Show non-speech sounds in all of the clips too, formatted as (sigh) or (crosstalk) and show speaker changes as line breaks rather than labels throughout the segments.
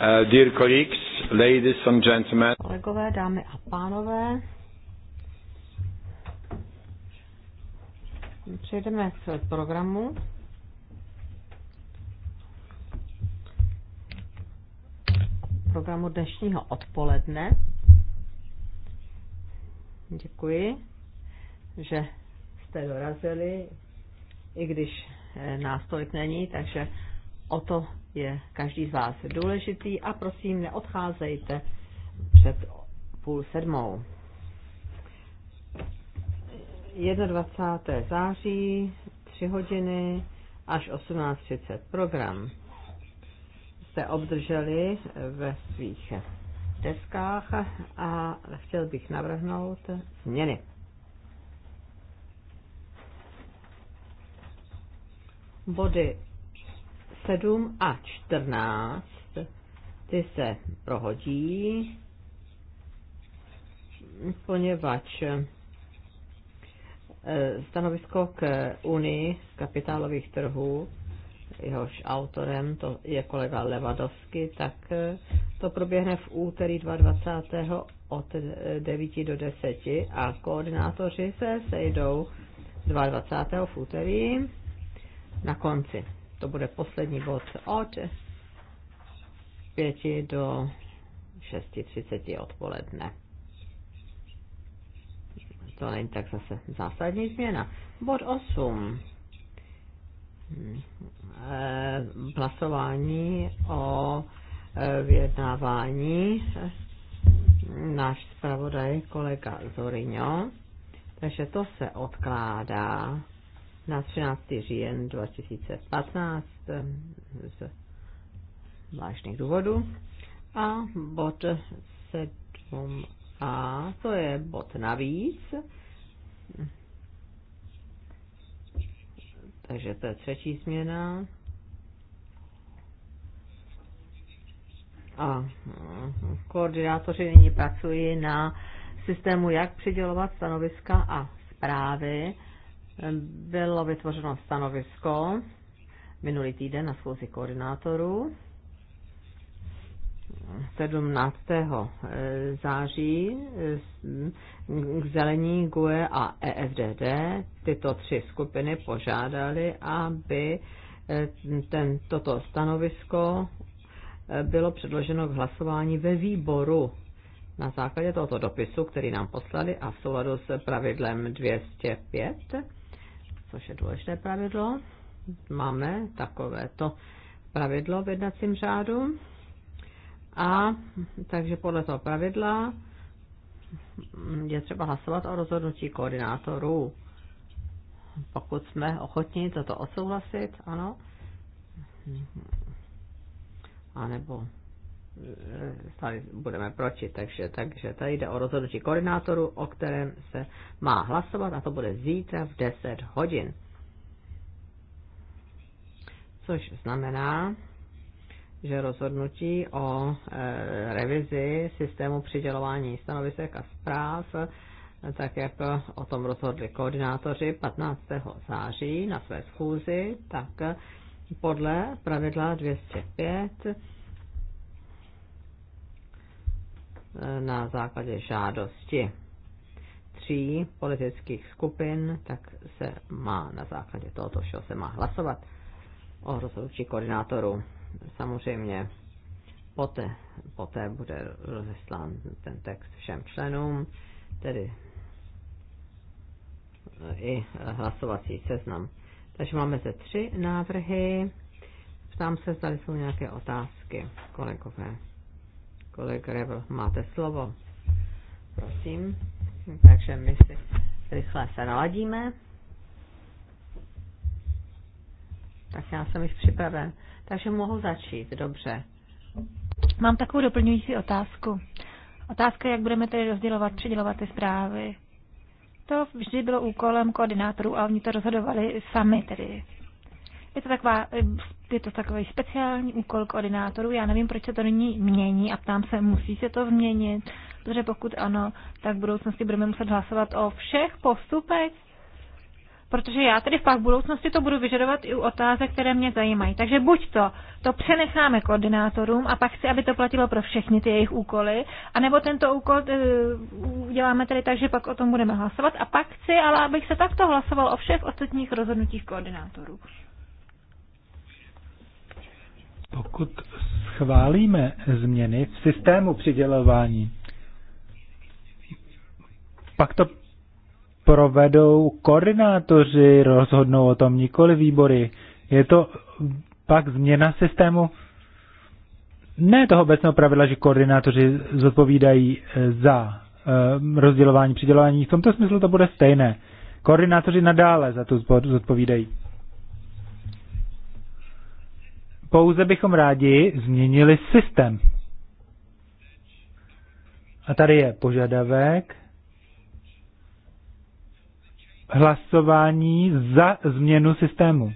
Uh,
dear colleagues, ladies and gentlemen.
Kolegové, dámy a pánové, přejdeme k programu. Programu dnešního odpoledne. Děkuji, že jste dorazili, i když eh, nás tolik není, takže o to je každý z vás důležitý a prosím neodcházejte před půl sedmou. 21. září, 3 hodiny až 18.30 program jste obdrželi ve svých deskách a chtěl bych navrhnout změny. Body 7 a 14, ty se prohodí, poněvadž eh, stanovisko k Unii kapitálových trhů, jehož autorem to je kolega Levadovsky, tak eh, to proběhne v úterý 22. od 9 do 10 a koordinátoři se sejdou 22. v úterý na konci to bude poslední bod od 5 do 6.30 odpoledne. To není tak zase zásadní změna. Bod 8. Eh, hlasování o eh, vyjednávání náš zpravodaj kolega Zorino, takže to se odkládá na 13. říjen 2015 eh, z zvláštních důvodů. A bod 7a, to je bod navíc. Takže to je třetí změna. A eh, koordinátoři nyní pracují na systému, jak přidělovat stanoviska a zprávy bylo vytvořeno stanovisko minulý týden na schůzi koordinátorů 17. Eh, září k eh, zelení GUE a EFDD tyto tři skupiny požádali, aby eh, ten, toto stanovisko bylo předloženo k hlasování ve výboru na základě tohoto dopisu, který nám poslali a v souladu s pravidlem 205 což je důležité pravidlo. Máme takovéto pravidlo v jednacím řádu. A takže podle toho pravidla je třeba hlasovat o rozhodnutí koordinátorů. Pokud jsme ochotní toto odsouhlasit, ano, A nebo? tady budeme proti. Takže, takže tady jde o rozhodnutí koordinátoru, o kterém se má hlasovat a to bude zítra v 10 hodin. Což znamená, že rozhodnutí o e, revizi systému přidělování stanovisek a zpráv, tak jak o tom rozhodli koordinátoři 15. září na své schůzi, tak podle pravidla 205 na základě žádosti tří politických skupin, tak se má na základě tohoto všeho se má hlasovat o rozhodnutí koordinátorů. Samozřejmě poté, poté bude rozeslán ten text všem členům, tedy eh, i hlasovací seznam. Takže máme zde tři návrhy. Ptám se, zda jsou nějaké otázky, kolegové. Kolega Revel, máte slovo. Prosím. Takže my si rychle se naladíme. Tak já jsem již připraven. Takže mohu začít, dobře.
Mám takovou doplňující otázku. Otázka, jak budeme tedy rozdělovat, přidělovat ty zprávy. To vždy bylo úkolem koordinátorů a oni to rozhodovali sami tedy je to, taková, eh, je to takový speciální úkol koordinátorů. Já nevím, proč se to nyní mění a ptám se, musí se to změnit, protože pokud ano, tak v budoucnosti budeme muset hlasovat o všech postupech, protože já tedy pak budoucnosti to budu vyžadovat i u otázek, které mě zajímají. Takže buď to, to přenecháme koordinátorům a pak chci, aby to platilo pro všechny ty jejich úkoly, anebo tento úkol eh, uděláme tedy tak, že pak o tom budeme hlasovat a pak chci, ale abych se takto hlasoval o všech ostatních rozhodnutích koordinátorů.
Pokud schválíme změny v systému přidělování, pak to provedou koordinátoři, rozhodnou o tom nikoli výbory. Je to pak změna systému ne toho obecného pravidla, že koordinátoři zodpovídají eh, za eh, rozdělování, přidělování. V tomto smyslu to bude stejné. Koordinátoři nadále za to zodpovídají. Pouze bychom rádi změnili systém. A tady je požadavek hlasování za změnu systému.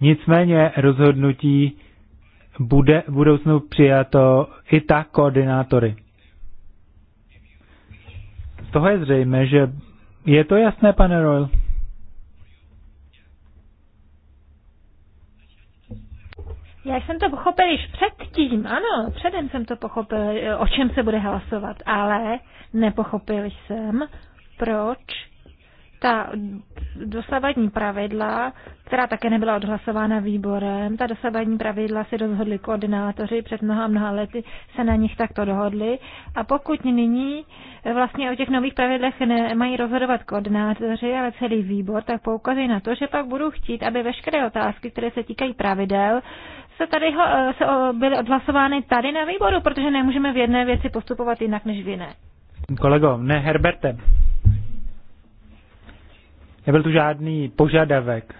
Nicméně rozhodnutí bude v budoucnu přijato i tak koordinátory. Z toho je zřejmé, že je to jasné, pane Royal?
Já jsem to pochopil již předtím, ano, předem jsem to pochopil, o čem se bude hlasovat, ale nepochopil jsem, proč ta dosavadní pravidla, která také nebyla odhlasována výborem, ta dosavadní pravidla si rozhodli koordinátoři, před mnoha mnoha lety se na nich takto dohodli a pokud nyní eh, vlastně o těch nových pravidlech nemají rozhodovat koordinátoři, ale celý výbor, tak poukazují na to, že pak budou chtít, aby veškeré otázky, které se týkají pravidel, se tady eh, se byly odhlasovány tady na výboru, protože nemůžeme v jedné věci postupovat jinak než v jiné.
Kolego, ne Herberte. Nebyl tu žádný požadavek,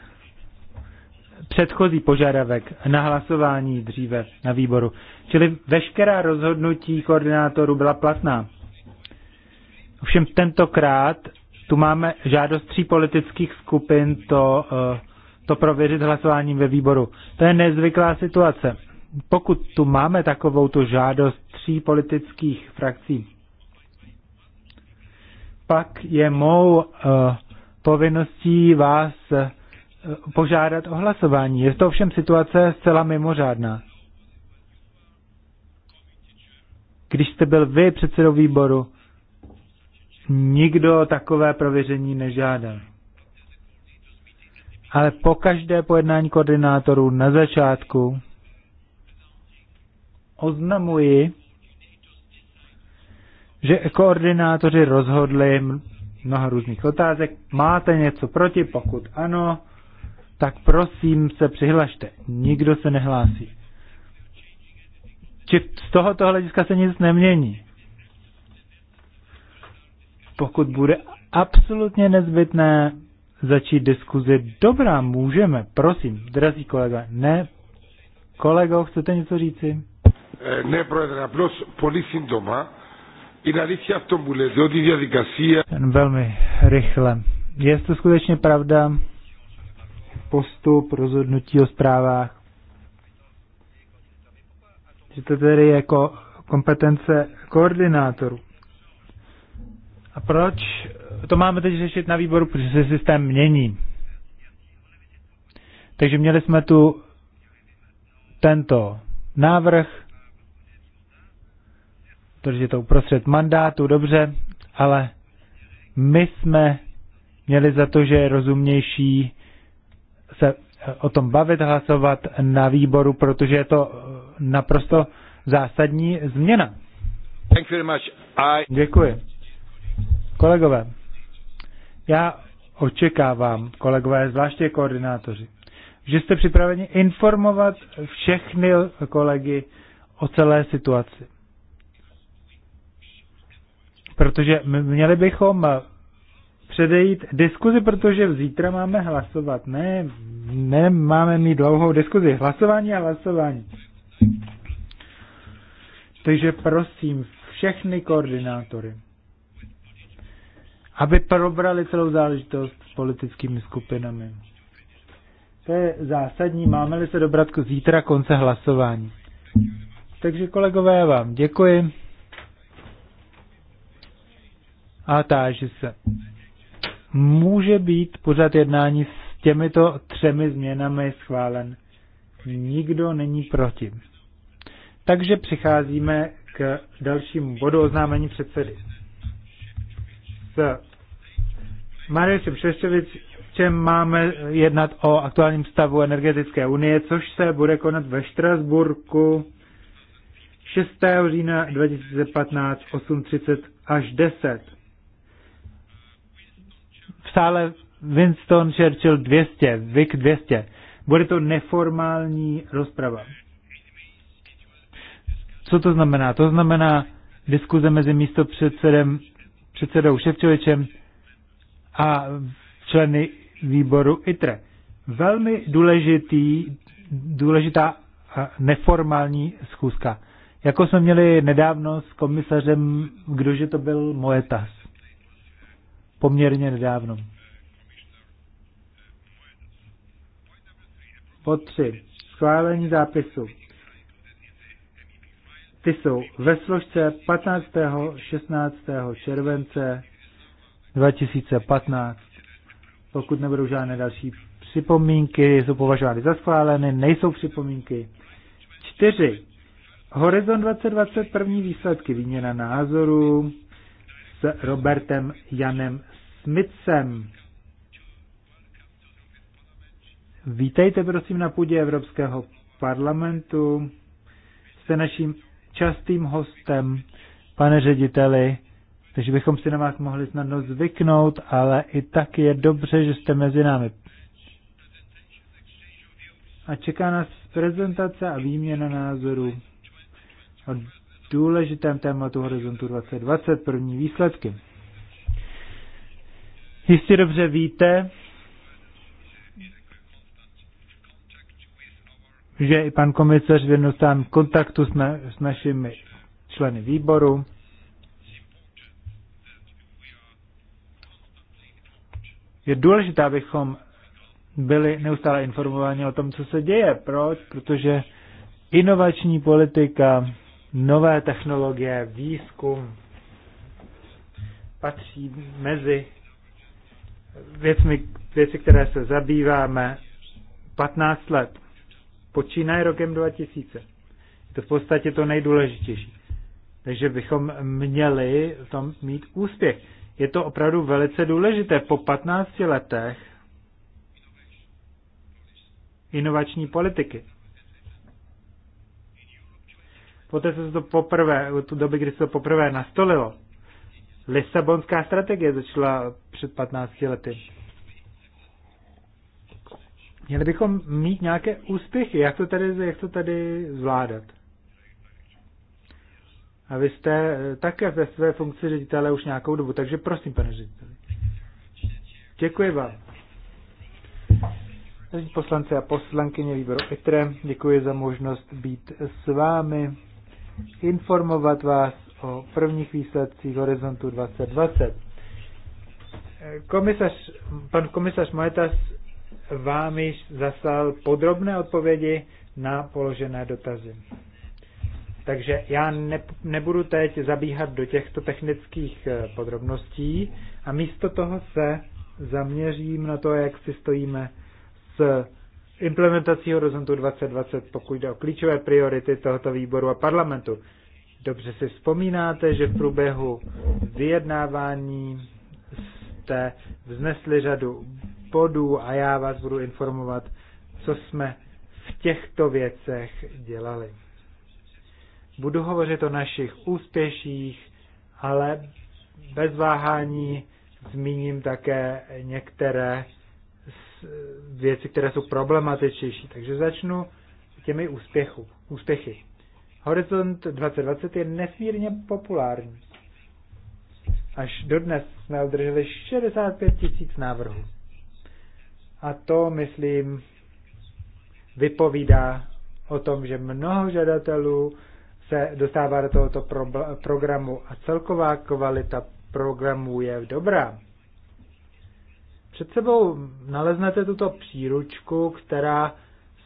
předchozí požadavek na hlasování dříve na výboru. Čili veškerá rozhodnutí koordinátorů byla platná. Ovšem tentokrát tu máme žádost tří politických skupin to uh, to prověřit hlasováním ve výboru. To je nezvyklá situace. Pokud tu máme takovou tu žádost tří politických frakcí, pak je mou uh, povinností vás uh, požádat o hlasování. Je to ovšem situace zcela mimořádná. Když jste byl vy předsedou výboru, nikdo takové prověření nežádal ale po každé pojednání koordinátorů na začátku oznamuji, že koordinátoři rozhodli mnoha různých otázek. Máte něco proti? Pokud ano, tak prosím se přihlašte. Nikdo se nehlásí. Či z tohoto hlediska se nic nemění. Pokud bude absolutně nezbytné začít diskuzi. Dobrá, můžeme, prosím, drazí kolega. Ne, kolego, chcete něco říci?
Eh, ne, πρόεδρε, plus πολύ σύντομα. Είναι αλήθεια αυτό που λέτε, ότι
Velmi rychle. Je to skutečně pravda, postup rozhodnutí o zprávách, že to tedy je jako kompetence koordinátorů. A proč to máme teď řešit na výboru, protože se systém mění. Takže měli jsme tu tento návrh, protože to uprostřed mandátu, dobře, ale my jsme měli za to, že je rozumnější se eh, o tom bavit, hlasovat na výboru, protože je to eh, naprosto zásadní změna. Děkuji. Kolegové, já očekávám, kolegové, zvláště koordinátoři, že jste připraveni informovat všechny kolegy o celé situaci. Protože měli bychom předejít diskuzi, protože zítra máme hlasovat. Ne, ne máme mít dlouhou diskuzi. Hlasování a hlasování. Takže prosím všechny koordinátory, aby probrali celou záležitost s politickými skupinami. To je zásadní, máme-li se dobrat k zítra konce hlasování. Takže kolegové, já vám děkuji a táži se. Může být pořad jednání s těmito třemi změnami schválen. Nikdo není proti. Takže přicházíme k dalšímu bodu oznámení předsedy. S si Šeščevič, čem máme jednat o aktuálním stavu energetické unie, což se bude konat ve Štrasburku 6. října 2015 8.30 až 10. V sále Winston Churchill 200, VIC 200. Bude to neformální rozprava. Co to znamená? To znamená diskuze mezi místopředsedem, předsedou Ševčovičem, a členy výboru ITRE. Velmi důležitý, důležitá neformální schůzka. Jako jsme měli nedávno s komisařem, kdože to byl Moetas. Poměrně nedávno. Po tři. Schválení zápisu. Ty jsou ve složce 15. 16. července 2015. Pokud nebudou žádné další připomínky, jsou považovány za schváleny, nejsou připomínky. 4. Horizon 2020 první výsledky výměna názoru s Robertem Janem Smithem. Vítejte prosím na půdě Evropského parlamentu. Jste naším častým hostem, pane řediteli, takže bychom si na vás mohli snadno zvyknout, ale i tak je dobře, že jste mezi námi. A čeká nás prezentace a výměna názorů o důležitém tématu Horizontu 2020, první výsledky. Jistě dobře víte, že i pan komisař v sám kontaktu s, na, s našimi členy výboru. je důležité, abychom byli neustále informováni o tom, co se děje. Proč? Protože inovační politika, nové technologie, výzkum patří mezi věcmi, věci, které se zabýváme 15 let. Počínaje rokem 2000. Je to v podstatě to nejdůležitější. Takže bychom měli v tom mít úspěch je to opravdu velice důležité. Po 15 letech inovační politiky. Poté se to poprvé, od tu doby, kdy se to poprvé nastolilo, Lisabonská strategie začala před 15 lety. Měli bychom mít nějaké úspěchy, jak to tady, jak to tady zvládat. A vy jste eh, také ve své funkci ředitele už nějakou dobu, takže prosím, pane řediteli. Děkuji vám. Poslanci a poslankyně výboru ITRE, děkuji za možnost být s vámi, informovat vás o prvních výsledcích Horizontu 2020. Komisař, pan komisař Moetas vám již zaslal podrobné odpovědi na položené dotazy. Takže já ne, nebudu teď zabíhat do těchto technických eh, podrobností a místo toho se zaměřím na to, jak si stojíme s implementací Horizontu 2020, pokud jde o klíčové priority tohoto výboru a parlamentu. Dobře si vzpomínáte, že v průběhu vyjednávání jste vznesli řadu bodů a já vás budu informovat, co jsme v těchto věcech dělali. Budu hovořit o našich úspěších, ale bez váhání zmíním také některé věci, které jsou problematičnější. Takže začnu těmi úspěchu, úspěchy. Horizont 2020 je nesmírně populární. Až dodnes jsme obdrželi 65 tisíc návrhů. A to, myslím, vypovídá o tom, že mnoho žadatelů se dostává do tohoto pro, programu a celková kvalita programů je dobrá. Před sebou naleznete tuto příručku, která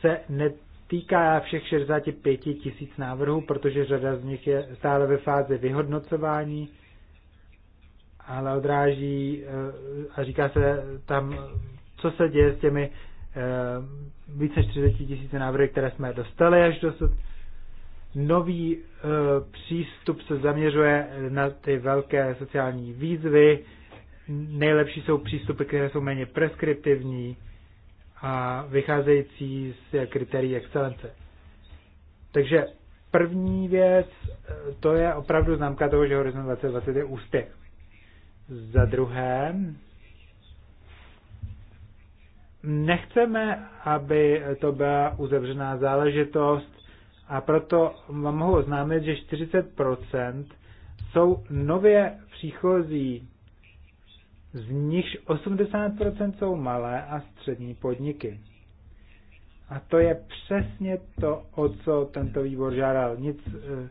se netýká všech 65 tisíc návrhů, protože řada z nich je stále ve fázi vyhodnocování, ale odráží eh, a říká se tam, co se děje s těmi eh, více než 30 tisíc návrhy, které jsme dostali až dosud nový e, přístup se zaměřuje na ty velké sociální výzvy. Nejlepší jsou přístupy, které jsou méně preskriptivní a vycházející z kritérií excelence. Takže první věc, eh, to je opravdu známka toho, že Horizon 2020 je úspěch. Za druhé, nechceme, aby to byla uzavřená záležitost, a proto vám mohu oznámit, že 40% jsou nově příchozí, z nichž 80% jsou malé a střední podniky. A to je přesně to, o co tento výbor žádal. Nic eh,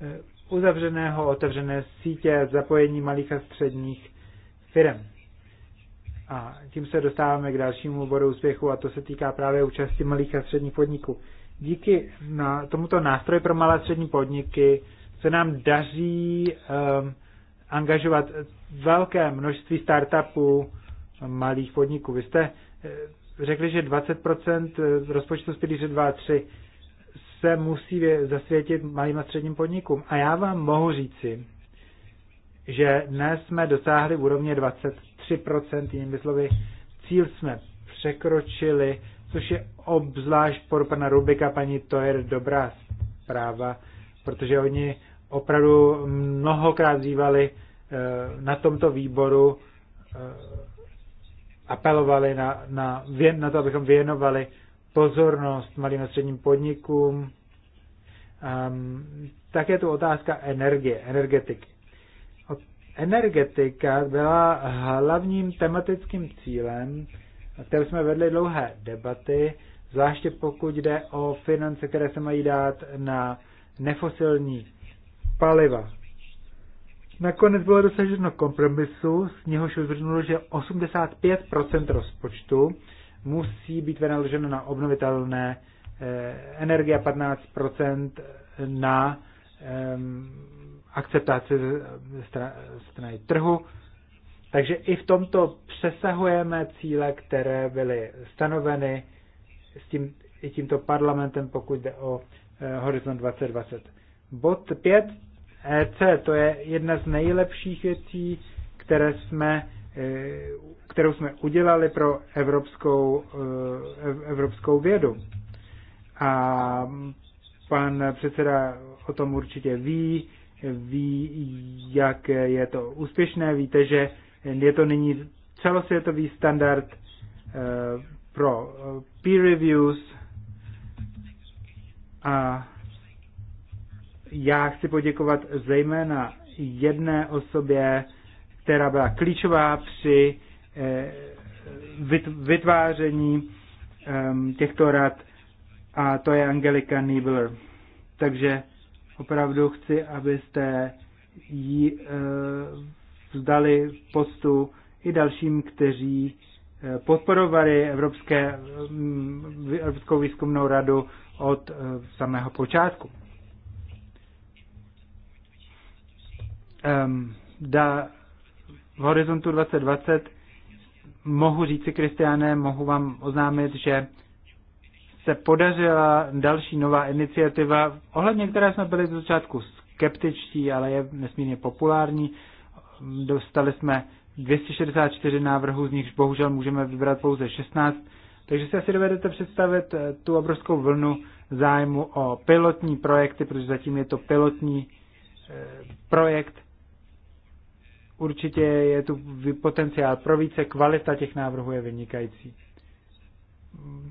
eh, uzavřeného, otevřené sítě, zapojení malých a středních firm. A tím se dostáváme k dalšímu bodu úspěchu a to se týká právě účasti malých a středních podniků. Díky na tomuto nástroji pro malé a střední podniky se nám daří um, angažovat velké množství startupů malých podniků. Vy jste eh, řekli, že 20% eh, rozpočtu z pilíře 2 a 3 se musí zasvětit malým a středním podnikům. A já vám mohu říci, že dnes jsme dosáhli úrovně 23%, jinými slovy, cíl jsme překročili což je obzvlášť pro pana Rubika, paní to je dobrá zpráva, protože oni opravdu mnohokrát zývali eh, na tomto výboru, eh, apelovali na, na, na to, abychom věnovali pozornost malým a středním podnikům. Um, tak je tu otázka energie, energetiky. Energetika byla hlavním tematickým cílem které jsme vedli dlouhé debaty, zvláště pokud jde o finance, které se mají dát na nefosilní paliva. Nakonec bylo dosaženo kompromisu, z něhož vyvrnulo, že 85% rozpočtu musí být vynaloženo na obnovitelné eh, energie a 15% na ehm, akceptaci strany trhu takže i v tomto přesahujeme cíle, které byly stanoveny s tím, i tímto parlamentem, pokud jde o eh, Horizont 2020. Bod 5 EC, to je jedna z nejlepších věcí, které jsme, eh, kterou jsme udělali pro evropskou, eh, evropskou vědu. A pan předseda o tom určitě ví, ví, jak je to úspěšné. Víte, že je to nyní celosvětový standard eh, pro eh, peer reviews a já chci poděkovat zejména jedné osobě, která byla klíčová při eh, vytváření ehm, těchto rad a to je Angelika Niebler. Takže opravdu chci, abyste ji vzdali postu i dalším, kteří eh, podporovali Evropské, mm, Evropskou výzkumnou radu od eh, samého počátku. Ehm, da, v Horizontu 2020 mohu říci, Kristiáne, mohu vám oznámit, že se podařila další nová iniciativa, ohledně které jsme byli z začátku skeptičtí, ale je nesmírně populární, dostali jsme 264 návrhů, z nichž bohužel můžeme vybrat pouze 16, takže si asi dovedete představit eh, tu obrovskou vlnu zájmu o pilotní projekty, protože zatím je to pilotní eh, projekt. Určitě je tu potenciál pro více, kvalita těch návrhů je vynikající.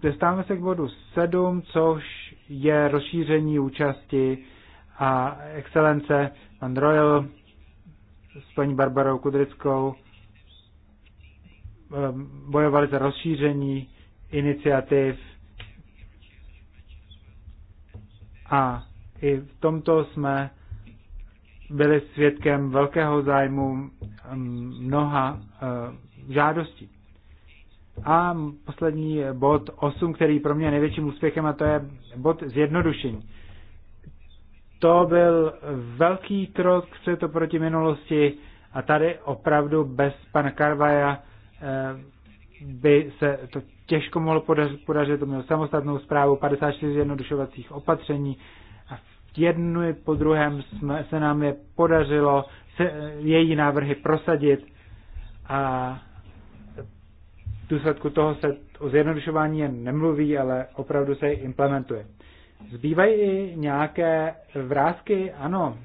Dostáváme se k bodu 7, což je rozšíření účasti a excelence. Pan Royal s paní Barbarou Kudrickou ehm, bojovali za rozšíření iniciativ a i v tomto jsme byli svědkem velkého zájmu ehm, mnoha ehm, žádostí. A poslední bod 8, který pro mě je největším úspěchem, a to je bod zjednodušení. To byl velký krok před proti minulosti a tady opravdu bez pana Karvaja eh, by se to těžko mohlo podařit, podařit to měl samostatnou zprávu 54 zjednodušovacích opatření a v jednu po druhém jsme, se nám je podařilo se, eh, její návrhy prosadit a v důsledku toho se o zjednodušování jen nemluví, ale opravdu se implementuje. Zbývají i nějaké vrázky? Ano.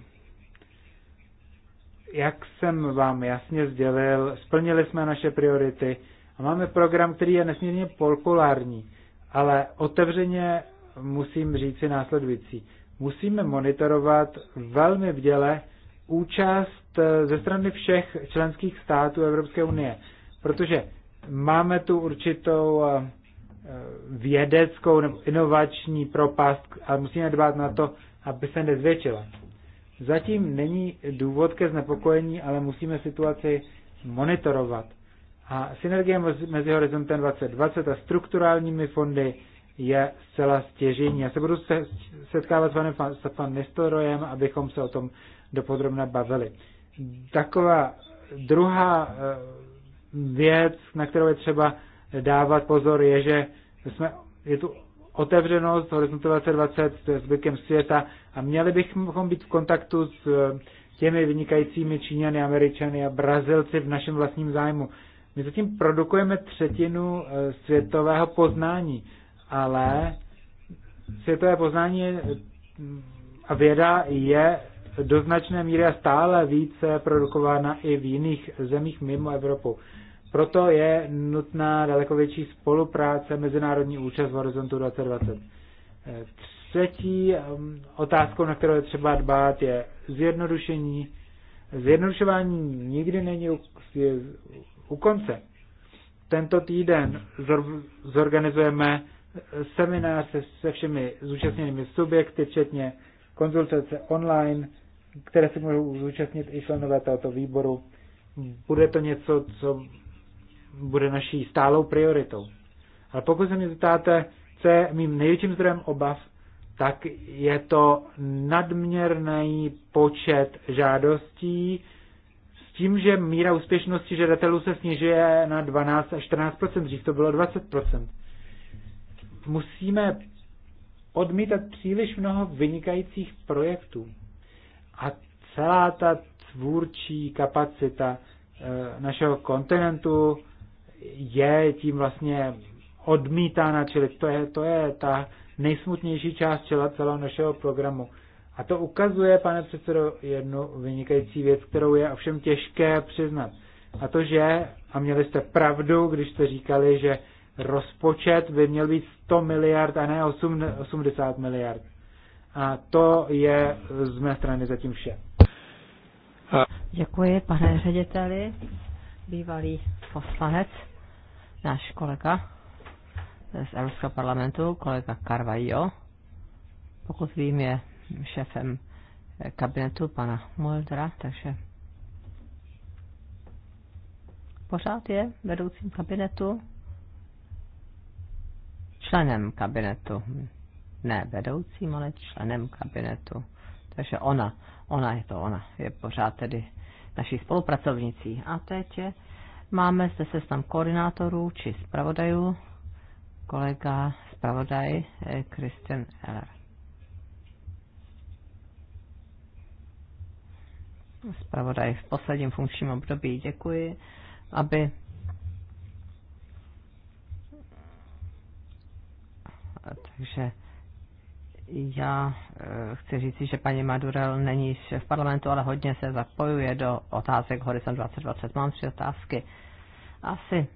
Jak jsem vám jasně sdělil, splnili jsme naše priority a máme program, který je nesmírně populární, ale otevřeně musím říci následující. Musíme monitorovat velmi vděle účast eh, ze strany všech členských států Evropské unie, protože máme tu určitou eh, vědeckou nebo inovační propast a musíme dbát na to, aby se nezvětšila. Zatím není důvod ke znepokojení, ale musíme situaci monitorovat. A synergie mezi Horizontem 2020 a strukturálními fondy je zcela stěžení. Já se budu setkávat s panem Nestorojem, abychom se o tom dopodrobně bavili. Taková druhá eh, věc, na kterou je třeba dávat pozor, je, že jsme, je tu otevřenost Horizontu 2020, to je zvykem světa a měli bychom být v kontaktu s eh, těmi vynikajícími Číňany, Američany a Brazilci v našem vlastním zájmu. My zatím produkujeme třetinu eh, světového poznání, ale světové poznání a věda je do značné míry a stále více produkována i v jiných zemích mimo Evropu. Proto je nutná daleko větší spolupráce mezinárodní účast v Horizontu 2020. Eh, třetí ehm, otázkou, na kterou je třeba dbát, je zjednodušení. Zjednodušování nikdy není u, je u konce. Tento týden zorganizujeme eh, seminář se, se všemi zúčastněnými subjekty, včetně konzultace online, které se můžou zúčastnit i členové tohoto výboru. Bude to něco, co bude naší stálou prioritou. Ale pokud se mě zeptáte, co je mým největším zdrojem obav, tak je to nadměrný počet žádostí s tím, že míra úspěšnosti žadatelů se snižuje na 12 až 14 dřív to bylo 20 Musíme odmítat příliš mnoho vynikajících projektů. A celá ta tvůrčí kapacita eh, našeho kontinentu je tím vlastně odmítána, čili to je, to je ta nejsmutnější část čela celého našeho programu. A to ukazuje, pane předsedo, jednu vynikající věc, kterou je ovšem těžké přiznat. A to, že, a měli jste pravdu, když jste říkali, že rozpočet by měl být 100 miliard a ne 8, 80 miliard. A to je z mé strany zatím vše.
Děkuji, pane řediteli, bývalý poslanec náš kolega z Evropského parlamentu, kolega Carvajo, pokud vím, je šéfem kabinetu pana Muldera, takže pořád je vedoucím kabinetu, členem kabinetu, ne vedoucím, ale členem kabinetu. Takže ona, ona je to ona, je pořád tedy naší spolupracovnicí. A teď je Máme zde seznam koordinátorů či zpravodajů. Kolega zpravodaj Kristen eh, Eller. Zpravodaj v posledním funkčním období. Děkuji, aby takže já eh, chci říci, že paní Madurel není v parlamentu, ale hodně se zapojuje do otázek Horizon 2020. Mám tři otázky. Asi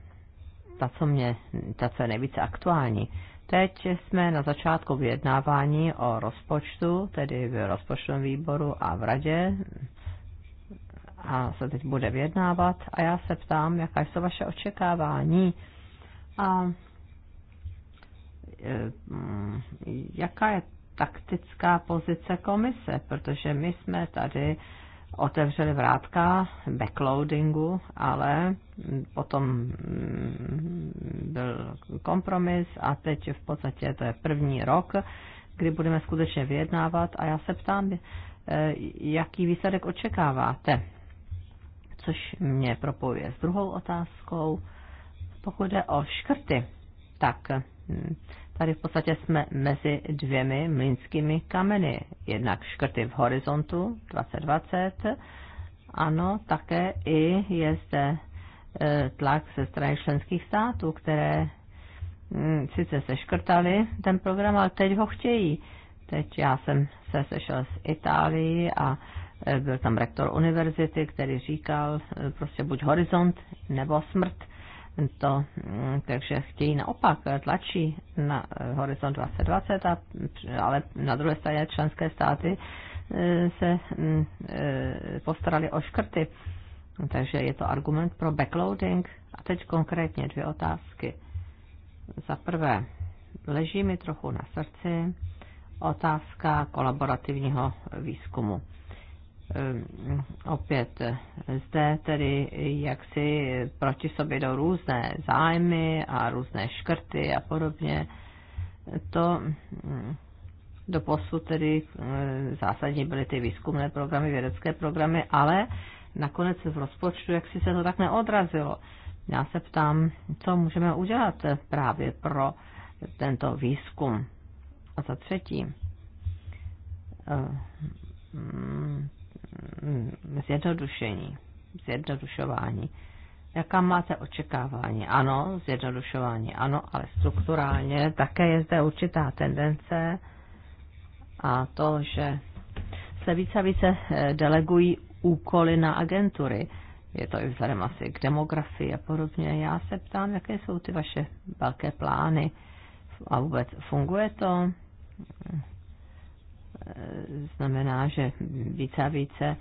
ta, co, mě, ta, co je nejvíce aktuální. Teď jsme na začátku vyjednávání o rozpočtu, tedy v rozpočtovém výboru a v radě. A se teď bude vyjednávat. A já se ptám, jaká jsou vaše očekávání. A eh, jaká je taktická pozice komise, protože my jsme tady otevřeli vrátka backloadingu, ale potom mm, byl kompromis a teď v podstatě to je první rok, kdy budeme skutečně vyjednávat a já se ptám, eh, jaký výsledek očekáváte, což mě propojuje s druhou otázkou. Pokud jde o škrty, tak hm, Tady v podstatě jsme mezi dvěmi mlínskými kameny. Jednak škrty v horizontu 2020, ano, také i je zde e, tlak ze strany členských států, které mm, sice škrtali. ten program, ale teď ho chtějí. Teď já jsem se sešel z Itálii a e, byl tam rektor univerzity, který říkal e, prostě buď horizont nebo smrt to, mm, takže chtějí naopak, tlačí na horizont 2020, a, ale na druhé straně členské státy e, se mm, e, postarali o škrty. Takže je to argument pro backloading. A teď konkrétně dvě otázky. Za prvé, leží mi trochu na srdci otázka kolaborativního výzkumu. Ehm, opět eh, zde tedy jaksi proti sobě jdou různé zájmy a různé škrty a podobně. To mm, do posud tedy eh, zásadně byly ty výzkumné programy, vědecké programy, ale nakonec v rozpočtu, jak si se to tak neodrazilo. Já se ptám, co můžeme udělat právě pro tento výzkum. A za třetí, eh, mm, Mm, zjednodušení, zjednodušování. Jaká máte očekávání? Ano, zjednodušování, ano, ale strukturálně také je zde určitá tendence a to, že se více a více eh, delegují úkoly na agentury. Je to i vzhledem asi k demografii a podobně. Já se ptám, jaké jsou ty vaše velké plány a vůbec funguje to? Eh, znamená, že více a více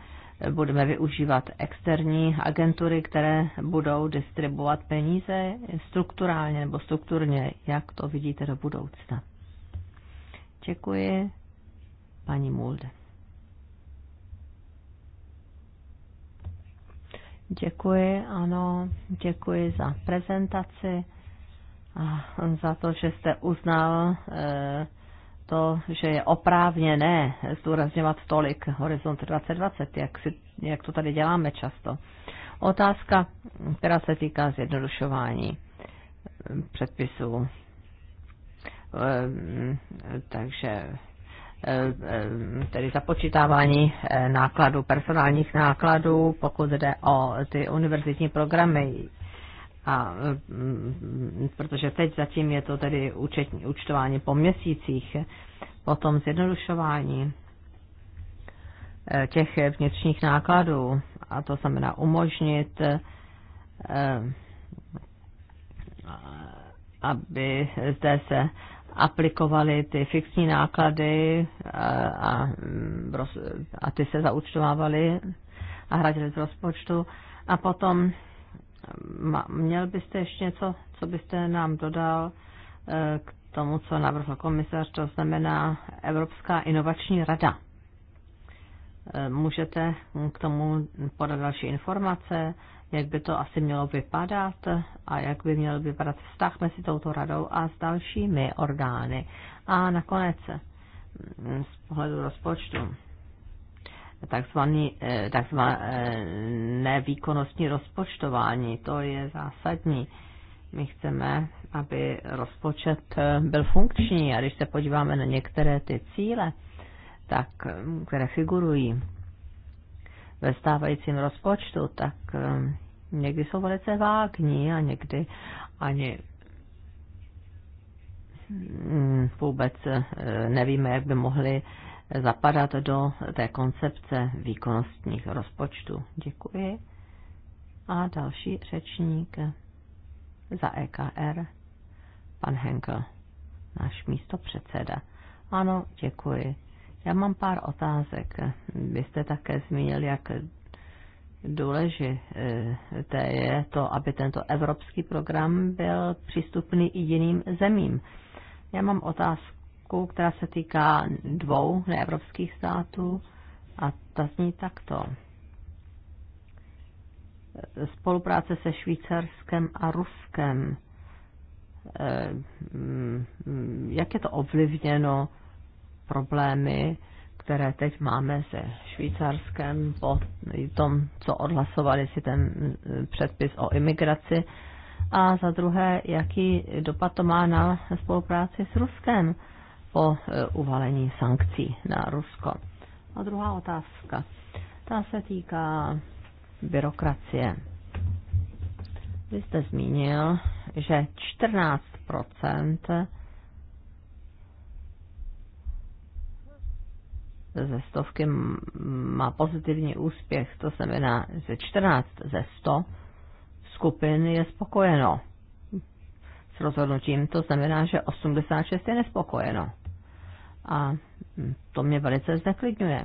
budeme využívat externí agentury, které budou distribuovat peníze strukturálně nebo strukturně. Jak to vidíte do budoucna? Děkuji, paní Mulde. Děkuji, ano, děkuji za prezentaci a za to, že jste uznal eh, to, že je oprávněné zdůrazňovat tolik Horizont 2020, jak, si, jak to tady děláme často. Otázka, která se týká zjednodušování předpisů. Ehm, takže ehm, tedy započítávání eh, nákladů, personálních nákladů, pokud jde o ty univerzitní programy, a mm, protože teď zatím je to tedy účetní, účtování po měsících, potom zjednodušování e, těch vnitřních nákladů, a to znamená umožnit, e, aby zde se aplikovaly ty fixní náklady e, a, mm, a ty se zaúčtovávaly a hradily z rozpočtu. A potom měl byste ještě něco, co byste nám dodal eh, k tomu, co navrhl komisař, to znamená Evropská inovační rada. Eh, můžete k tomu podat další informace, jak by to asi mělo vypadat a jak by měl vypadat vztah mezi touto radou a s dalšími orgány. A nakonec mm, z pohledu rozpočtu takzvaný, eh, takzvané výkonnostní rozpočtování. To je zásadní. My chceme, aby rozpočet eh, byl funkční a když se podíváme na některé ty cíle, tak, mm, které figurují ve stávajícím rozpočtu, tak eh, někdy jsou velice vágní a někdy ani mm, vůbec nevíme, jak by mohli zapadat do té koncepce výkonnostních rozpočtů. Děkuji. A další řečník za EKR, pan Henkel, náš místo předseda. Ano, děkuji. Já mám pár otázek. Vy jste také zmínil, jak důležité je to, aby tento evropský program byl přístupný i jiným zemím. Já mám otázku otázku, která se týká dvou neevropských států a ta zní takto. Spolupráce se Švýcarskem a Ruskem. Eh, jak je to ovlivněno problémy, které teď máme se Švýcarskem po tom, co odhlasovali si ten eh, předpis o imigraci? A za druhé, jaký dopad to má na spolupráci s Ruskem? o e, uvalení sankcí na Rusko. A druhá otázka. Ta se týká byrokracie. Vy jste zmínil, že 14 ze stovky má pozitivní úspěch. To znamená, že 14 ze 100 skupin je spokojeno s rozhodnutím. To znamená, že 86 je nespokojeno a to mě velice zneklidňuje.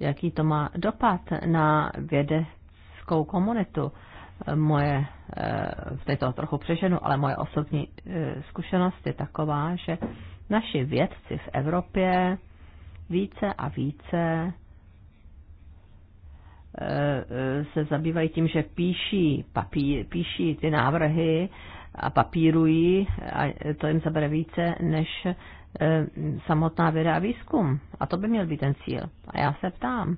Jaký to má dopad na vědeckou komunitu? Moje, eh, teď to trochu přeženu, ale moje osobní eh, zkušenost je taková, že naši vědci v Evropě více a více eh, se zabývají tím, že píší, papír, píší ty návrhy a papírují a to jim zabere více, než E, samotná věda a výzkum. A to by měl být ten cíl. A já se ptám,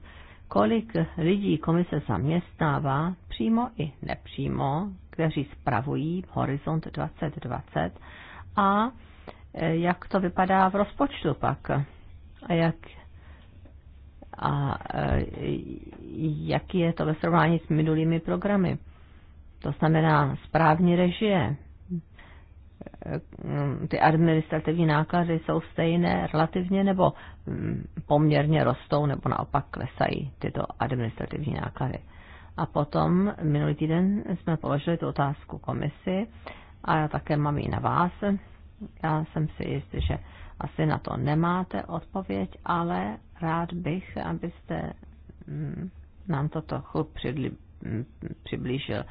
kolik lidí komise zaměstnává přímo i nepřímo, kteří spravují Horizont 2020 a e, jak to vypadá v rozpočtu pak a jak a e, jaký je to ve srovnání s minulými programy. To znamená správní režie, ty administrativní náklady jsou stejné relativně nebo mm, poměrně rostou nebo naopak klesají tyto administrativní náklady. A potom minulý týden jsme položili tu otázku komisi a já také mám ji na vás. Já jsem si jist, že asi na to nemáte odpověď, ale rád bych, abyste mm, nám toto chlup mm, přiblížil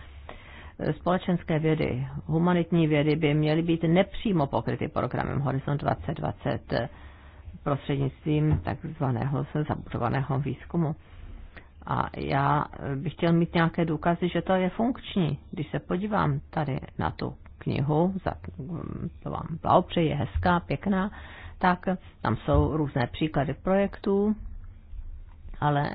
společenské vědy, humanitní vědy by měly být nepřímo pokryty programem Horizont 2020 prostřednictvím takzvaného zabudovaného výzkumu. A já bych chtěl mít nějaké důkazy, že to je funkční. Když se podívám tady na tu knihu, za, to vám blahopřeji, je hezká, pěkná, tak tam jsou různé příklady projektů, ale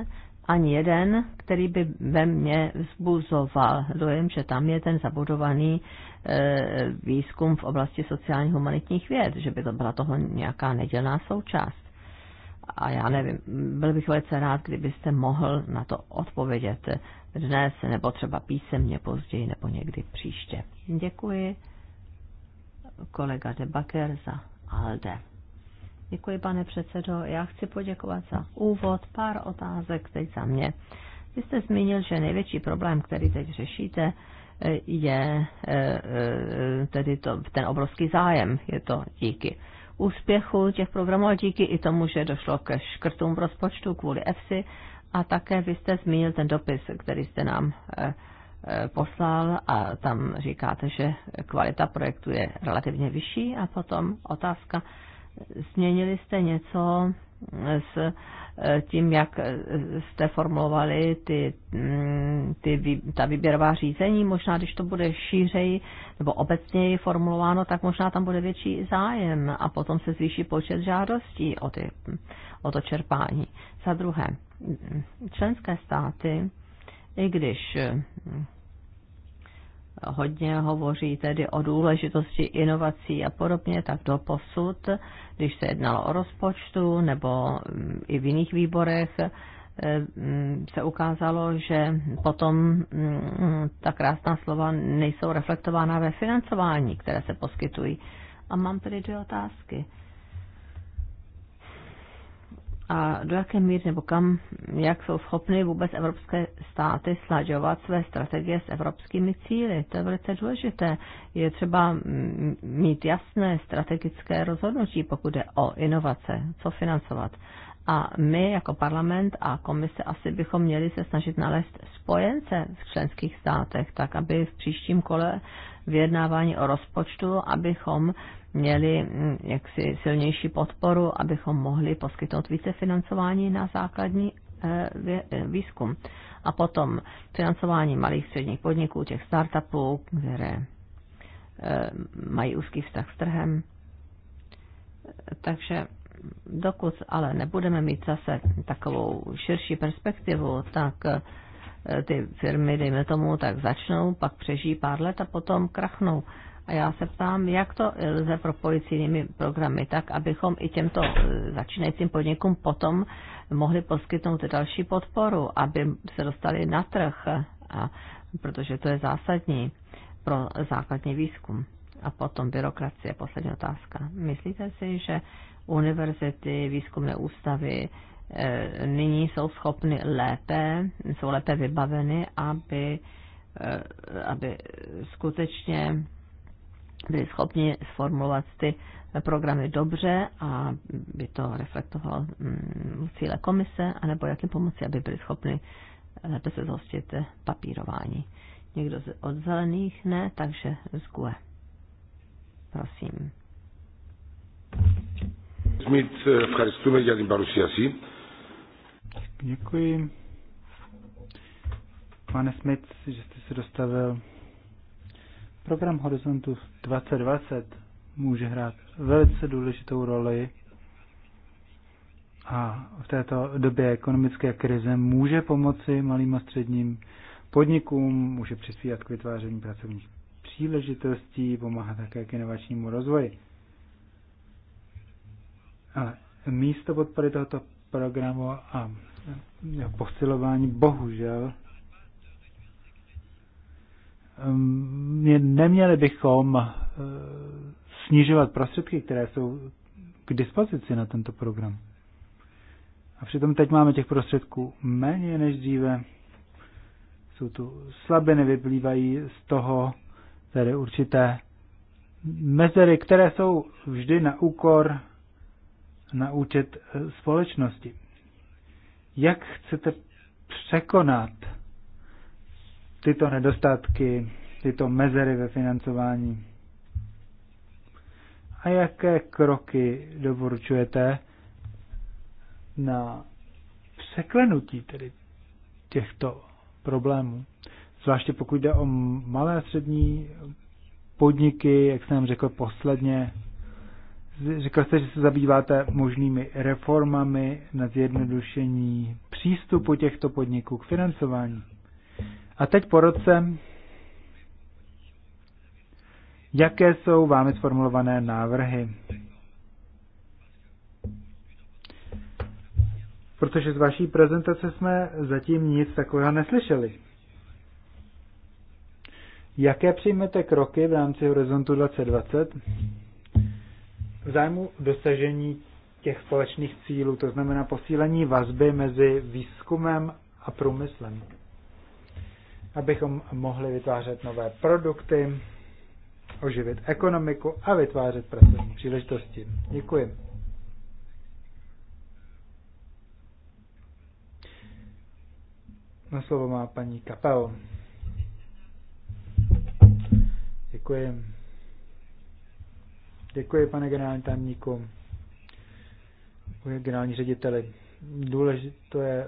ani jeden, který by ve mně vzbuzoval dojem, že tam je ten zabudovaný e, výzkum v oblasti sociálních humanitních věd, že by to byla toho nějaká nedělná součást. A já nevím, byl bych velice rád, kdybyste mohl na to odpovědět dnes, nebo třeba písemně později, nebo někdy příště. Děkuji kolega Debaker za ALDE. Děkuji, pane předsedo. Já chci poděkovat za úvod. Pár otázek teď za mě. Vy jste zmínil, že největší problém, který teď řešíte, je e, e, tedy to, ten obrovský zájem. Je to díky úspěchu těch programů a díky i tomu, že došlo ke škrtům v rozpočtu kvůli EFSI. A také vy jste zmínil ten dopis, který jste nám e, poslal a tam říkáte, že kvalita projektu je relativně vyšší. A potom otázka, změnili jste něco s eh, tím, jak eh, jste formulovali ty, mm, ty, ta výběrová řízení. Možná, když to bude šířej nebo obecněji formulováno, tak možná tam bude větší zájem a potom se zvýší počet žádostí o, ty, o to čerpání. Za druhé, mm, členské státy, i když mm, hodně hovoří tedy o důležitosti inovací a podobně, tak do posud, když se jednalo o rozpočtu nebo mm, i v jiných výborech, eh, mm, se ukázalo, že potom mm, ta krásná slova nejsou reflektována ve financování, které se poskytují. A mám tedy dvě otázky a do jaké míry nebo kam, jak jsou schopny vůbec evropské státy slaďovat své strategie s evropskými cíly. To je velice důležité. Je třeba mít jasné strategické rozhodnutí, pokud je o inovace, co financovat. A my jako parlament a komise asi bychom měli se snažit nalézt spojence v členských státech, tak aby v příštím kole vyjednávání o rozpočtu, abychom měli mm, jaksi silnější podporu, abychom mohli poskytnout více financování na základní eh, eh, výzkum. A potom financování malých středních podniků, těch startupů, které eh, mají úzký vztah s trhem. Takže dokud ale nebudeme mít zase takovou širší perspektivu, tak ty firmy, dejme tomu, tak začnou, pak přežijí pár let a potom krachnou. A já se ptám, jak to lze propojit s jinými programy, tak abychom i těmto e, začínajícím podnikům potom mohli poskytnout další podporu, aby se dostali na trh, a, protože to je zásadní pro základní výzkum. A potom byrokracie, poslední otázka. Myslíte si, že univerzity, výzkumné ústavy e, nyní jsou schopny lépe, jsou lépe vybaveny, aby, e, aby skutečně byli schopni sformulovat ty programy dobře a by to reflektovalo mm, cíle komise, anebo jak jim pomoci, aby byli schopni lépe se zhostit papírování. Někdo z od zelených ne, takže z GUE. Prosím.
Eh, Děkuji. Pane Smith, že jste se dostavil Program Horizontu 2020 může hrát velice důležitou roli a v této době ekonomické krize může pomoci malým a středním podnikům, může přispívat k vytváření pracovních příležitostí, pomáhá také k inovačnímu rozvoji. Ale místo podpory tohoto programu a posilování bohužel Ehm, neměli bychom eh, snižovat prostředky, které jsou k dispozici na tento program. A přitom teď máme těch prostředků méně než dříve. Jsou tu slabiny, vyplývají z toho tedy určité mezery, které jsou vždy na úkor, na účet eh, společnosti. Jak chcete překonat tyto nedostatky, tyto mezery ve financování? A jaké kroky doporučujete na překlenutí tedy těchto problémů? Zvláště pokud jde o malé a střední podniky, jak jsem řekl posledně, Řekl jste, že se zabýváte možnými reformami na zjednodušení přístupu těchto podniků k financování. A teď po roce, jaké jsou vámi sformulované návrhy? Protože z vaší prezentace jsme zatím nic takového neslyšeli. Jaké přijmete kroky v rámci Horizontu 2020 v zájmu dosažení těch společných cílů, to znamená posílení vazby mezi výzkumem a průmyslem? abychom mohli vytvářet nové produkty, oživit ekonomiku a vytvářet pracovní příležitosti. Děkuji. Na slovo má paní Kapel. Děkuji. Děkuji, pane generální tajemníku, generální řediteli. Důležité je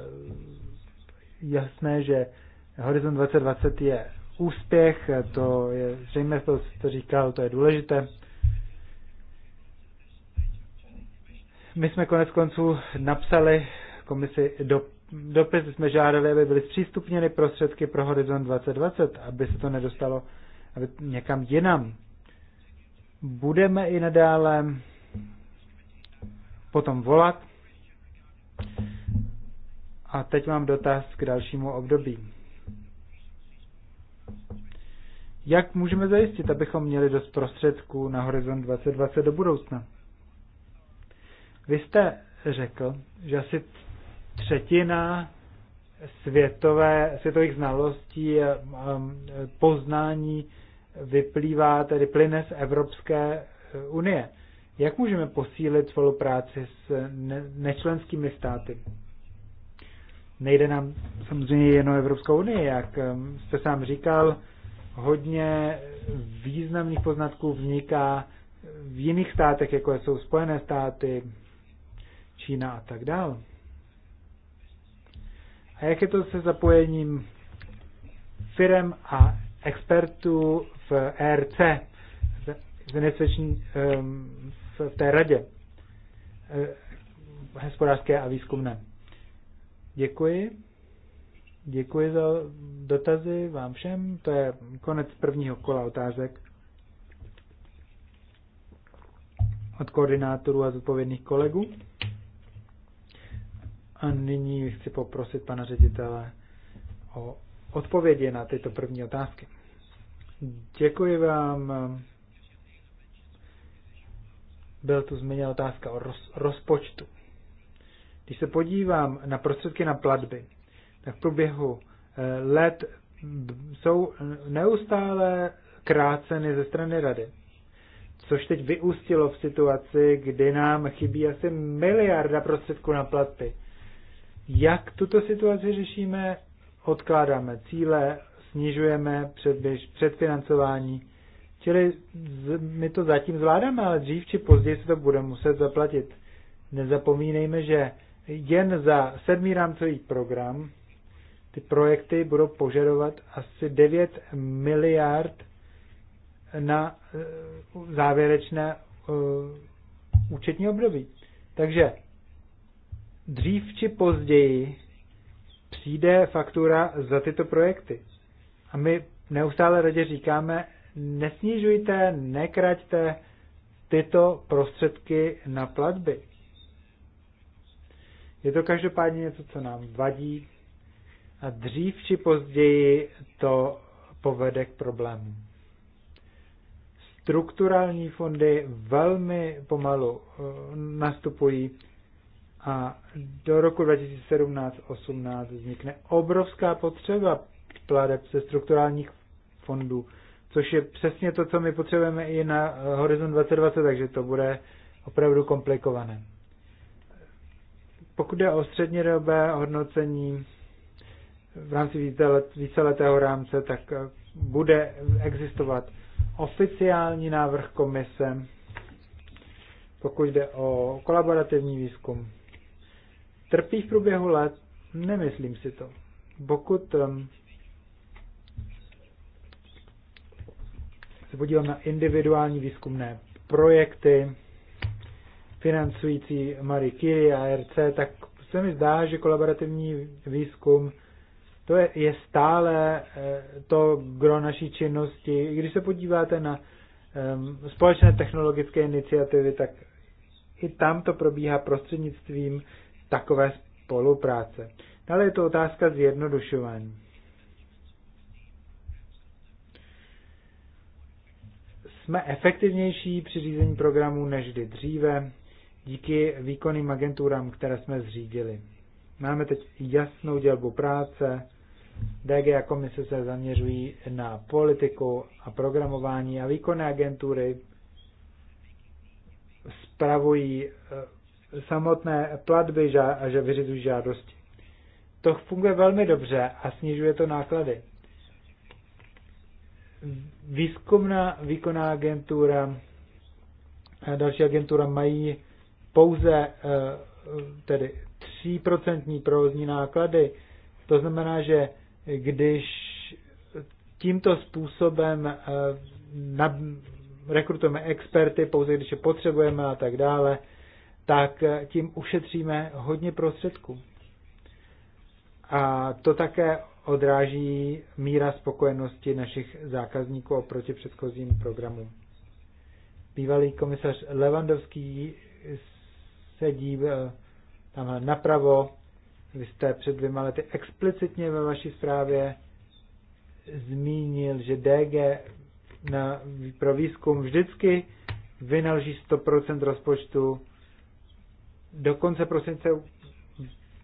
jasné, že Horizont 2020 je úspěch, to je zřejmě to, co jste říkal, to je důležité. My jsme konec konců napsali komisi do, dopis, jsme žádali, aby byly zpřístupněny prostředky pro Horizont 2020, aby se to nedostalo aby někam jinam. Budeme i nadále potom volat. A teď mám dotaz k dalšímu období. Jak můžeme zajistit, abychom měli dost prostředků na horizont 2020 do budoucna? Vy jste řekl, že asi třetina světové, světových znalostí eh, eh, poznání vyplývá, tedy plyne z Evropské eh, unie. Jak můžeme posílit spolupráci s nečlenskými státy? Nejde nám samozřejmě jen o Evropskou unii, jak jste sám říkal, hodně významných poznatků vzniká v jiných státech, jako jsou Spojené státy, Čína a tak dál. A jak je to se zapojením firem a expertů v ERC, v té radě eh, hospodářské a výzkumné? Děkuji. Děkuji za dotazy vám všem. To je konec prvního kola otázek od koordinátorů a zodpovědných kolegů. A nyní chci poprosit pana ředitele o odpovědi na tyto první otázky. Děkuji vám. Byl tu zmíněna otázka o roz, rozpočtu. Když se podívám na prostředky na platby, tak v průběhu eh, let jsou neustále kráceny ze strany rady. Což teď vyústilo v situaci, kdy nám chybí asi miliarda prostředků na platby. Jak tuto situaci řešíme? Odkládáme cíle, snižujeme předběž, předfinancování, čili z, my to zatím zvládáme, ale dřív či později se to bude muset zaplatit. Nezapomínejme, že jen za sedmý rámcový program ty projekty budou požadovat asi 9 miliard na eh, závěrečné eh, účetní období. Takže dřív či později přijde faktura za tyto projekty. A my neustále radě říkáme, nesnižujte, nekraťte tyto prostředky na platby. Je to každopádně něco, co nám vadí, a dřív či později to povede k problémům. Strukturální fondy velmi pomalu eh, nastupují a do roku 2017-18 vznikne obrovská potřeba pladeb ze strukturálních fondů, což je přesně to, co my potřebujeme i na eh, Horizon 2020, takže to bude opravdu komplikované. Pokud je o střednědobé hodnocení v rámci víceletého rámce, tak eh, bude existovat oficiální návrh komise, pokud jde o kolaborativní výzkum. Trpí v průběhu let? Nemyslím si to. Pokud se podívám na individuální výzkumné projekty financující Marie Curie a RC, tak se mi zdá, že kolaborativní výzkum to je, je stále eh, to gro naší činnosti. Když se podíváte na um, společné technologické iniciativy, tak i tam to probíhá prostřednictvím takové spolupráce. Dále je to otázka zjednodušování. Jsme efektivnější při řízení programů než kdy dříve díky výkonným agenturám, které jsme zřídili. Máme teď jasnou dělbu práce, DG a komise se zaměřují na politiku a programování a výkonné agentury spravují eh, samotné platby a že vyřizují žádosti. To funguje velmi dobře a snižuje to náklady. Výzkumná výkonná agentura a další agentura mají pouze eh, tedy 3% provozní náklady. To znamená, že když tímto způsobem eh, rekrutujeme experty, pouze když je potřebujeme a tak dále, tak eh, tím ušetříme hodně prostředků. A to také odráží míra spokojenosti našich zákazníků oproti předchozím programům. Bývalý komisař Levandovský sedí eh, tam napravo, vy jste před dvěma lety explicitně ve vaší zprávě zmínil, že DG na, pro výzkum vždycky vynaloží 100% rozpočtu. Do konce prosince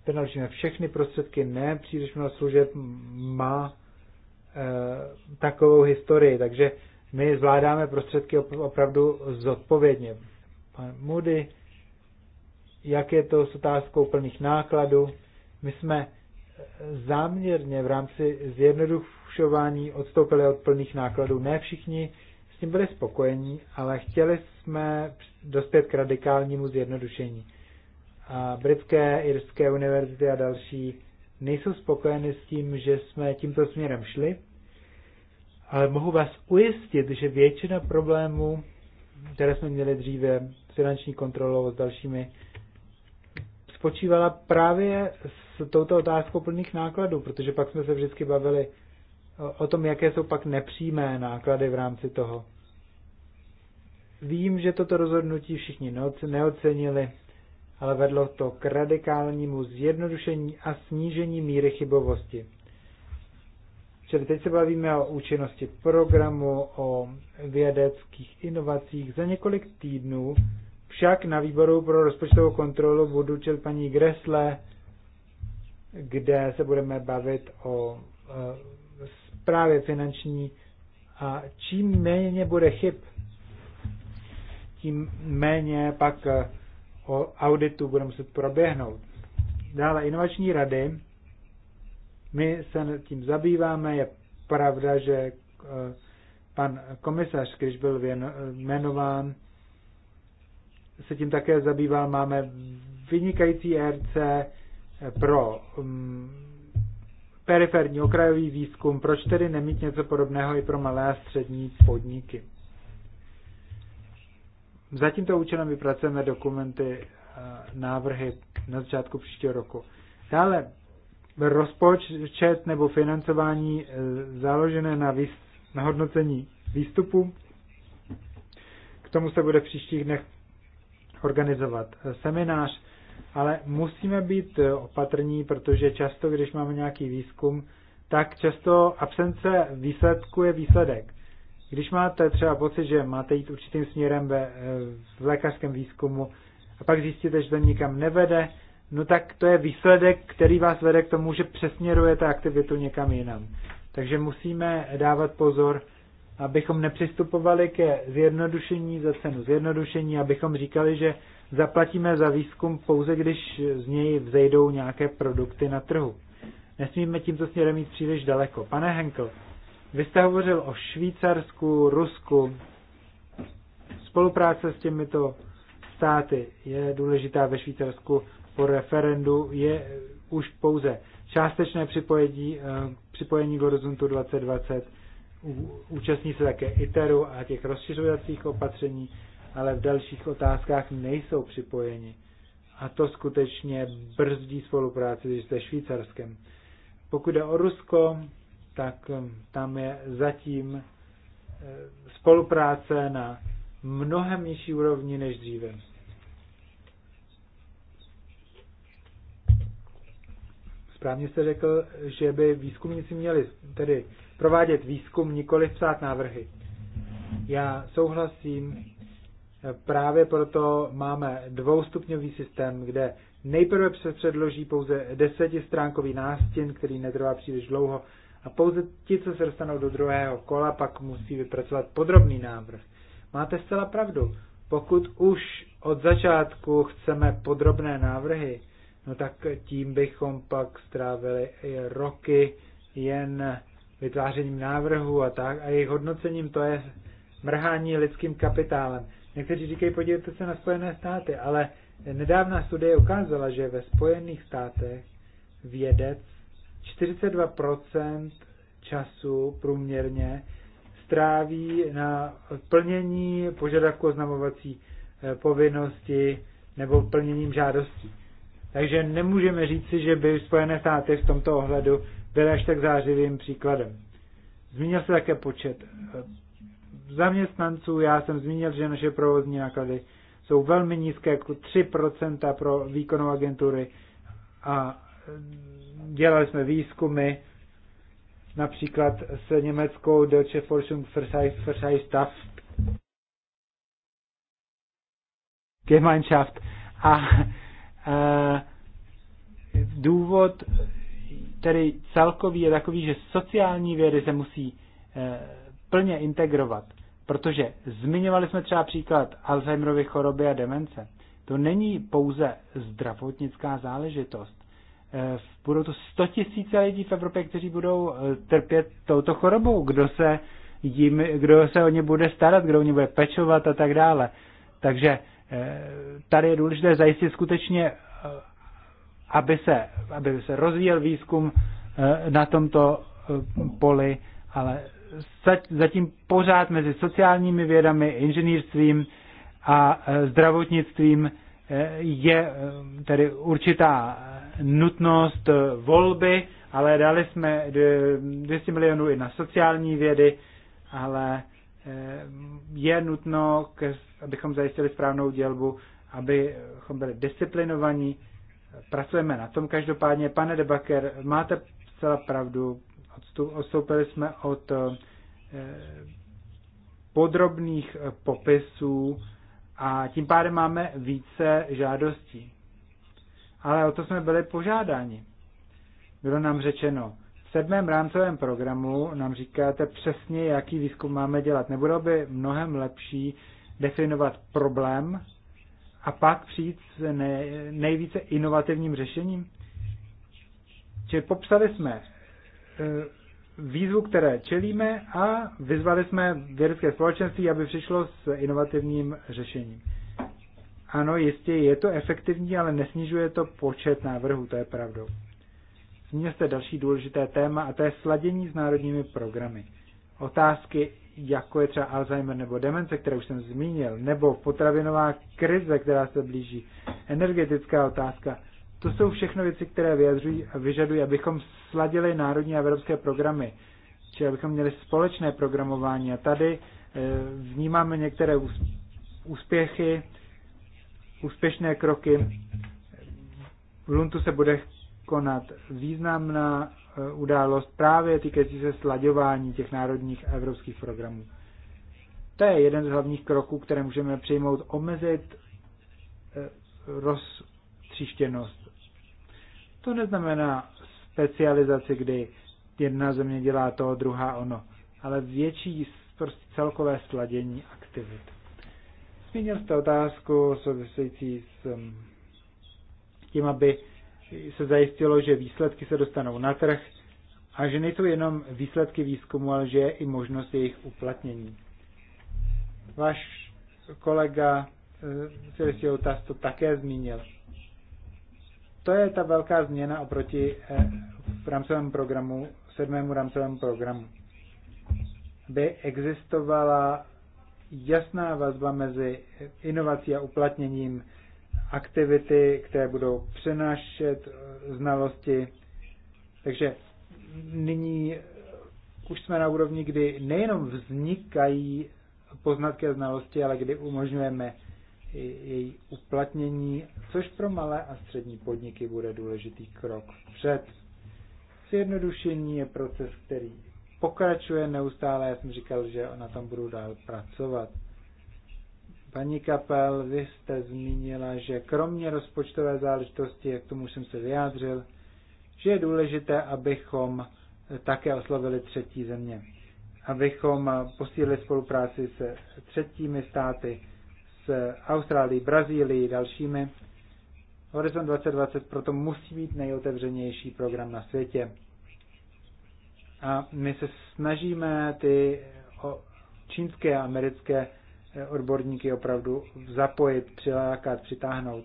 vynaložíme všechny prostředky, ne příliš mnoho služeb má e, takovou historii, takže my zvládáme prostředky opravdu zodpovědně. Pan Moody, jak je to s otázkou plných nákladů? My jsme eh, záměrně v rámci zjednodušování odstoupili od plných nákladů. Ne všichni s tím byli spokojení, ale chtěli jsme dospět k radikálnímu zjednodušení. A britské, irské univerzity a další nejsou spokojeny s tím, že jsme tímto směrem šli, ale mohu vás ujistit, že většina problémů, které jsme měli dříve s finanční kontrolou, s dalšími spočívala právě s touto otázkou plných nákladů, protože pak jsme se vždycky bavili o tom, jaké jsou pak nepřímé náklady v rámci toho. Vím, že toto rozhodnutí všichni neocenili, ale vedlo to k radikálnímu zjednodušení a snížení míry chybovosti. Čili teď se bavíme o účinnosti programu, o vědeckých inovacích. Za několik týdnů však na výboru pro rozpočtovou kontrolu budu čel paní Gresle, kde se budeme bavit o eh, zprávě finanční a čím méně bude chyb, tím méně pak eh, o auditu bude muset proběhnout. Dále inovační rady. My se tím zabýváme. Je pravda, že eh, pan komisař, když byl jmenován, se tím také zabýval. Máme vynikající RC pro um, periferní okrajový výzkum. Proč tedy nemít něco podobného i pro malé a střední podniky? Za tímto účelem vypracujeme dokumenty, návrhy na začátku příštího roku. Dále rozpočet nebo financování e, založené na, výst, na hodnocení výstupu. K tomu se bude v příštích dnech organizovat seminář, ale musíme být opatrní, protože často, když máme nějaký výzkum, tak často absence výsledku je výsledek. Když máte třeba pocit, že máte jít určitým směrem ve, v lékařském výzkumu a pak zjistíte, že to nikam nevede, no tak to je výsledek, který vás vede k tomu, že přesměrujete aktivitu někam jinam. Takže musíme dávat pozor abychom nepřistupovali ke zjednodušení za cenu zjednodušení, abychom říkali, že zaplatíme za výzkum pouze, když z něj vzejdou nějaké produkty na trhu. Nesmíme tímto směrem jít příliš daleko. Pane Henkel, vy jste hovořil o Švýcarsku, Rusku. Spolupráce s těmito státy je důležitá ve Švýcarsku po referendu. Je už pouze částečné připojení, eh, připojení k horizontu 2020 účastní se také ITERu a těch rozšiřovacích opatření, ale v dalších otázkách nejsou připojeni. A to skutečně brzdí spolupráci se Švýcarskem. Pokud jde o Rusko, tak um, tam je zatím eh, spolupráce na mnohem nižší úrovni než dříve. Správně jste řekl, že by výzkumníci měli tedy provádět výzkum, nikoli psát návrhy. Já souhlasím, eh, právě proto máme dvoustupňový systém, kde nejprve se předloží pouze desetistránkový nástin, který netrvá příliš dlouho, a pouze ti, co se dostanou do druhého kola, pak musí vypracovat podrobný návrh. Máte zcela pravdu. Pokud už od začátku chceme podrobné návrhy, no tak tím bychom pak strávili i roky jen vytvářením návrhu a tak a jejich hodnocením, to je mrhání lidským kapitálem. Někteří říkají, podívejte se na Spojené státy, ale nedávná studie ukázala, že ve Spojených státech vědec 42% času průměrně stráví na plnění požadavku oznamovací eh, povinnosti nebo plněním žádostí. Takže nemůžeme říci, že by Spojené státy v tomto ohledu byly až tak zářivým příkladem. Zmínil se také počet eh, zaměstnanců. Já jsem zmínil, že naše provozní náklady jsou velmi nízké, jako 3% pro výkonu agentury a eh, dělali jsme výzkumy, například s německou Deutsche Forschung Versailles Gemeinschaft a Eh, důvod tedy celkový je takový, že sociální vědy se musí eh, plně integrovat, protože zmiňovali jsme třeba příklad Alzheimerovy choroby a demence. To není pouze zdravotnická záležitost. Eh, budou to 100 tisíce lidí v Evropě, kteří budou trpět touto chorobou, kdo se, jim, kdo se o ně bude starat, kdo o ně bude pečovat a tak dále. Takže tady je důležité zajistit skutečně, eh, aby se, aby se rozvíjel výzkum eh, na tomto eh, poli, ale zatím pořád mezi sociálními vědami, inženýrstvím a zdravotnictvím je tedy určitá nutnost volby, ale dali jsme 200 milionů i na sociální vědy, ale je nutno abychom zajistili správnou dělbu, abychom byli disciplinovaní. Pracujeme na tom každopádně. Pane Debaker, máte celá pravdu. Odstoupili jsme od eh, podrobných popisů a tím pádem máme více žádostí. Ale o to jsme byli požádáni. Bylo nám řečeno, v sedmém rámcovém programu nám říkáte přesně, jaký výzkum máme dělat. Nebylo by mnohem lepší, definovat problém a pak přijít s nejvíce inovativním řešením? Čili popsali jsme e, výzvu, které čelíme a vyzvali jsme vědecké společenství, aby přišlo s inovativním řešením. Ano, jistě je to efektivní, ale nesnižuje to počet návrhů, to je pravdou. Zmínil jste další důležité téma a to je sladění s národními programy. Otázky jako je třeba Alzheimer nebo demence, které už jsem zmínil, nebo potravinová krize, která se blíží, energetická otázka. To jsou všechno věci, které vyjadřují a vyžadují, abychom sladili národní a evropské programy, či abychom měli společné programování. A tady eh, vnímáme některé úspěchy, úspěšné kroky. V Luntu se bude konat významná Eh, událost právě týkající se slaďování těch národních a evropských programů. To je jeden z hlavních kroků, které můžeme přijmout, omezit eh, roztříštěnost. To neznamená specializaci, kdy jedna země dělá to, druhá ono, ale větší prostě celkové sladění aktivit. Zmínil jste otázku související s mm, tím, aby se zajistilo, že výsledky se dostanou na trh a že nejsou jenom výsledky výzkumu, ale že je i možnost jejich uplatnění. Váš kolega Celestio eh, Tas to také zmínil. To je ta velká změna oproti eh, v rámcovému programu, sedmému rámcovému programu. By existovala jasná vazba mezi inovací a uplatněním aktivity, které budou přenášet eh, znalosti. Takže nyní eh, už jsme na úrovni, kdy nejenom vznikají poznatky a znalosti, ale kdy umožňujeme její uplatnění, což pro malé a střední podniky bude důležitý krok vpřed. Zjednodušení je proces, který pokračuje neustále. Já jsem říkal, že na tom budu dál pracovat. Paní Kapel, vy jste zmínila, že kromě rozpočtové záležitosti, jak tomu jsem se vyjádřil, že je důležité, abychom také oslovili třetí země. Abychom posílili spolupráci se třetími státy, s Austrálií, Brazílií, dalšími. Horizon 2020 proto musí být nejotevřenější program na světě. A my se snažíme ty čínské a americké odborníky opravdu zapojit, přilákat, přitáhnout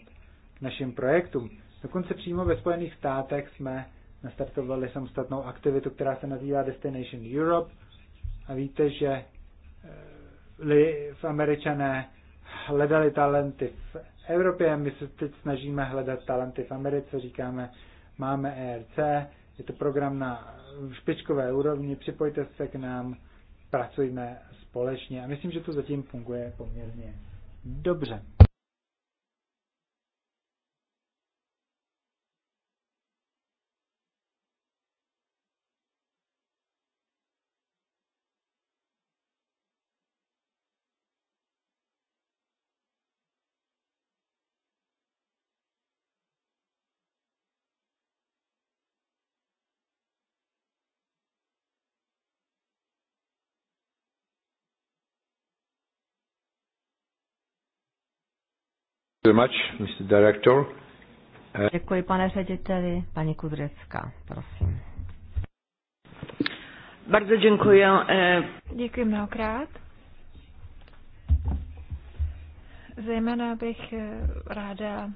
k našim projektům. Dokonce přímo ve Spojených státech jsme nastartovali samostatnou aktivitu, která se nazývá Destination Europe. A víte, že eh, v Američané hledali talenty v Evropě, my se teď snažíme hledat talenty v Americe, říkáme, máme ERC, je to program na špičkové úrovni, připojte se k nám, pracujme společně. A myslím, že to zatím funguje poměrně dobře.
Děkuji, pane řediteli. Paní Kudrecka, prosím.
Bardzo dziękuję. E, Děkuji mnohokrát. Zejména bych e, ráda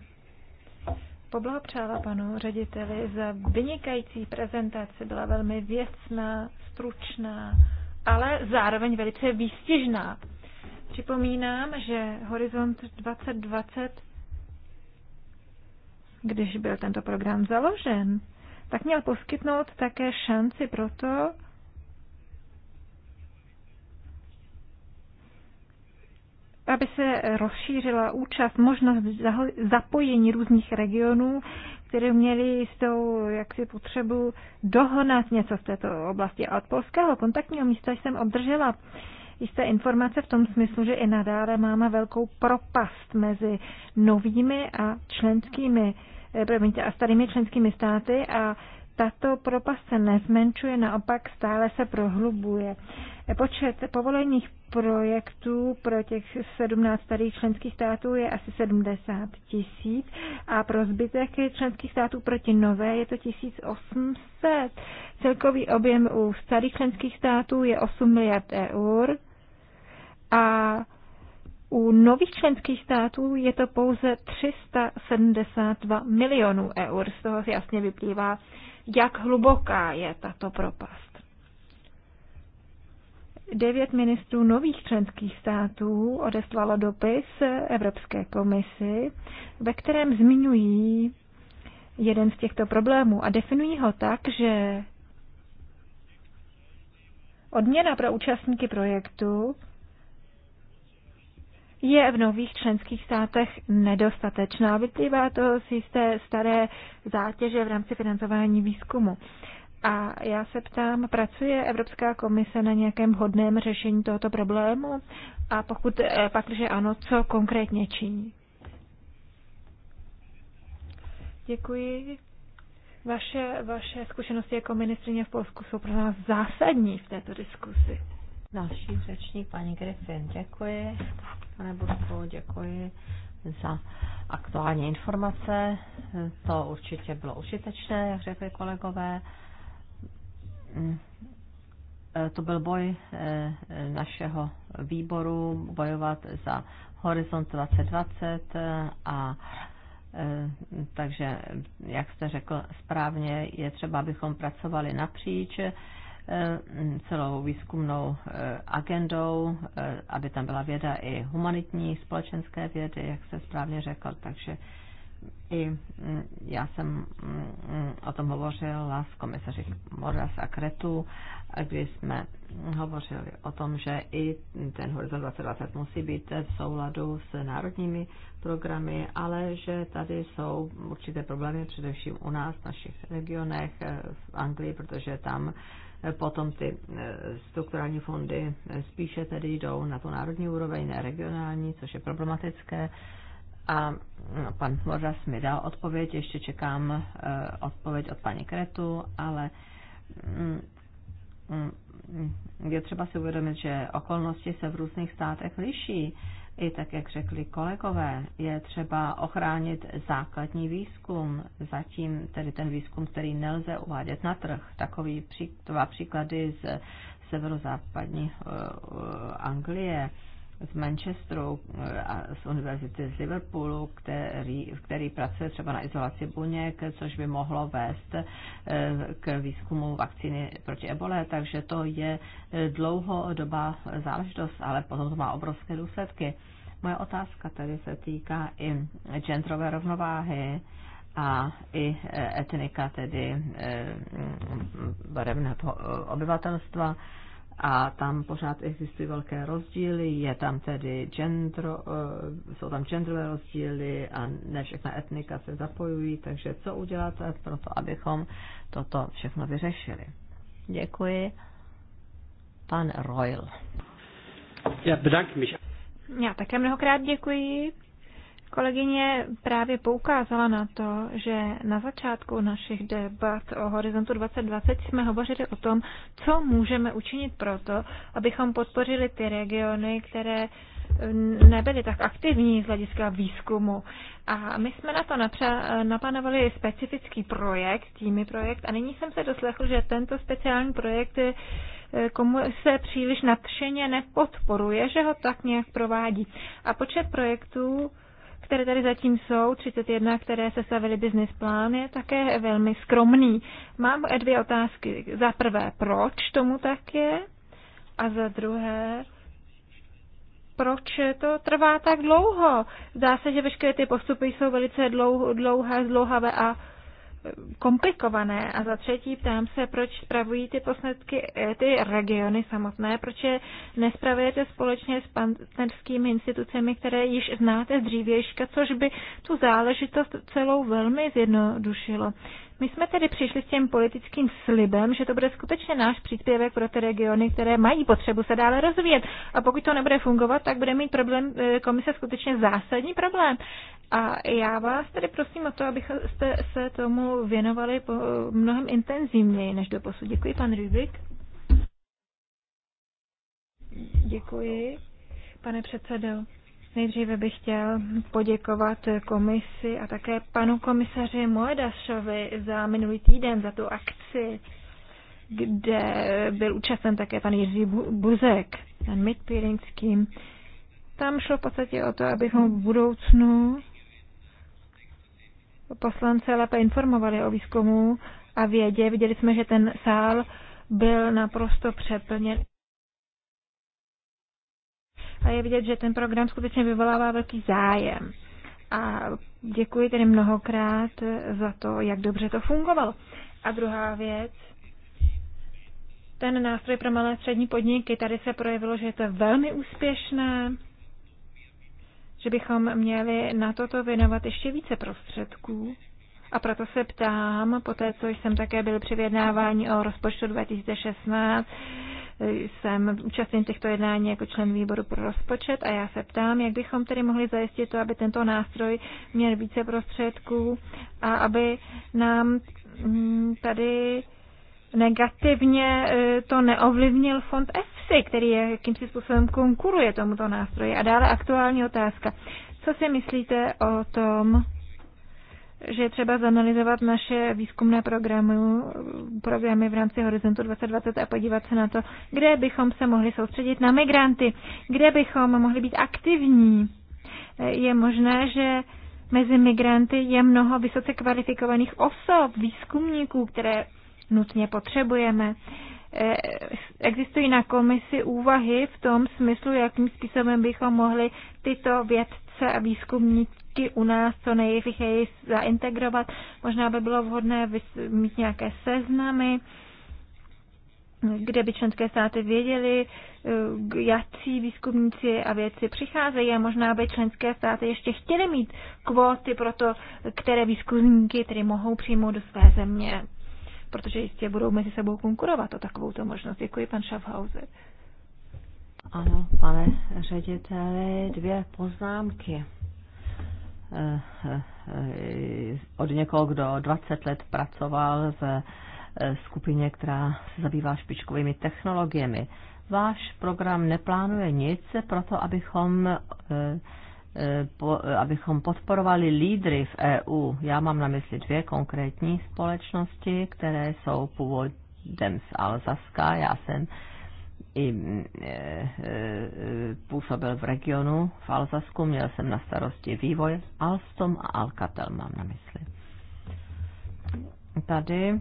poblahopřála panu řediteli za vynikající prezentaci. Byla velmi věcná, stručná, ale zároveň velice výstižná. Připomínám, že Horizont 2020, když byl tento program založen, tak měl poskytnout také šanci pro to, aby se rozšířila účast, možnost zapojení různých regionů, které měly jak jaksi potřebu dohonat něco v této oblasti. A od polského kontaktního místa jsem obdržela jisté informace v tom smyslu, že i nadále máme velkou propast mezi novými a členskými, eh, promiňte, a starými členskými státy a tato propast se nezmenšuje, naopak stále se prohlubuje. Eh, počet povolených projektů pro těch 17 starých členských států je asi 70 tisíc a pro zbytek členských států proti nové je to 1800. Celkový objem u starých členských států je 8 miliard eur a u nových členských států je to pouze 372 milionů eur. Z toho jasně vyplývá, jak hluboká je tato propast. Devět ministrů nových členských států odeslalo dopis Evropské komisi, ve kterém zmiňují jeden z těchto problémů a definují ho tak, že odměna pro účastníky projektu je v nových členských státech nedostatečná. Vyplývá to z jisté staré zátěže v rámci financování výzkumu. A já se ptám, pracuje Evropská komise na nějakém hodném řešení tohoto problému? A pokud eh, pak, že ano, co konkrétně činí? Děkuji. Vaše, vaše zkušenosti jako ministrině v Polsku jsou pro nás zásadní v této diskusi. Další řečník, paní Griffin, děkuji. Pane Burku, děkuji za
aktuální informace. To určitě bylo užitečné, jak řekli kolegové. Mm, eh, to byl boj eh, našeho výboru bojovat za Horizont 2020 eh, a takže, jak jste řekl správně, je třeba, abychom pracovali napříč Eh, celou výzkumnou eh, agendou, eh, aby tam byla věda i humanitní, společenské vědy, jak se správně řekl, takže i mm, já jsem mm, o tom hovořila s komisaři Moras a Kretu, kdy jsme hovořili o tom, že i ten Horizon 2020 musí být v souladu s národními programy, ale že tady jsou určité problémy především u nás, v našich regionech, v Anglii, protože tam Potom ty eh, strukturální fondy spíše tedy jdou na tu národní úroveň, ne regionální, což je problematické. A no, pan Mordas mi dal odpověď, ještě čekám eh, odpověď od paní Kretu, ale mm, mm, je třeba si uvědomit, že okolnosti se v různých státech liší i tak, jak řekli kolegové, je třeba ochránit základní výzkum, zatím tedy ten výzkum, který nelze uvádět na trh. Takový dva příklady z severozápadní eh, eh, Anglie z Manchesteru eh, a z univerzity z Liverpoolu, který, který pracuje třeba na izolaci buněk, což by mohlo vést eh, k výzkumu vakcíny proti ebole, takže to je eh, dlouhodobá záležitost, ale potom to má obrovské důsledky. Moje otázka tady se týká i genderové rovnováhy a i etnika, tedy barevného obyvatelstva a tam pořád existují velké rozdíly, je tam tedy gender, eh, jsou tam genderové rozdíly a ne všechna etnika se zapojují, takže co uděláte pro to, abychom toto všechno vyřešili?
Děkuji. Pan Royal.
Já bedanke mich.
Já také mnohokrát děkuji. Kolegyně právě poukázala na to, že na začátku našich debat o Horizontu 2020 jsme hovořili o tom, co můžeme učinit proto, abychom podpořili ty regiony, které mm, nebyly tak aktivní z hlediska výzkumu. A my jsme na to napře- naplánovali specifický projekt, týmy projekt, a nyní jsem se doslechl, že tento speciální projekt eh, komu se příliš nadšeně nepodporuje, že ho tak nějak provádí. A počet projektů které tady zatím jsou, 31, které se stavily business plán, je také velmi skromný. Mám dvě otázky. Za prvé, proč tomu tak je? A za druhé, proč to trvá tak dlouho? Zdá se, že veškeré ty postupy jsou velice dlouhé, zdlouhavé a komplikované. A za třetí ptám se, proč spravují ty posledky, eh, ty regiony samotné, proč je nespravujete společně s partnerskými institucemi, které již znáte z dřívějška, což by tu záležitost celou velmi zjednodušilo. My jsme tedy přišli s tím politickým slibem, že to bude skutečně náš příspěvek pro ty regiony, které mají potřebu se dále rozvíjet. A pokud to nebude fungovat, tak bude mít problém eh, komise skutečně zásadní problém. A já vás tedy prosím o to, abyste se tomu věnovali mnohem intenzivněji než do posud. Děkuji, pan Rybik. Děkuji, pane předsedo. Nejdříve bych chtěl poděkovat komisi a také panu komisaři Moedašovi za minulý týden, za tu akci, kde byl účasten také pan Jiří Buzek, ten Midpírinský. Tam šlo v podstatě o to, abychom v budoucnu poslance lépe informovali o výzkumu a vědě. Viděli jsme, že ten sál byl naprosto přeplněn. A je vidět, že ten program skutečně vyvolává velký zájem. A děkuji tedy mnohokrát za to, jak dobře to fungovalo. A druhá věc, ten nástroj pro malé střední podniky, tady se projevilo, že je to velmi úspěšné že bychom měli na toto věnovat ještě více prostředků. A proto se ptám, po té, co jsem také byl při vyjednávání o rozpočtu 2016, jsem účastním těchto jednání jako člen výboru pro rozpočet a já se ptám, jak bychom tedy mohli zajistit to, aby tento nástroj měl více prostředků a aby nám tady negativně e, to neovlivnil fond EFSI, který je jakýmsi způsobem konkuruje tomuto nástroji. A dále aktuální otázka. Co si myslíte o tom, že je třeba zanalizovat naše výzkumné programy, programy v rámci Horizontu 2020 a podívat se na to, kde bychom se mohli soustředit na migranty, kde bychom mohli být aktivní. Je možné, že mezi migranty je mnoho vysoce kvalifikovaných osob, výzkumníků, které nutně potřebujeme. Eh, existují na komisi úvahy v tom smyslu, jakým způsobem bychom mohli tyto vědce a výzkumníky u nás co nejrychleji zaintegrovat. Možná by bylo vhodné mít nějaké seznamy, kde by členské státy věděli, eh, jaký výzkumníci a věci přicházejí a možná by členské státy ještě chtěly mít kvóty pro to, které výzkumníky tedy mohou přijmout do své země protože jistě budou mezi sebou konkurovat o takovou možnost. Děkuji, pan Schaffhauser.
Ano, pane řediteli, dvě poznámky eh, eh, od někoho, kdo 20 let pracoval v eh, skupině, která se zabývá špičkovými technologiemi. Váš program neplánuje nic proto, abychom Eh, po, abychom podporovali lídry v EU. Já mám na mysli dvě konkrétní společnosti, které jsou původem z Alzaska. Já jsem i e, e, působil v regionu v Alzasku, měl jsem na starosti vývoj Alstom a Alcatel mám na mysli. Tady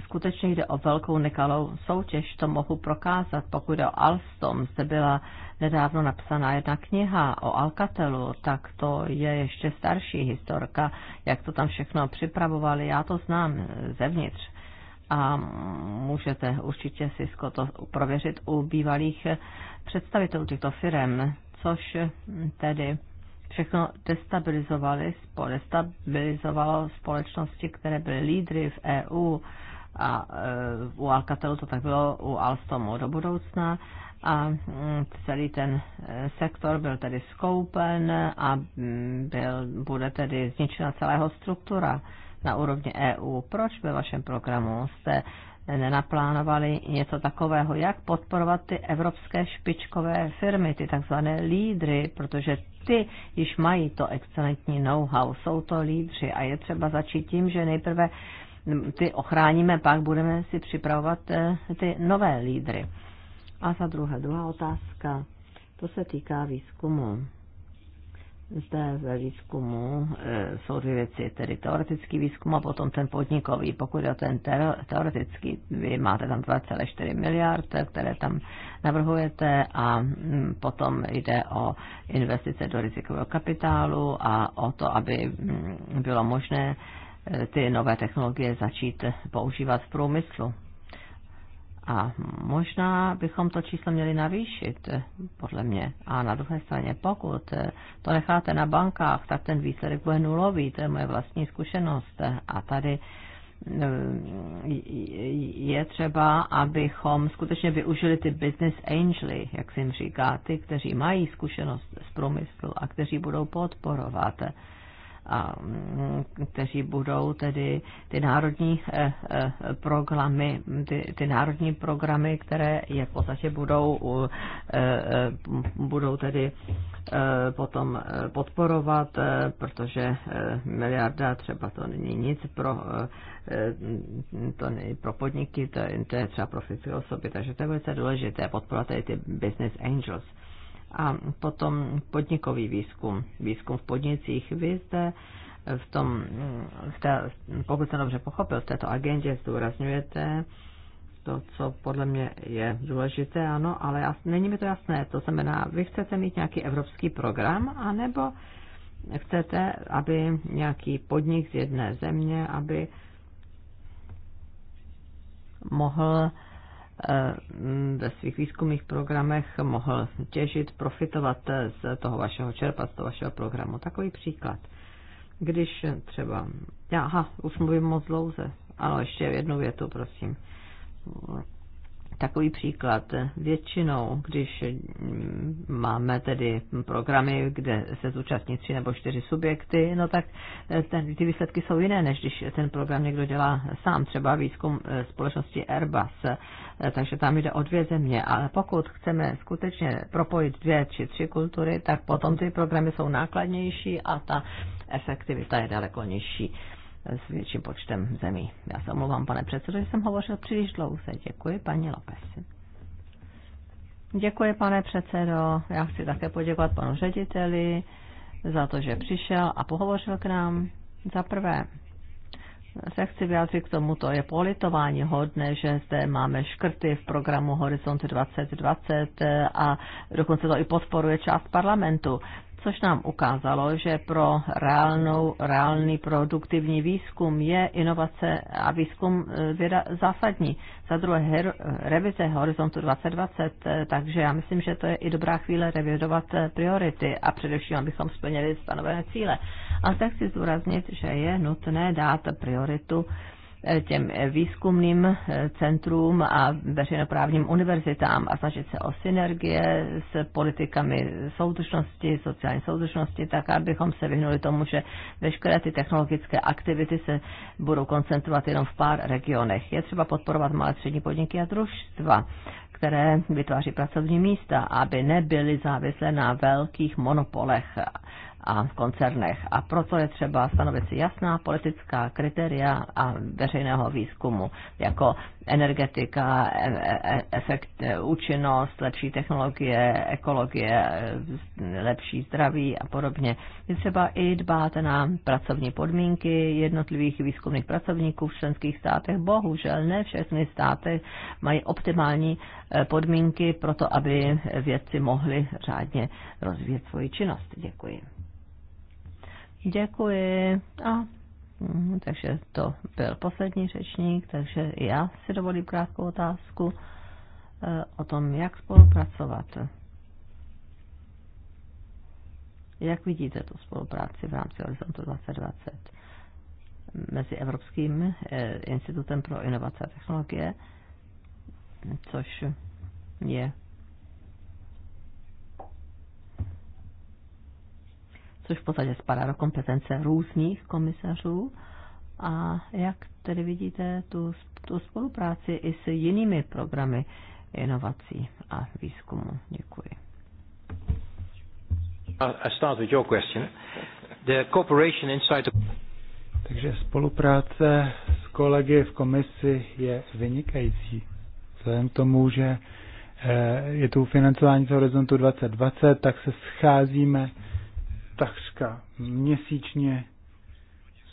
skutečně jde o velkou nekalou soutěž, to mohu prokázat. Pokud jde o Alstom, zde byla nedávno napsaná jedna kniha o Alcatelu, tak to je ještě starší historka, jak to tam všechno připravovali, já to znám zevnitř. A můžete určitě si to prověřit u bývalých představitelů těchto firm, což tedy všechno destabilizovali, destabilizovalo společnosti, které byly lídry v EU a e, u Alcatelu to tak bylo, u Alstomu do budoucna a mm, celý ten e, sektor byl tedy skoupen a mm, byl, bude tedy zničena celého struktura na úrovni EU. Proč ve vašem programu jste nenaplánovali něco takového, jak podporovat ty evropské špičkové firmy, ty takzvané lídry, protože ty již mají to excelentní know-how, jsou to lídři a je třeba začít tím, že nejprve ty ochráníme, pak budeme si připravovat eh, ty nové lídry. A za druhé, druhá otázka, to se týká výzkumu. Zde ve výzkumu eh, jsou dvě věci, tedy teoretický výzkum a potom ten podnikový. Pokud je ten teoretický, vy máte tam 2,4 miliard, které tam navrhujete a mm, potom jde o investice do rizikového kapitálu a o to, aby mm, bylo možné ty nové technologie začít používat v průmyslu. A možná bychom to číslo měli navýšit, podle mě. A na druhé straně, pokud to necháte na bankách, tak ten výsledek bude nulový, to je moje vlastní zkušenost. A tady eh, je třeba, abychom skutečně využili ty business angely, jak se jim říká, ty, kteří mají zkušenost z průmyslu a kteří budou podporovat a mm, kteří budou tedy ty národní eh, eh, programy, ty, ty národní programy, které je v podstatě budou, eh, budou tedy potom podporovat, protože miliarda třeba to není nic pro, to není pro podniky, to, to je třeba pro fyzické osoby, takže to je velice důležité podporovat tady ty business angels a potom podnikový výzkum, výzkum v podnicích. Vy zde v tom, v té, pokud jsem dobře pochopil, v této agendě zdůrazňujete to, co podle mě je důležité, ano, ale jas, není mi to jasné. To znamená, vy chcete mít nějaký evropský program, anebo chcete, aby nějaký podnik z jedné země, aby mohl uh, Eh, ve svých výzkumných programech mohl těžit, profitovat z toho vašeho, čerpat z toho vašeho programu. Takový příklad. Když třeba, já, aha, už mluvím moc dlouze, ano, ještě jednu větu, prosím. Takový příklad. Většinou, když mm, máme tedy programy, kde se zúčastní tři nebo čtyři subjekty, no tak eh, ten, ty výsledky jsou jiné, než když ten program někdo dělá sám, třeba výzkum eh, společnosti Airbus. Eh, takže tam jde o dvě země, ale pokud chceme skutečně propojit dvě či tři kultury, tak potom ty programy jsou nákladnější a ta efektivita je daleko nižší s větším počtem zemí. Já se omlouvám, pane předsedo, že jsem hovořil příliš dlouze. Děkuji, paní Lopes. Děkuji, pane předsedo. Já chci také poděkovat panu řediteli za to, že přišel a pohovořil k nám. Za prvé, se chci vyjádřit k to Je politování hodné, že zde máme škrty v programu Horizont 2020 a dokonce to i podporuje část parlamentu což nám ukázalo, že pro reálnou, reálný produktivní výzkum je inovace a výzkum e, věda zásadní. Za druhé her, revize Horizontu 2020, e, takže já myslím, že to je i dobrá chvíle revidovat e, priority a především, abychom splnili stanovené cíle. A tak chci zdůraznit, že je nutné dát prioritu Eh, těm eh, výzkumným eh, centrům a veřejnoprávním univerzitám a snažit se o synergie s politikami soudržnosti, sociální soudržnosti, tak abychom se vyhnuli tomu, že veškeré ty technologické aktivity se budou koncentrovat jenom v pár regionech. Je třeba podporovat malé střední podniky a družstva, které vytváří pracovní místa, aby nebyly závislé na velkých monopolech a v koncernech. A proto je třeba stanovit si jasná politická kritéria a veřejného výzkumu, jako energetika, e, e, e, efekt, účinnost, lepší technologie, ekologie, lepší zdraví a podobně. Je třeba i dbát na pracovní podmínky jednotlivých výzkumných pracovníků v členských státech. Bohužel ne všechny státy mají optimální podmínky pro to, aby vědci mohli řádně rozvíjet svoji činnost. Děkuji. Děkuji. A, mm, takže to byl poslední řečník, takže já si dovolím krátkou otázku eh, o tom, jak spolupracovat. Jak vidíte tu spolupráci v rámci Horizontu 2020 mezi Evropským eh, institutem pro inovace a technologie, což je což v podstatě spadá do kompetence různých komisařů. A jak tedy vidíte tu, tu spolupráci i s jinými programy inovací a výzkumu? Děkuji.
I start with your question. The cooperation inside Takže spolupráce s kolegy v komisi je vynikající. Vzhledem k tomu, že eh, je tu financování z horizontu 2020, tak se scházíme takřka měsíčně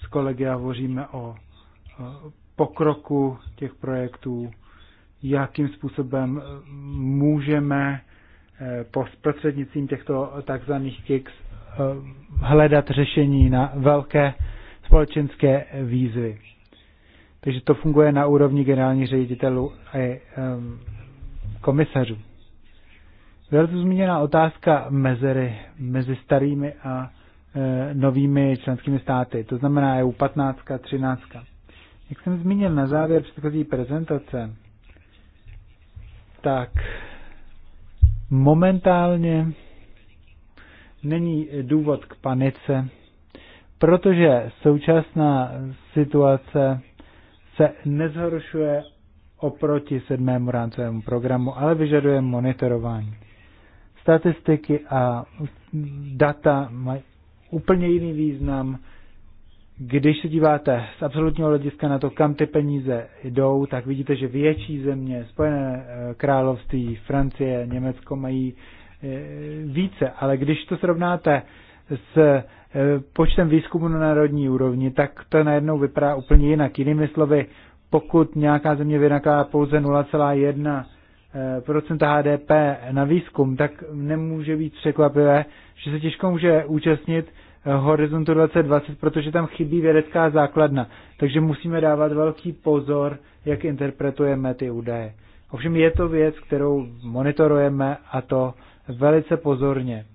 s kolegy a hovoříme o pokroku těch projektů, jakým způsobem můžeme eh, prostřednictvím těchto takzvaných KICS eh, hledat řešení na velké společenské výzvy. Takže to funguje na úrovni generálních ředitelů a komisařů. Byla zmíněná otázka mezery mezi starými a e, novými členskými státy, to znamená EU 15 a 13. Jak jsem zmínil na závěr předchozí prezentace, tak momentálně není důvod k panice, protože současná situace se nezhoršuje oproti sedmému rámcovému programu, ale vyžaduje monitorování statistiky a data mají úplně jiný význam. Když se díváte z absolutního hlediska na to, kam ty peníze jdou, tak vidíte, že větší země, Spojené eh, království, Francie, Německo mají eh, více. Ale když to srovnáte s eh, počtem výzkumu na národní úrovni, tak to najednou vypadá úplně jinak. Jinými slovy, pokud nějaká země vynakládá pouze 0,1 Eh, procenta HDP na výzkum, tak nemůže být překvapivé, že se těžko může účastnit eh, Horizontu 2020, protože tam chybí vědecká základna. Takže musíme dávat velký pozor, jak interpretujeme ty údaje. Ovšem je to věc, kterou monitorujeme a to velice pozorně.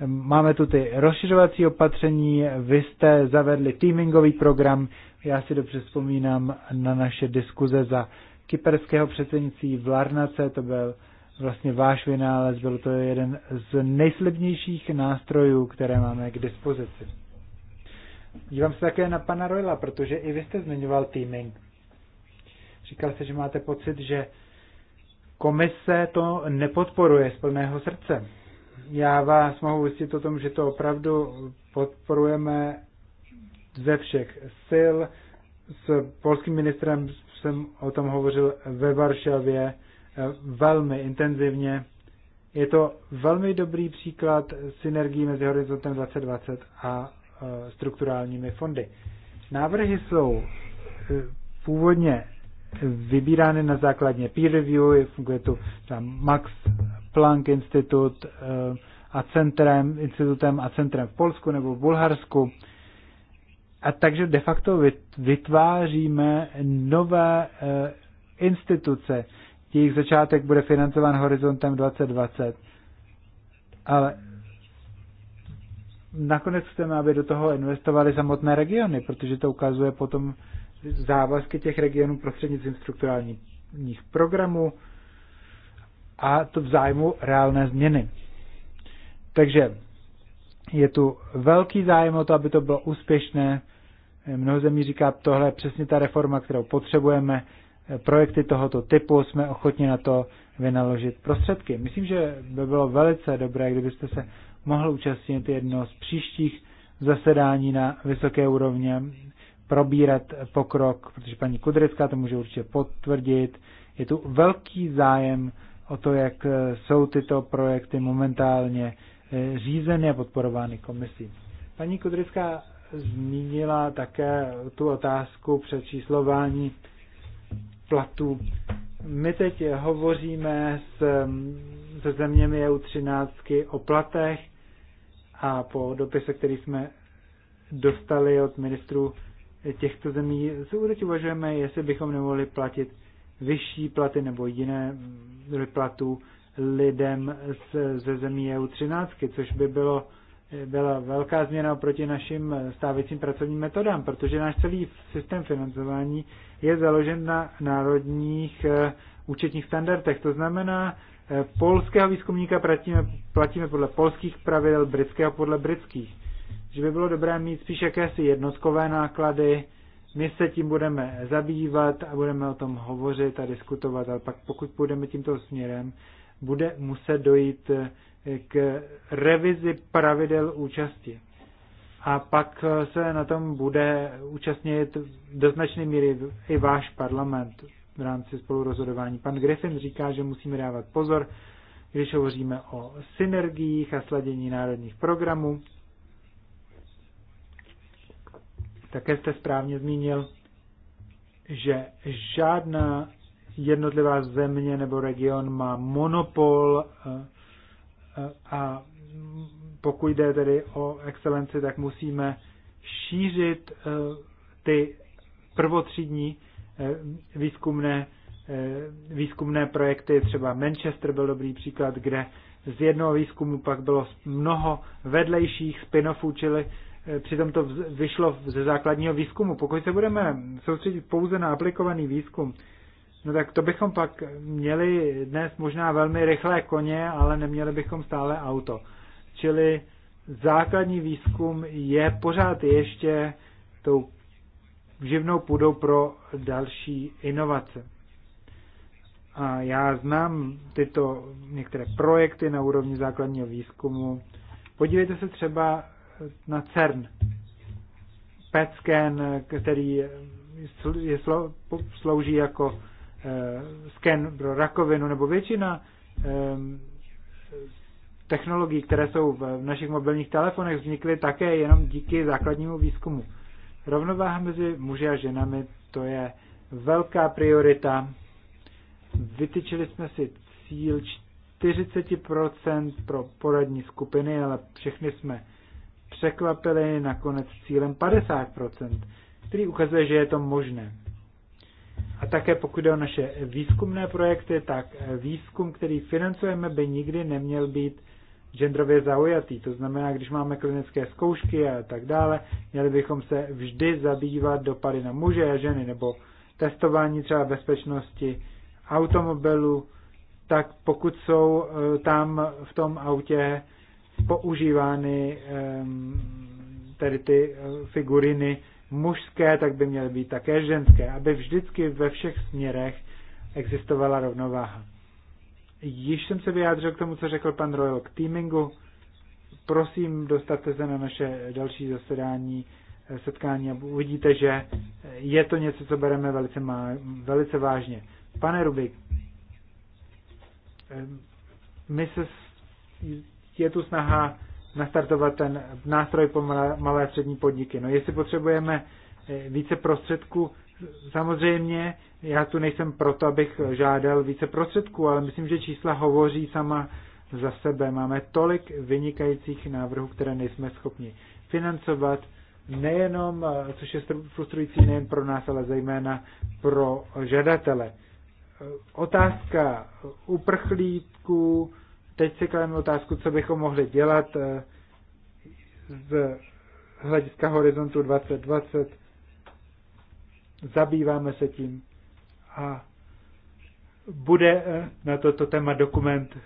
Eh, máme tu ty rozšiřovací opatření, vy jste zavedli teamingový program, já si dobře vzpomínám na naše diskuze za kyperského předsednictví v Larnace, to byl vlastně váš vynález, byl to jeden z nejslibnějších nástrojů, které máme k dispozici. Dívám se také na pana Royla, protože i vy jste zmiňoval týming. Říkal jste, že máte pocit, že komise to nepodporuje z plného srdce. Já vás mohu ujistit o tom, že to opravdu podporujeme ze všech sil s polským ministrem jsem o tom hovořil ve Varšavě eh, velmi intenzivně. Je to velmi dobrý příklad synergii mezi Horizontem 2020 a eh, strukturálními fondy. Návrhy jsou eh, původně vybírány na základě peer review, funguje tu třeba Max Planck Institut a centrem, institutem a centrem v Polsku nebo v Bulharsku. A takže de facto vytváříme nové eh, instituce. Jejich začátek bude financován horizontem 2020. Ale nakonec chceme, aby do toho investovali samotné regiony, protože to ukazuje potom závazky těch regionů prostřednictvím strukturálních programů a to v zájmu reálné změny. Takže je tu velký zájem o to, aby to bylo úspěšné, Mnoho zemí říká, tohle je přesně ta reforma, kterou potřebujeme, projekty tohoto typu jsme ochotni na to vynaložit prostředky. Myslím, že by bylo velice dobré, kdybyste se mohl účastnit jedno z příštích zasedání na vysoké úrovně, probírat pokrok, protože paní Kudrecká to může určitě potvrdit. Je tu velký zájem o to, jak jsou tyto projekty momentálně eh, řízeny a podporovány komisí. Paní Kudrická zmínila také tu otázku přečíslování platů. My teď hovoříme s, se zeměmi EU13 o platech a po dopise, který jsme dostali od ministrů těchto zemí, se určitě uvažujeme, jestli bychom nemohli platit vyšší platy nebo jiné platů lidem ze zemí EU13, což by bylo byla velká změna oproti našim stávajícím pracovním metodám, protože náš celý systém financování je založen na národních eh, účetních standardech. To znamená, eh, polského výzkumníka platíme, platíme podle polských pravidel, britského podle britských. Že by bylo dobré mít spíš jakési jednotkové náklady, my se tím budeme zabývat a budeme o tom hovořit a diskutovat, ale pak pokud půjdeme tímto směrem, bude muset dojít eh, k revizi pravidel účasti. A pak se na tom bude účastnit do značné míry i váš parlament v rámci spolurozhodování. Pan Griffin říká, že musíme dávat pozor, když hovoříme o synergiích a sladění národních programů. Také jste správně zmínil, že žádná jednotlivá země nebo region má monopol eh, a pokud jde tedy o excelenci, tak musíme šířit eh, ty prvotřídní eh, výzkumné, eh, výzkumné projekty. Třeba Manchester byl dobrý příklad, kde z jednoho výzkumu pak bylo mnoho vedlejších spin-offů, čili přitom to vyšlo ze základního výzkumu. Pokud se budeme soustředit pouze na aplikovaný výzkum, No tak to bychom pak měli dnes možná velmi rychlé koně, ale neměli bychom stále auto. Čili základní výzkum je pořád ještě tou živnou půdou pro další inovace. A já znám tyto některé projekty na úrovni základního výzkumu. Podívejte se třeba na CERN. PETSCAN, který je, slouží jako Eh, sken pro rakovinu nebo většina eh, technologií, které jsou v našich mobilních telefonech, vznikly také jenom díky základnímu výzkumu. Rovnováha mezi muži a ženami, to je velká priorita. Vytyčili jsme si cíl 40% pro poradní skupiny, ale všechny jsme překvapili nakonec cílem 50%, který ukazuje, že je to možné. A také pokud jde o naše výzkumné projekty, tak eh, výzkum, který financujeme, by nikdy neměl být genderově zaujatý. To znamená, když máme klinické zkoušky a tak dále, měli bychom se vždy zabývat dopady na muže a ženy nebo testování třeba bezpečnosti automobilu, tak pokud jsou eh, tam v tom autě používány ehm, tedy ty eh, figuriny mužské, tak by měly být také ženské, aby vždycky ve všech směrech existovala rovnováha. Již jsem se vyjádřil k tomu, co řekl pan Royal k teamingu. Prosím, dostavte se na naše další zasedání, eh, setkání a uvidíte, že je to něco, co bereme velice, má, velice vážně. Pane Rubik, eh, my se, je tu snaha nastartovat ten nástroj pro malé, malé střední podniky. No jestli potřebujeme eh, více prostředků, samozřejmě já tu nejsem proto, abych žádal více prostředků, ale myslím, že čísla hovoří sama za sebe. Máme tolik vynikajících návrhů, které nejsme schopni financovat, nejenom, eh, což je frustrující nejen pro nás, ale zejména pro žadatele. Eh, otázka uprchlíků, Teď si klademe otázku, co bychom mohli dělat eh, z hlediska horizontu 2020. Zabýváme se tím a bude eh, na toto téma dokument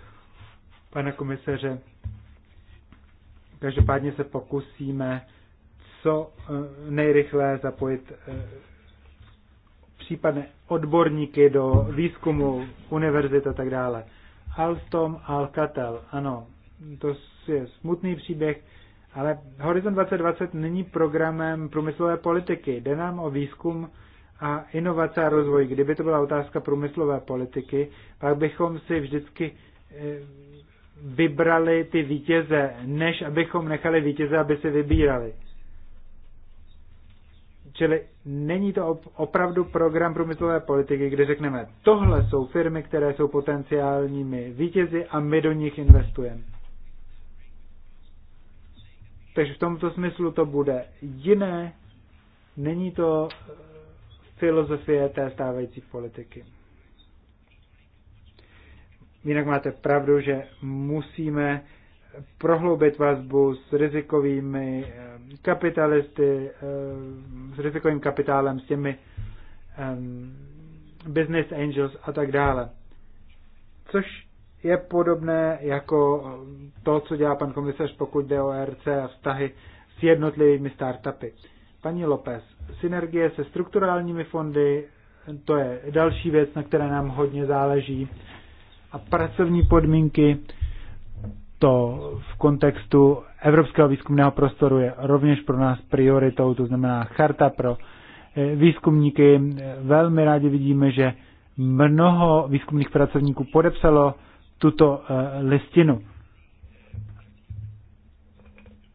pana komisaře. Každopádně se pokusíme co eh, nejrychleji zapojit případné odborníky do výzkumu univerzit a tak dále. Alstom Alcatel. Ano, to je smutný příběh, ale Horizon 2020 není programem průmyslové politiky. Jde nám o výzkum a inovace a rozvoj. Kdyby to byla otázka průmyslové politiky, pak bychom si vždycky eh, vybrali ty vítěze, než abychom nechali vítěze, aby se vybírali. Čili není to opravdu program průmyslové politiky, kde řekneme, tohle jsou firmy, které jsou potenciálními vítězi a my do nich investujeme. Takže v tomto smyslu to bude jiné. Není to eh, filozofie té stávající politiky. Jinak máte pravdu, že musíme prohloubit vazbu s rizikovými eh, kapitalisty, eh, s rizikovým kapitálem, s těmi eh, business angels a tak dále. Což je podobné jako to, co dělá pan komisař, pokud jde o RC a vztahy s jednotlivými startupy. Paní López, synergie se strukturálními fondy, to je další věc, na které nám hodně záleží. A pracovní podmínky, to v kontextu evropského výzkumného prostoru je rovněž pro nás prioritou, to znamená charta pro eh, výzkumníky. Velmi rádi vidíme, že mnoho výzkumných pracovníků podepsalo tuto eh, listinu.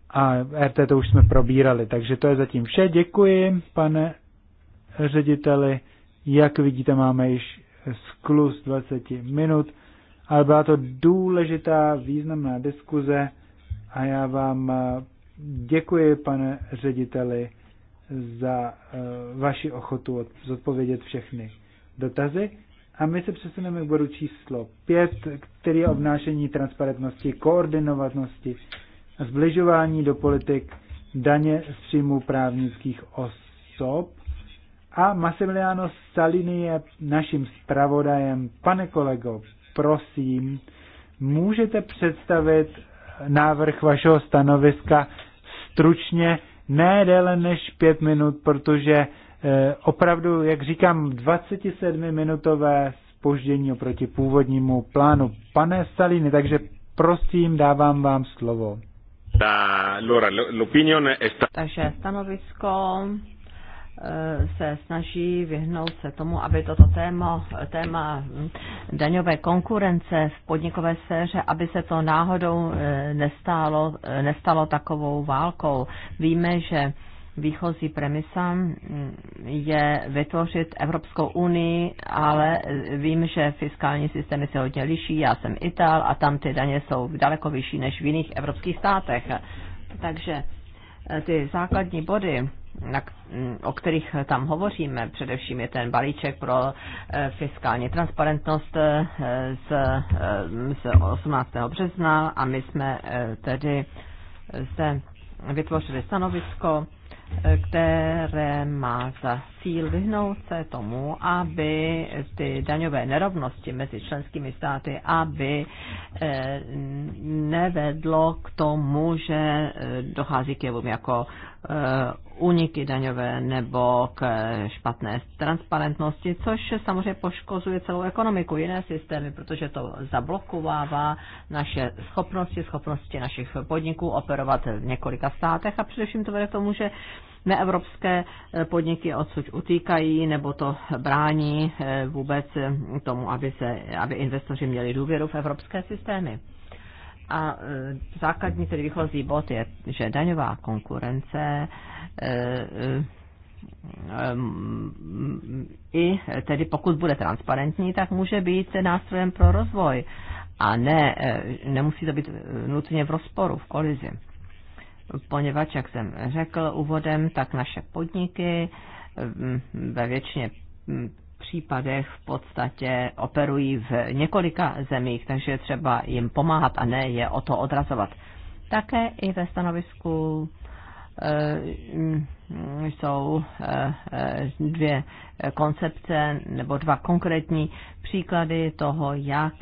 A RT to už jsme probírali, takže to je zatím vše. Děkuji, pane řediteli. Jak vidíte, máme již sklus 20 minut ale byla to důležitá, významná diskuze a já vám eh, děkuji, pane řediteli, za eh, vaši ochotu zodpovědět všechny dotazy. A my se přesuneme k bodu číslo 5, který je obnášení transparentnosti, koordinovatnosti a zbližování do politik daně z příjmu právnických osob. A Massimiliano Salini je naším zpravodajem. Pane kolego, prosím, můžete představit návrh vašeho stanoviska stručně, ne déle než pět minut, protože eh, opravdu, jak říkám, 27-minutové spoždění oproti původnímu plánu. Pane Salini, takže prosím, dávám vám slovo.
Takže stanovisko Eh, se snaží vyhnout se tomu, aby toto téma, téma hm, daňové konkurence v podnikové sféře, aby se to náhodou eh, nestálo, eh, nestalo takovou válkou. Víme, že výchozí premisa hm, je vytvořit Evropskou unii, ale vím, že fiskální systémy se hodně liší. Já jsem Ital a tam ty daně jsou daleko vyšší než v jiných evropských státech. Takže Eh, ty základní body, na, mm, o kterých tam hovoříme, především je ten balíček pro eh, fiskální transparentnost eh, z, z 18. března a my jsme tedy zde vytvořili stanovisko které má za cíl vyhnout se tomu, aby ty daňové nerovnosti mezi členskými státy, aby eh, nevedlo k tomu, že eh, dochází k jevům jako Eh, úniky daňové nebo k špatné transparentnosti, což samozřejmě poškozuje celou ekonomiku, jiné systémy, protože to zablokovává naše schopnosti, schopnosti našich podniků operovat v několika státech a především to vede k tomu, že neevropské podniky odsud utíkají nebo to brání eh, vůbec tomu, aby, se, aby investoři měli důvěru v evropské systémy. A e, základní tedy výchozí bod je, že daňová konkurence e, e, i tedy pokud bude transparentní, tak může být nástrojem pro rozvoj a ne, nemusí to být nutně v rozporu, v kolizi. Poněvadž, jak jsem řekl úvodem, tak naše podniky ve většině případech v podstatě operují v několika zemích, takže třeba jim pomáhat a ne je o to odrazovat. Také i ve stanovisku Eh, mm, jsou eh, eh, dvě koncepce nebo dva konkrétní příklady toho, jak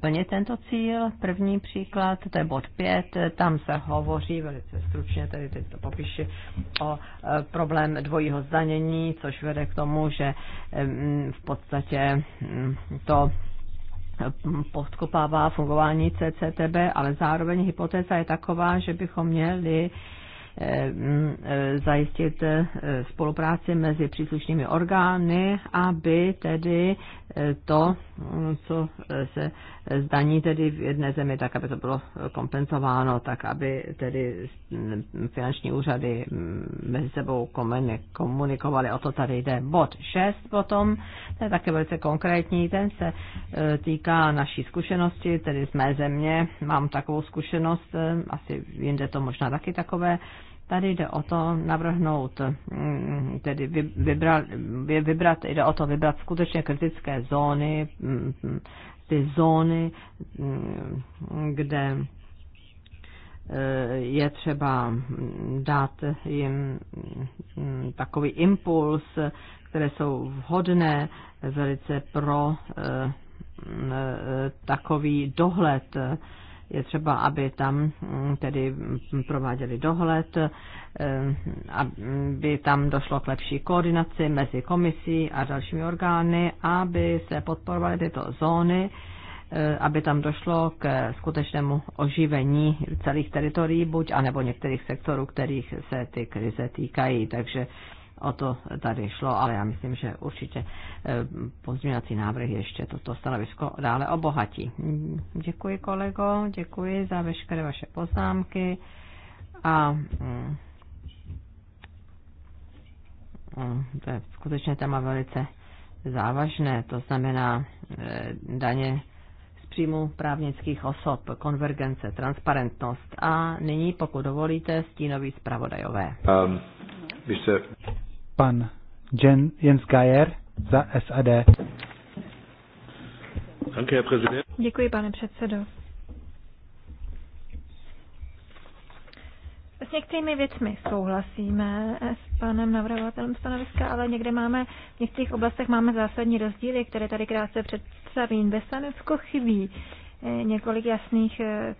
plnit tento cíl. První příklad, to je bod 5, tam se hovoří velice stručně, tedy teď to popíši, o problém dvojího zdanění, což vede k tomu, že mm, v podstatě mm, to podkopává fungování CCTB, ale zároveň hypotéza je taková, že bychom měli Eh, zajistit eh, spolupráci mezi příslušnými orgány, aby tedy eh, to, co se zdaní tedy v jedné zemi, tak aby to bylo kompenzováno, tak aby tedy finanční úřady mezi sebou komunikovaly. O to tady jde bod 6 potom, to je také velice konkrétní, ten se týká naší zkušenosti, tedy z mé země. Mám takovou zkušenost, asi jinde to možná taky takové, Tady jde o to navrhnout, mm, tedy vybrat, vybrat, jde o to vybrat skutečně kritické zóny, mm, ty zóny, mm, kde eh, je třeba dát jim takový impuls, které jsou vhodné velice pro eh, eh, takový dohled je třeba, aby tam mm, tedy mm, prováděli dohled, eh, aby tam došlo k lepší koordinaci mezi komisí a dalšími orgány, aby se podporovaly tyto zóny, eh, aby tam došlo k skutečnému oživení celých teritorií buď, anebo některých sektorů, kterých se ty krize týkají. Takže o to tady šlo, ale já myslím, že určitě eh, pozměňovací návrh ještě toto stanovisko dále obohatí. Děkuji kolego, děkuji za veškeré vaše poznámky a mm, mm, to je skutečně téma velice závažné, to znamená eh, daně z příjmu právnických osob, konvergence, transparentnost a nyní, pokud dovolíte, stínový zpravodajové.
Um, pan Jen, Jens Geier za SAD.
Děkuji, pane předsedo. S některými věcmi souhlasíme s panem navrhovatelem stanoviska, ale někde máme, v některých oblastech máme zásadní rozdíly, které tady krátce představím. Ve stanovisku chybí eh, několik jasných eh,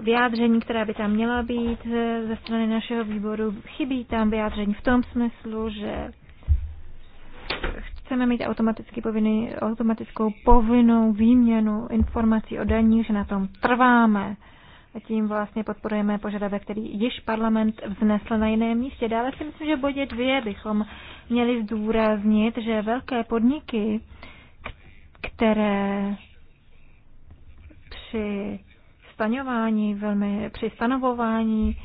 vyjádření, která by tam měla být eh, ze strany našeho výboru. Chybí tam vyjádření v tom smyslu, že chceme mít automaticky povinný, automatickou povinnou výměnu informací o daních, že na tom trváme. A tím vlastně podporujeme požadavek, který již parlament vznesl na jiném místě. Dále si myslím, že v bodě dvě bychom měli zdůraznit, že velké podniky, které při staňování, velmi, při stanovování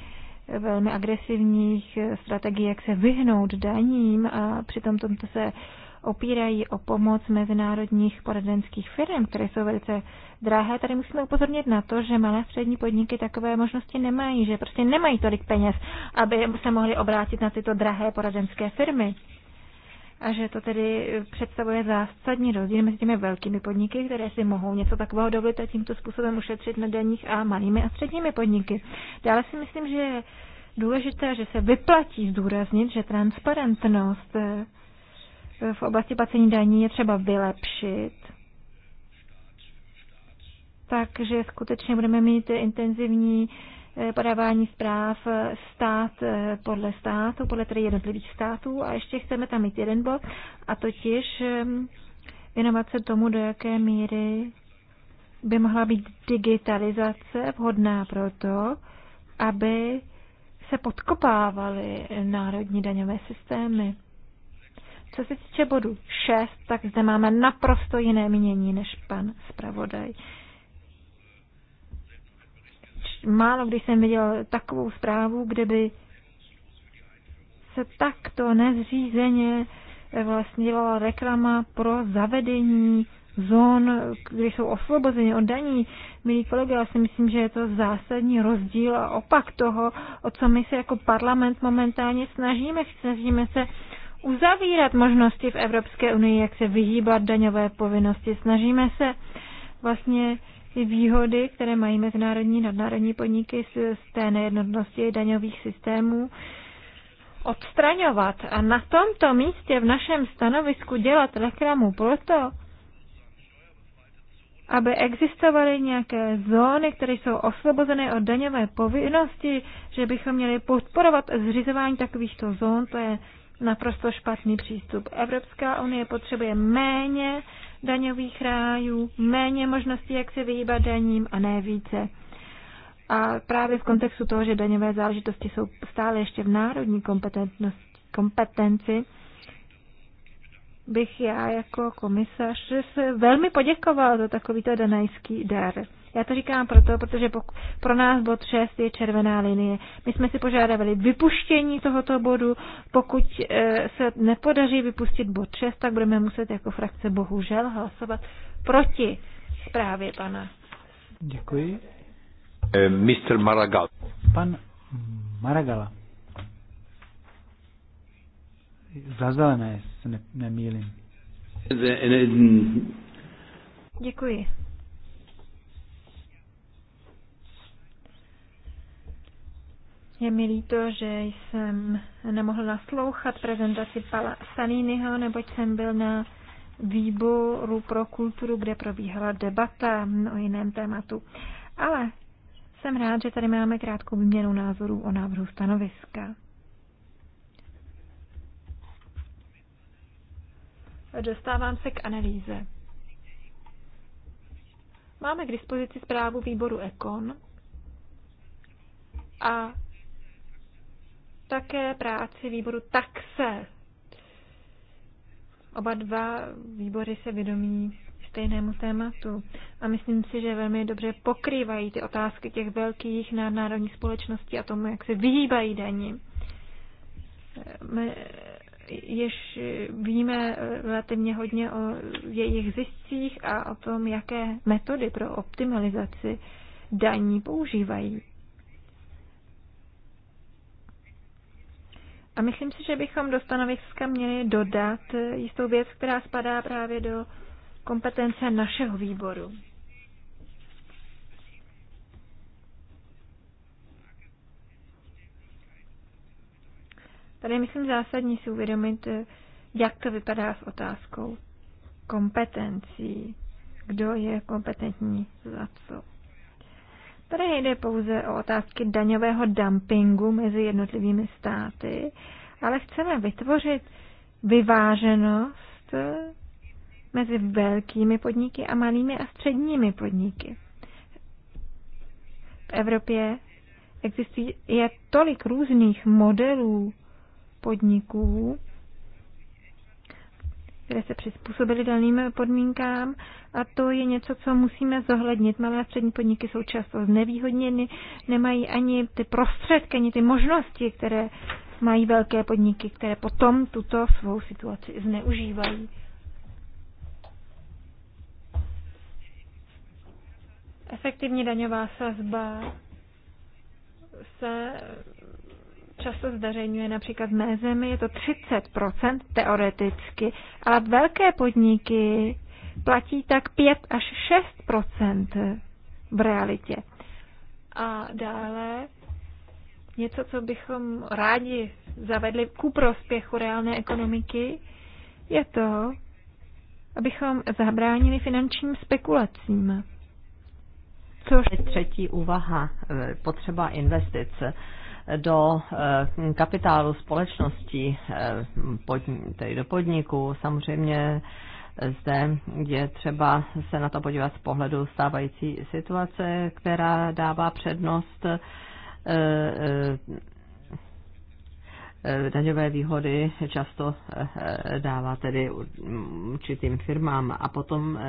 velmi agresivních strategií, jak se vyhnout daním a přitom tomto se opírají o pomoc mezinárodních poradenských firm, které jsou velice drahé. Tady musíme upozornit na to, že malé střední podniky takové možnosti nemají, že prostě nemají tolik peněz, aby se mohly obrátit na tyto drahé poradenské firmy a že to tedy představuje zásadní rozdíl mezi těmi velkými podniky, které si mohou něco takového dovolit a tímto způsobem ušetřit na daních a malými a středními podniky. Dále si myslím, že je důležité, že se vyplatí zdůraznit, že transparentnost eh, v oblasti placení daní je třeba vylepšit, takže skutečně budeme mít intenzivní Eh, podávání zpráv eh, stát eh, podle státu, podle tedy jednotlivých států a ještě chceme tam mít jeden bod a totiž věnovat se tomu, do jaké míry by mohla být digitalizace vhodná pro to, aby se podkopávaly národní daňové systémy. Co se týče bodu 6, tak zde máme naprosto jiné mínění než pan zpravodaj málo když jsem viděl takovou zprávu, kde by se takto nezřízeně eh, vlastně dělala reklama pro zavedení zón, kde jsou osvobozeny od daní. Milí kolegy, já si myslím, že je to zásadní rozdíl a opak toho, o co my se jako parlament momentálně snažíme. Snažíme se uzavírat možnosti v Evropské unii, jak se vyhýbat daňové povinnosti. Snažíme se vlastně výhody, které mají mezinárodní nadnárodní podniky z té nejednotnosti daňových systémů, odstraňovat. A na tomto místě v našem stanovisku dělat reklamu proto, aby existovaly nějaké zóny, které jsou osvobozené od daňové povinnosti, že bychom měli podporovat zřizování takovýchto zón, to je naprosto špatný přístup. Evropská unie potřebuje méně daňových rájů, méně možností, jak se vyhýbat daním a ne více. A právě v kontextu toho, že daňové záležitosti jsou stále ještě v národní kompetenci, bych já jako komisař se velmi poděkoval za takovýto danajský dar. Já to říkám proto, protože pro nás bod 6 je červená linie. My jsme si požádali vypuštění tohoto bodu. Pokud eh, se nepodaří vypustit bod 6, tak budeme muset jako frakce bohužel hlasovat proti zprávě pana.
Děkuji. Eh, Mr. Maragal. Pan Maragala za zelené, se ne, nemýlím.
Děkuji. Je mi líto, že jsem nemohl naslouchat prezentaci Pala Saniniho, neboť jsem byl na výboru pro kulturu, kde probíhala debata o jiném tématu. Ale jsem rád, že tady máme krátkou výměnu názorů o návrhu stanoviska. dostávám se k analýze. Máme k dispozici zprávu výboru Ekon a také práci výboru Taxe. Oba dva výbory se vědomí stejnému tématu a myslím si, že velmi dobře pokrývají ty otázky těch velkých nadnárodních společností a tomu, jak se vyhýbají daní již víme relativně hodně o jejich ziscích a o tom, jaké metody pro optimalizaci daní používají. A myslím si, že bychom do stanoviska měli dodat jistou věc, která spadá právě do kompetence našeho výboru. Tady myslím zásadní si uvědomit, eh, jak to vypadá s otázkou kompetencí. Kdo je kompetentní za co? Tady nejde pouze o otázky daňového dumpingu mezi jednotlivými státy, ale chceme vytvořit vyváženost eh, mezi velkými podniky a malými a středními podniky. V Evropě existuje tolik různých modelů podniků, které se přizpůsobily daným podmínkám a to je něco, co musíme zohlednit. Malé a střední podniky jsou často znevýhodněny, nemají ani ty prostředky, ani ty možnosti, které mají velké podniky, které potom tuto svou situaci zneužívají. Efektivní daňová sazba se často zveřejňuje například v mé zemi, je to 30% teoreticky, ale velké podniky platí tak 5 až 6% v realitě. A dále něco, co bychom rádi zavedli ku prospěchu reálné ekonomiky, je to, abychom zabránili finančním spekulacím. Což... Třetí úvaha, e, potřeba
investice do eh, kapitálu společnosti, eh, tedy do podniku. Samozřejmě eh, zde je třeba se na to podívat z pohledu stávající situace, která dává přednost daňové výhody často dává tedy určitým firmám. A potom,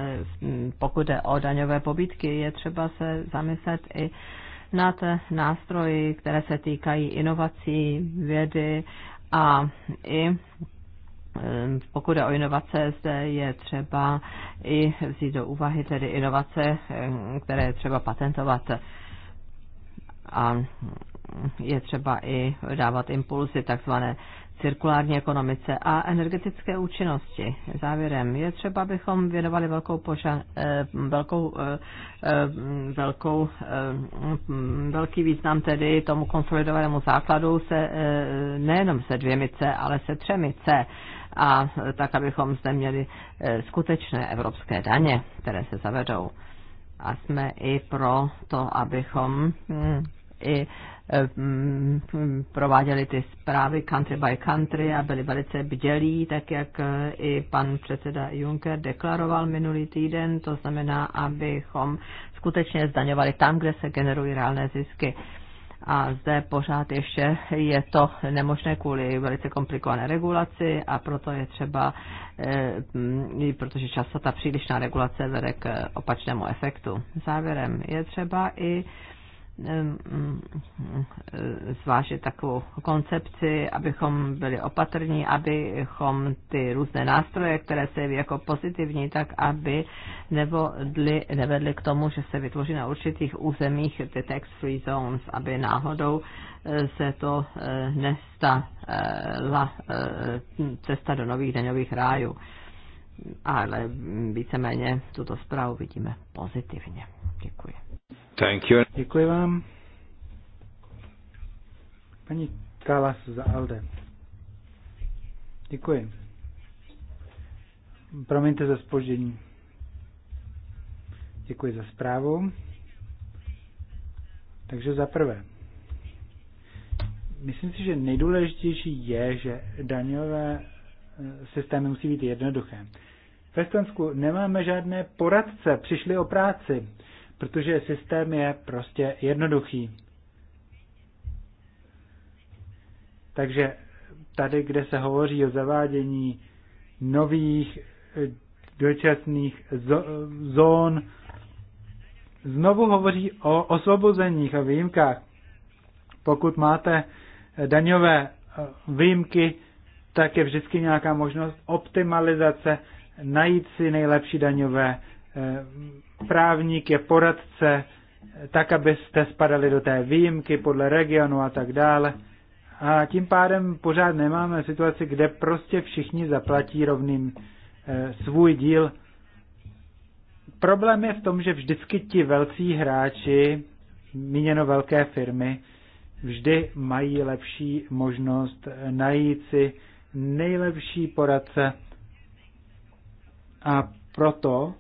pokud jde o daňové pobytky, je třeba se zamyslet i nad nástroji, které se týkají inovací, vědy a i pokud je o inovace, zde je třeba i vzít do úvahy tedy inovace, které je třeba patentovat. A je třeba i dávat impulzy takzvané cirkulární ekonomice a energetické účinnosti. Závěrem je třeba, abychom věnovali velkou, poža- eh, velkou, eh, eh, velkou, velký význam tedy tomu konsolidovanému základu se nejenom se dvěmi C, ale se třemi C a tak, abychom zde měli skutečné evropské daně, které se zavedou. A jsme i pro to, abychom hm, i Eh, mm, prováděli ty zprávy country by country a byli velice bdělí, tak jak eh, i pan předseda Juncker deklaroval minulý týden, to znamená, abychom skutečně zdaňovali tam, kde se generují reálné zisky. A zde pořád ještě je to nemožné kvůli velice komplikované regulaci a proto je třeba, eh, mm, protože často ta přílišná regulace vede k opačnému efektu. Závěrem je třeba i Mm, zvážit takovou koncepci, abychom byli opatrní, abychom ty různé nástroje, které se jeví jako pozitivní, tak aby nevodli, nevedly k tomu, že se vytvoří na určitých územích ty tax-free zones, aby náhodou eh, se to eh, nestala eh, cesta do nových daňových rájů. Ale víceméně tuto
zprávu vidíme pozitivně. Děkuji. Thank you. Děkuji vám. Paní Kalas za Alde. Děkuji. Promiňte za spoždění. Děkuji za zprávu. Takže za prvé. Myslím si, že nejdůležitější je, že daňové eh, systémy musí být jednoduché. V Estonsku nemáme žádné poradce, přišli o práci protože systém je prostě jednoduchý. Takže tady, kde se hovoří o zavádění nových eh, dočasných zón, znovu hovoří o osvobozeních a výjimkách. Pokud máte eh, daňové eh, výjimky, tak je vždycky nějaká možnost optimalizace, najít si nejlepší daňové právník, je poradce, tak, abyste spadali do té výjimky podle regionu a tak dále. A tím pádem pořád nemáme situaci, kde prostě všichni zaplatí rovným e, svůj díl. Problém je v tom, že vždycky ti velcí hráči, míněno velké firmy, vždy mají lepší možnost najít si nejlepší poradce. A proto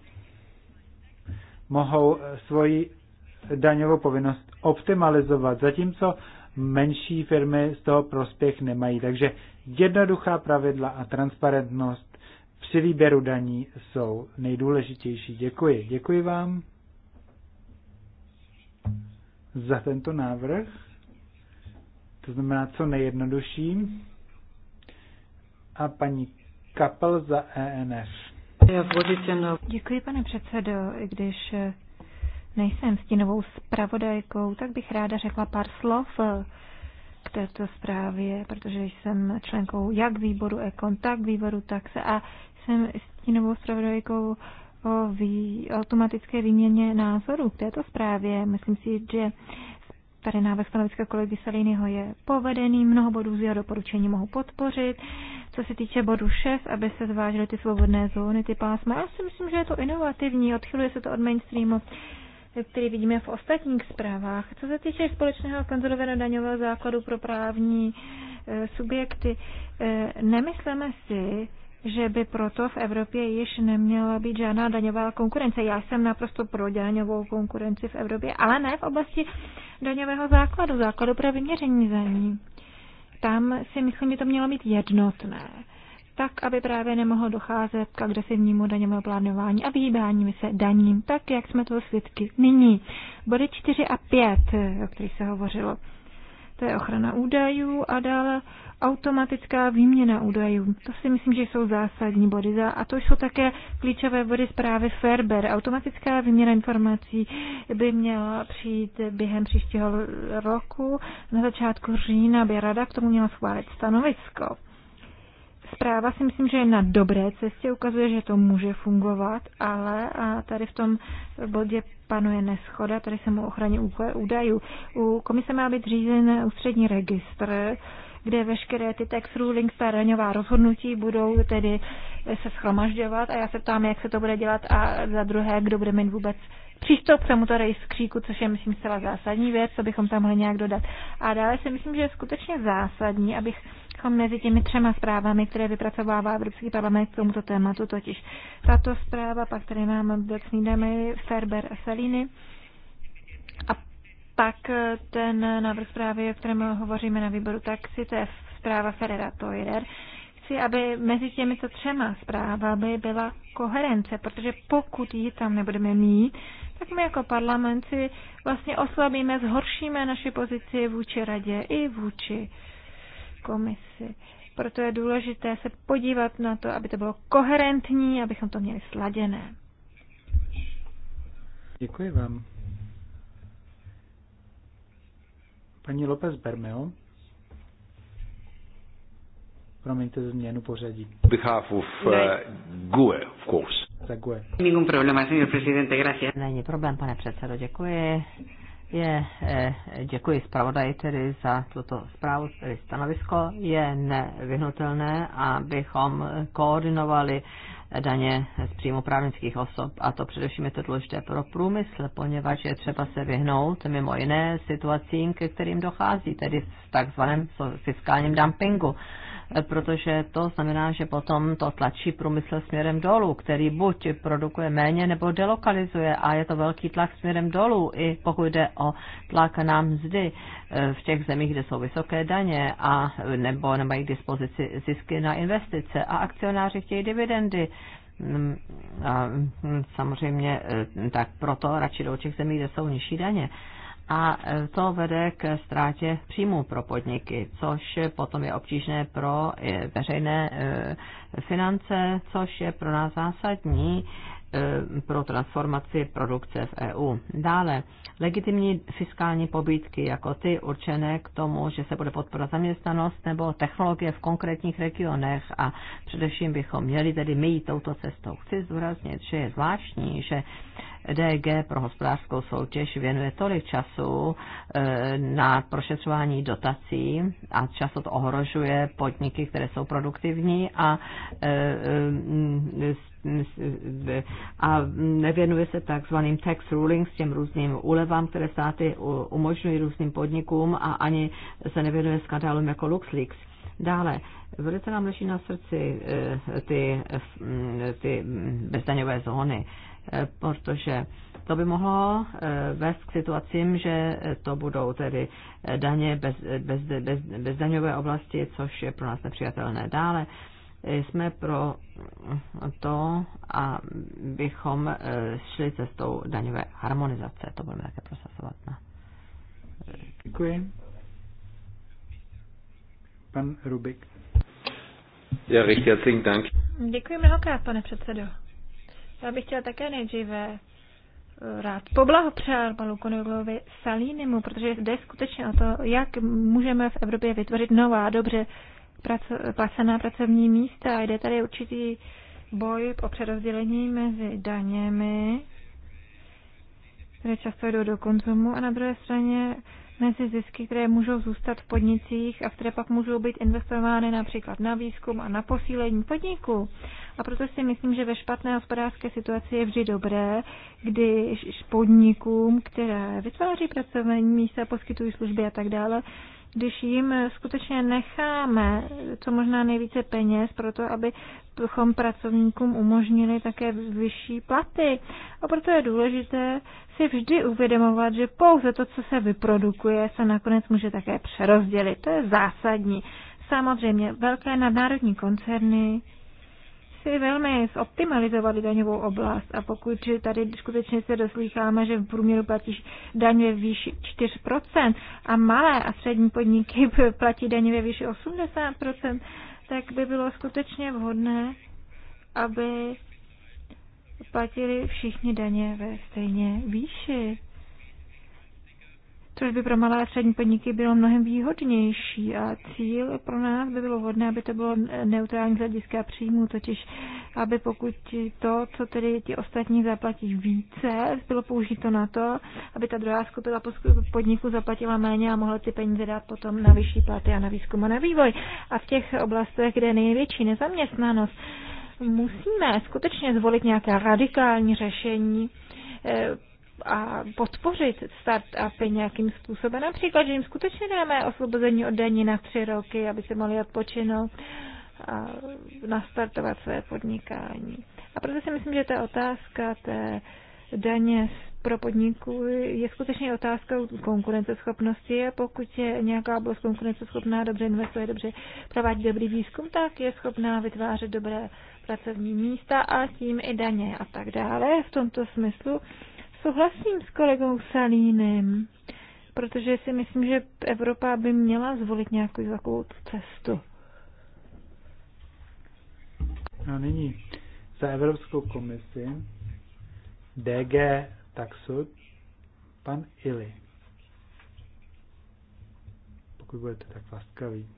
mohou eh, svoji daňovou povinnost optimalizovat, zatímco menší firmy z toho prospěch nemají. Takže jednoduchá pravidla a transparentnost při výběru daní jsou nejdůležitější. Děkuji. Děkuji vám za tento návrh. To znamená, co nejjednodušší. A paní Kapel za ENF.
Děkuji, pane předsedo. I když nejsem stínovou zpravodajkou, tak bych ráda řekla pár slov k této zprávě, protože jsem členkou jak výboru Ekon, tak výboru Taxe a jsem stínovou zpravodajkou o automatické výměně názorů k této zprávě. Myslím si, že Tady návrh stanoviska kolegy Salínyho je povedený, mnoho bodů z jeho doporučení mohu podpořit. Co se týče bodu 6, aby se zvážily ty svobodné zóny, ty pásma, já si myslím, že je to inovativní, odchyluje se to od mainstreamu který vidíme v ostatních zprávách. Co se týče společného konzolového daňového základu pro právní eh, subjekty, eh, nemyslíme si, že by proto v Evropě již neměla být žádná daňová konkurence. Já jsem naprosto pro daňovou konkurenci v Evropě, ale ne v oblasti daňového základu, základu pro vyměření daní. Tam si myslím, že to mělo být jednotné, tak aby právě nemohlo docházet k agresivnímu daňovému plánování a vyhýbání se daním, tak jak jsme toho svědky nyní. Body 4 a 5, o kterých se hovořilo to je ochrana údajů a dále automatická výměna údajů. To si myslím, že jsou zásadní body. A to jsou také klíčové body zprávy Ferber. Automatická výměna informací by měla přijít během příštího roku. Na začátku října by rada k tomu měla schválit stanovisko. Zpráva si myslím, že je na dobré cestě, ukazuje, že to může fungovat, ale a tady v tom bodě panuje neschoda, tady se mu ochraně údajů. U komise má být řízen ústřední registr, kde veškeré ty tax rulings, ta daňová rozhodnutí budou tedy se schromažďovat a já se ptám, jak se to bude dělat a za druhé, kdo bude mít vůbec přístup k tomuto rejstříku, což je, myslím, zcela zásadní věc, co bychom tam mohli nějak dodat. A dále si myslím, že je skutečně zásadní, abych abychom mezi těmi třema zprávami, které vypracovává Evropský parlament k tomuto tématu, totiž tato zpráva, pak tady máme obecný damy Ferber a Salini, a pak ten návrh zprávy, o kterém hovoříme na výboru si to je zpráva Ferrera Toirer, chci, aby mezi těmito třema zprávami byla koherence, protože pokud ji tam nebudeme mít, tak my jako parlamenti vlastně oslabíme, zhoršíme naši pozici vůči radě i vůči komisi. Proto je důležité se podívat na to, aby to bylo koherentní, abychom to měli sladěné.
Děkuji vám. Paní López Bermeo, promiňte změnu pořadí. Behalf of uh, GUE, of course. Za GUE.
Není problém, pane předsedo, děkuji je, eh, děkuji zpravodaji tedy za tuto zprávu, tedy stanovisko, je nevyhnutelné, abychom koordinovali daně z příjmu právnických osob. A to především je to důležité pro průmysl, poněvadž je třeba se vyhnout mimo jiné situacím, ke kterým dochází, tedy v takzvaném fiskálním dumpingu protože to znamená, že potom to tlačí průmysl směrem dolů, který buď produkuje méně nebo delokalizuje a je to velký tlak směrem dolů, i pokud jde o tlak na mzdy eh, v těch zemích, kde jsou vysoké daně a nebo nemají k dispozici zisky na investice a akcionáři chtějí dividendy, mm, a mm, samozřejmě eh, tak proto radši do těch zemí, kde jsou nižší daně a e, to vede k ztrátě příjmů pro podniky, což potom je obtížné pro e, veřejné e, finance, což je pro nás zásadní pro transformaci produkce v EU. Dále, legitimní fiskální pobídky, jako ty určené k tomu, že se bude podporovat zaměstnanost nebo technologie v konkrétních regionech a především bychom měli tedy my touto cestou. Chci zdůraznit, že je zvláštní, že DG pro hospodářskou soutěž věnuje tolik času eh, na prošetřování dotací a často to ohrožuje podniky, které jsou produktivní a eh, eh, mm, a nevěnuje se takzvaným tax rulings, těm různým úlevám, které státy umožňují různým podnikům a ani se nevěnuje skandálům jako LuxLeaks. Dále, velice nám leží na srdci ty, mm, ty bezdaňové zóny. Eh, protože to by mohlo eh, vést k situacím, že to budou tedy eh, daně bez, bez, bez, bez daňové oblasti, což je pro nás nepřijatelné. Dále jsme pro to, abychom šli cestou daňové harmonizace. To budeme také prosazovat. Na... Děkuji.
Pan Rubik.
Já bych chtěl
Děkuji mnohokrát, pane předsedo. Já bych chtěla také nejdříve eh, rád poblahopřál panu Konjugovi Salínimu, protože jde skutečně o to, jak můžeme v Evropě vytvořit nová, dobře placená pracovní místa. Jde tady určitý boj o přerozdělení mezi daněmi, které často jdou do konzumu, a na druhé straně mezi zisky, které můžou zůstat v podnicích a které pak můžou být investovány například na výzkum a na posílení podniku. A proto si myslím, že ve špatné hospodářské situaci je vždy dobré, když podnikům, které vytváří pracovní místa, poskytují služby a tak dále, když jim skutečně necháme co možná nejvíce peněz pro to, abychom pracovníkům umožnili také vyšší platy. A proto je důležité si vždy uvědomovat, že pouze to, co se vyprodukuje, se nakonec může také přerozdělit. To je zásadní. Samozřejmě velké nadnárodní koncerny si velmi zoptimalizovali daňovou oblast a pokud tady skutečně se doslýcháme, že v průměru platí daň ve výši 4% a malé a střední podniky (laughs) platí daň ve výši 80%, tak by bylo skutečně vhodné, aby platili všichni daně ve stejně výši což by pro malé a střední podniky bylo mnohem výhodnější a cíl pro nás by bylo vhodné, aby to bylo neutrální hlediska příjmu, totiž aby pokud to, co tedy ti ostatní zaplatí více, bylo použito na to, aby ta druhá skupina podniku zaplatila méně a mohla ty peníze dát potom na vyšší platy a na výzkum a na vývoj. A v těch oblastech, kde je největší nezaměstnanost, musíme skutečně zvolit nějaká radikální řešení, eh, a podpořit startupy nějakým způsobem. Například, že jim skutečně dáme osvobození od daní na tři roky, aby se mohli odpočinout a nastartovat své podnikání. A proto si myslím, že ta otázka té daně pro podniků je skutečně otázka konkurenceschopnosti a pokud je nějaká oblast konkurenceschopná, dobře investuje, dobře provádí dobrý výzkum, tak je schopná vytvářet dobré pracovní místa a tím i daně a tak dále. V tomto smyslu souhlasím s kolegou Salínem, protože si myslím, že Evropa by měla zvolit nějakou takovou cestu.
A nyní za Evropskou komisi DG Taxud pan Ili. Pokud budete tak laskaví.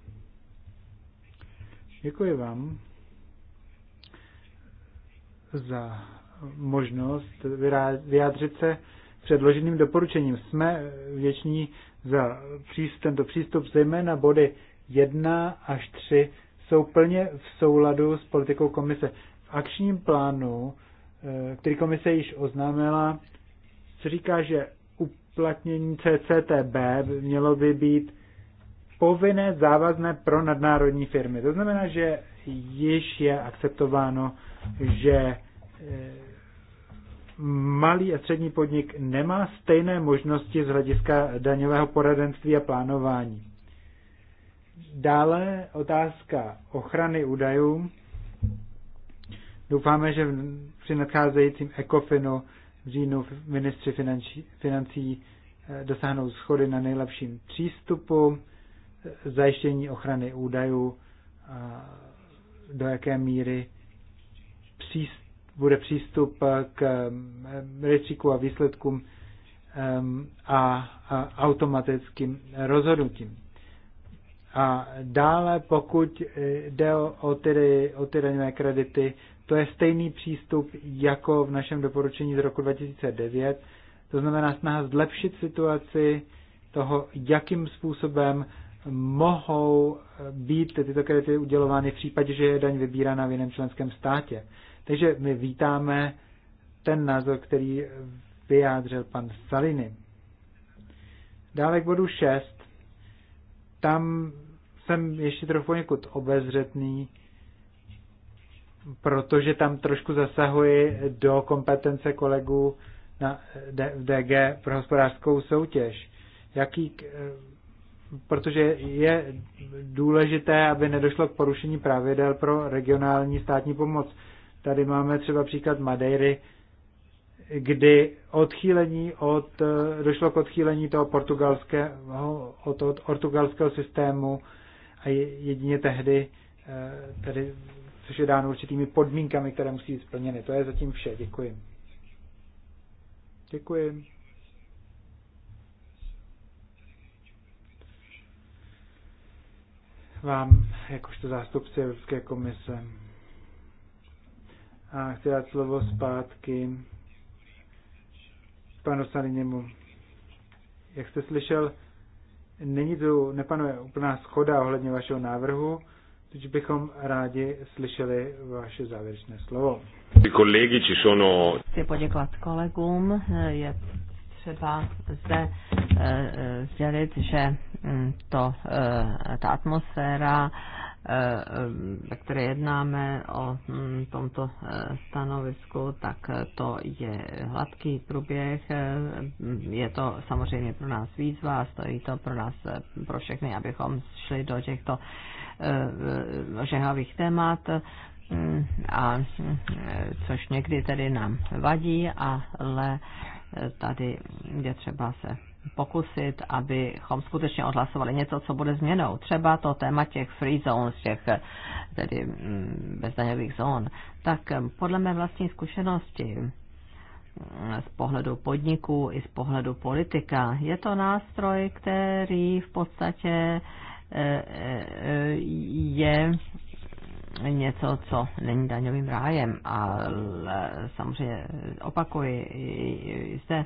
Děkuji vám za možnost vyjádřit se předloženým doporučením. Jsme věční za tento přístup, zejména body 1 až 3 jsou plně v souladu s politikou komise. V akčním plánu, eh, který komise již oznámila, se říká, že uplatnění CCTB mělo by být povinné závazné pro nadnárodní firmy. To znamená, že již je akceptováno, že
eh,
malý a střední podnik nemá stejné možnosti z hlediska daňového poradenství a plánování. Dále otázka ochrany údajů. Doufáme, že při nadcházejícím ECOFINu v říjnu ministři financí, financí eh, dosáhnou schody na nejlepším přístupu, eh, zajištění ochrany údajů, do jaké míry přístup bude přístup k rejstříku a výsledkům a automatickým rozhodnutím. A dále, pokud jde o ty, o ty daňové kredity, to je stejný přístup jako v našem doporučení z roku 2009, to znamená snaha zlepšit situaci toho, jakým způsobem mohou být tyto kredity udělovány v případě, že je daň vybírána v jiném členském státě. Takže my vítáme ten názor, který vyjádřil pan Saliny. Dále k bodu 6. Tam jsem ještě trochu někud obezřetný, protože tam trošku zasahuji do kompetence kolegů na DG pro hospodářskou soutěž. Jaký, protože je důležité, aby nedošlo k porušení pravidel pro regionální státní pomoc. Tady máme třeba příklad Madeiry, kdy odchýlení od, došlo k odchýlení toho portugalského, od, od portugalského systému a jedině tehdy, eh, tedy, což je dáno určitými podmínkami, které musí být splněny. To je zatím vše. Děkuji. Děkuji. Vám, jakožto zástupci Evropské komise. A chci dát slovo zpátky panu Saliněmu. Jak jste slyšel, není tu, nepanuje úplná schoda ohledně vašeho návrhu, takže bychom rádi slyšeli vaše závěrečné slovo. Chci
poděkovat kolegům, je třeba zde eh, eh, sdělit, že mm, to, eh, ta atmosféra Eh, ve které jednáme o hm, tomto eh, stanovisku, tak eh, to je hladký průběh. Je to samozřejmě pro nás výzva, stojí to pro nás, pro všechny, abychom šli do těchto žehavých témat hm, a což někdy tedy nám vadí, ale tady je třeba se pokusit, abychom skutečně odhlasovali něco, co bude změnou. Třeba to téma těch free zones, těch tedy mm, bezdaňových zón. Tak mm, podle mé vlastní zkušenosti mm, z pohledu podniku i z pohledu politika. Je to nástroj, který v podstatě e, e, je něco, co není daňovým rájem, ale samozřejmě opakuji, jste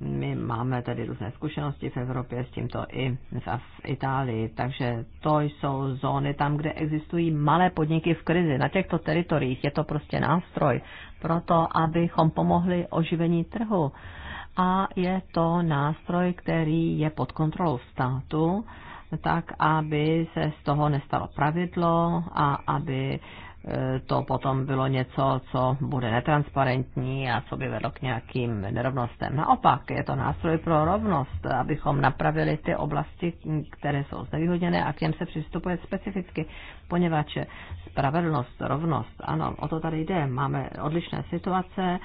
my máme tady různé zkušenosti v Evropě s tímto i v Itálii, takže to jsou zóny tam, kde existují malé podniky v krizi. Na těchto teritoriích je to prostě nástroj pro to, abychom pomohli oživení trhu. A je to nástroj, který je pod kontrolou státu, tak aby se z toho nestalo pravidlo a aby Eh, to potom bylo něco, co bude netransparentní a co by vedlo k nějakým nerovnostem. Naopak, je to nástroj pro rovnost, abychom napravili ty oblasti, které jsou znevýhodněné a k těm se přistupuje specificky, poněvadž spravedlnost, rovnost, ano, o to tady jde. Máme odlišné situace,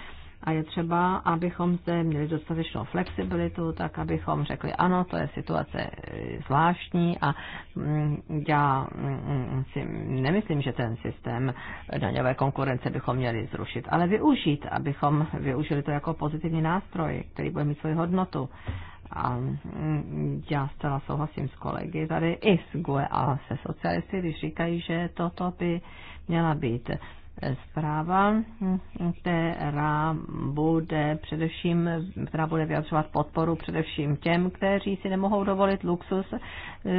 a je třeba, abychom zde měli dostatečnou flexibilitu, tak abychom řekli, ano, to je situace eh, zvláštní a mm, já mm, si nemyslím, že ten systém daňové konkurence bychom měli zrušit, ale využít, abychom využili to jako pozitivní nástroj, který bude mít svoji hodnotu. A mm, já zcela souhlasím s kolegy tady i s GUE a se socialisty, když říkají, že toto by měla být zpráva, která bude především, která bude vyjadřovat podporu především těm, kteří si nemohou dovolit luxus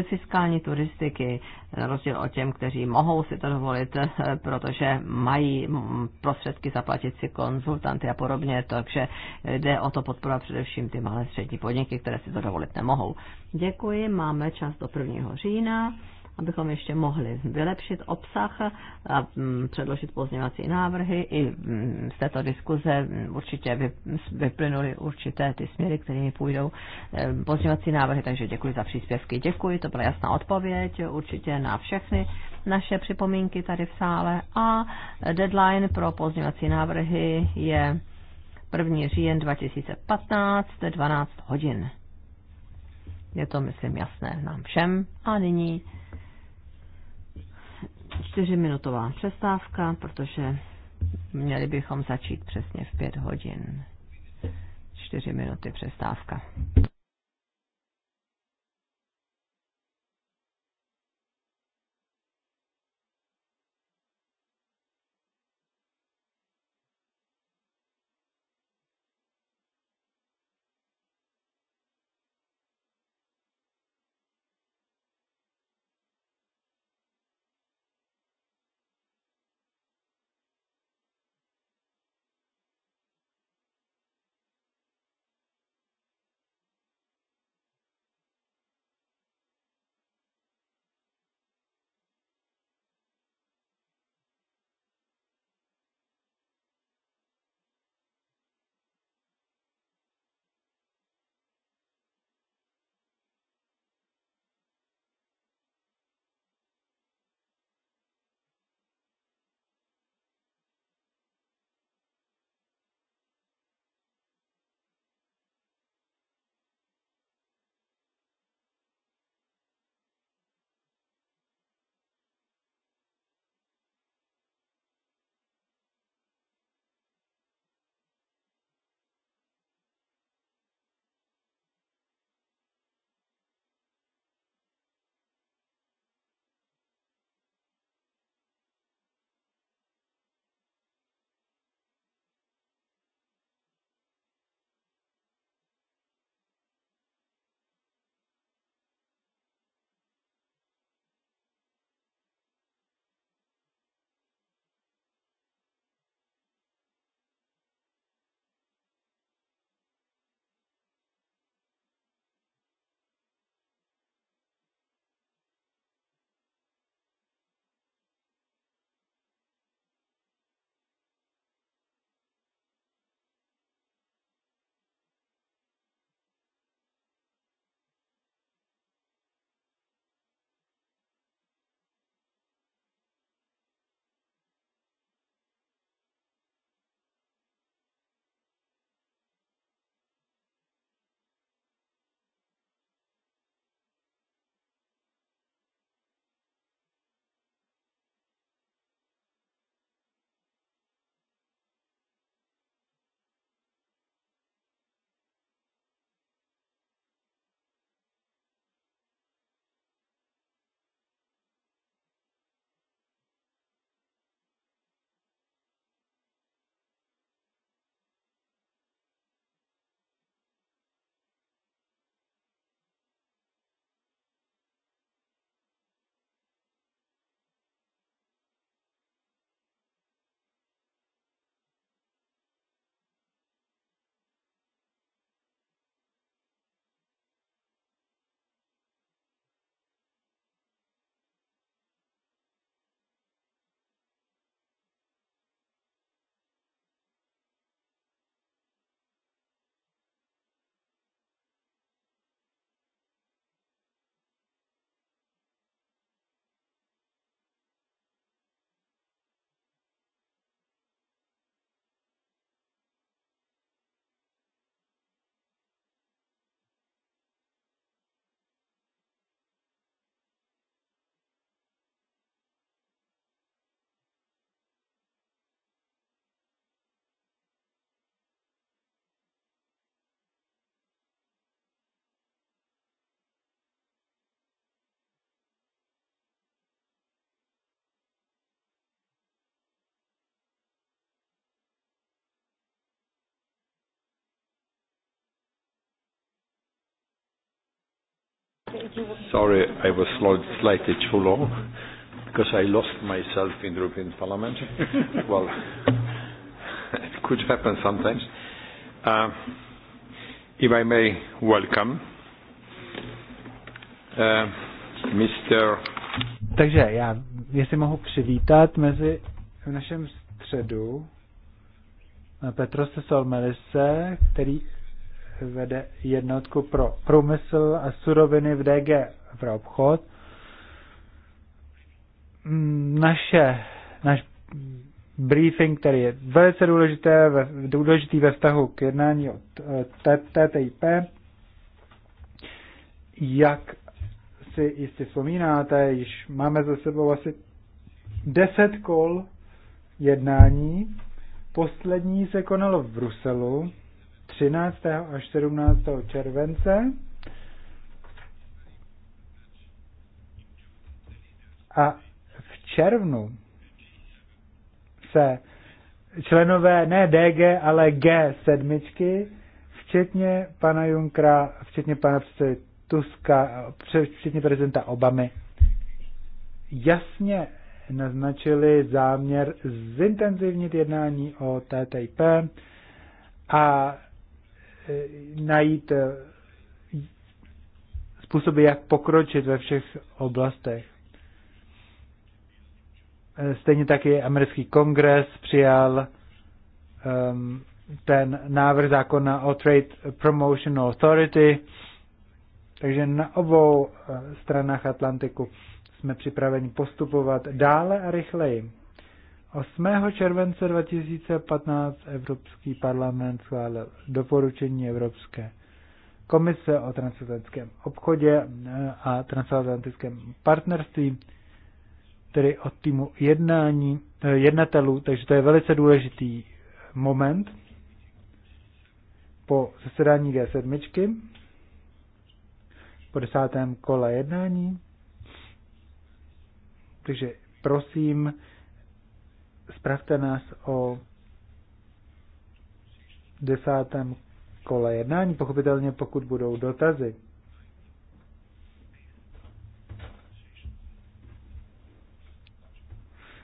fiskální turistiky, na rozdíl od těm, kteří mohou si to dovolit, protože mají prostředky zaplatit si konzultanty a podobně, takže jde o to podpora především ty malé střední podniky, které si to dovolit nemohou. Děkuji, máme čas do 1. října abychom ještě mohli vylepšit obsah a mm, předložit pozměňovací návrhy. I mm, z této diskuze mm, určitě vyplynuly určité ty směry, kterými půjdou pozměňovací návrhy, takže děkuji za příspěvky. Děkuji, to byla jasná odpověď určitě na všechny naše připomínky tady v sále a deadline pro pozměňovací návrhy je 1. říjen 2015, 12 hodin. Je to, myslím, jasné nám všem. A nyní čtyřiminutová přestávka, protože měli bychom začít přesně v pět
hodin. Čtyři minuty přestávka. Sorry, I was slightly too long because I lost
myself in the European Parliament. (laughs) well, it could happen sometimes.
Uh, if I may welcome uh, Mr.
Takže já, jestli mohu přivítat mezi v našem středu Petrose Solmelise, který vede jednotku pro průmysl a suroviny v DG pro obchod. Mm, naše, naš briefing, který je velice důležité, důležitý ve vztahu k jednání od TTIP, e, jak si jistě vzpomínáte, již máme za sebou asi 10 kol jednání. Poslední se konalo v Bruselu 13. až 17. července. A v červnu se členové ne DG, ale G7, včetně pana Junkra, včetně pana předsedy Tuska, včetně prezidenta Obamy, jasně naznačili záměr zintenzivnit jednání o TTIP a Eh, najít eh, způsoby, jak pokročit ve všech oblastech. Eh, stejně taky americký kongres přijal ehm, ten návrh zákona o Trade Promotion Authority, takže na obou stranách Atlantiku jsme připraveni postupovat dále a rychleji. 8. července 2015 Evropský parlament schválil doporučení Evropské komise o transatlantickém obchodě eh, a transatlantickém partnerství, tedy od týmu jednání, eh, jednatelů, takže to je velice důležitý moment po zasedání G7, po desátém kole jednání. Takže prosím, Spravte nás o desátém kole jednání, pochopitelně pokud budou dotazy.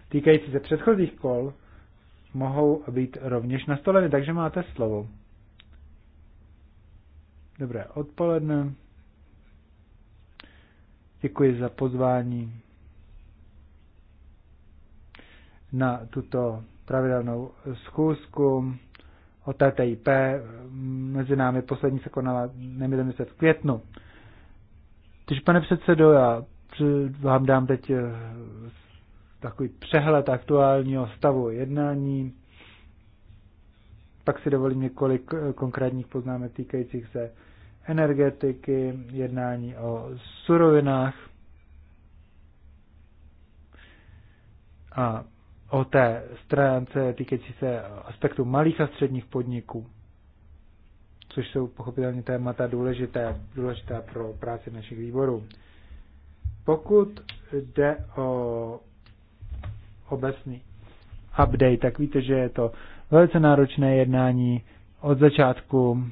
Týkající se předchozích kol, mohou být rovněž nastoleny, takže máte slovo. Dobré odpoledne. Děkuji za pozvání na tuto pravidelnou schůzku o TTIP. Mezi námi poslední se konala, neměli se v květnu. Když pane předsedo, já vám dám teď eh, takový přehled aktuálního stavu jednání. Pak si dovolím několik eh, konkrétních poznámek týkajících se energetiky, jednání o surovinách a o té stránce týkající se aspektu malých a středních podniků, což jsou pochopitelně témata důležité, důležité pro práci našich výborů. Pokud jde o obecný update, tak víte, že je to velice náročné jednání od začátku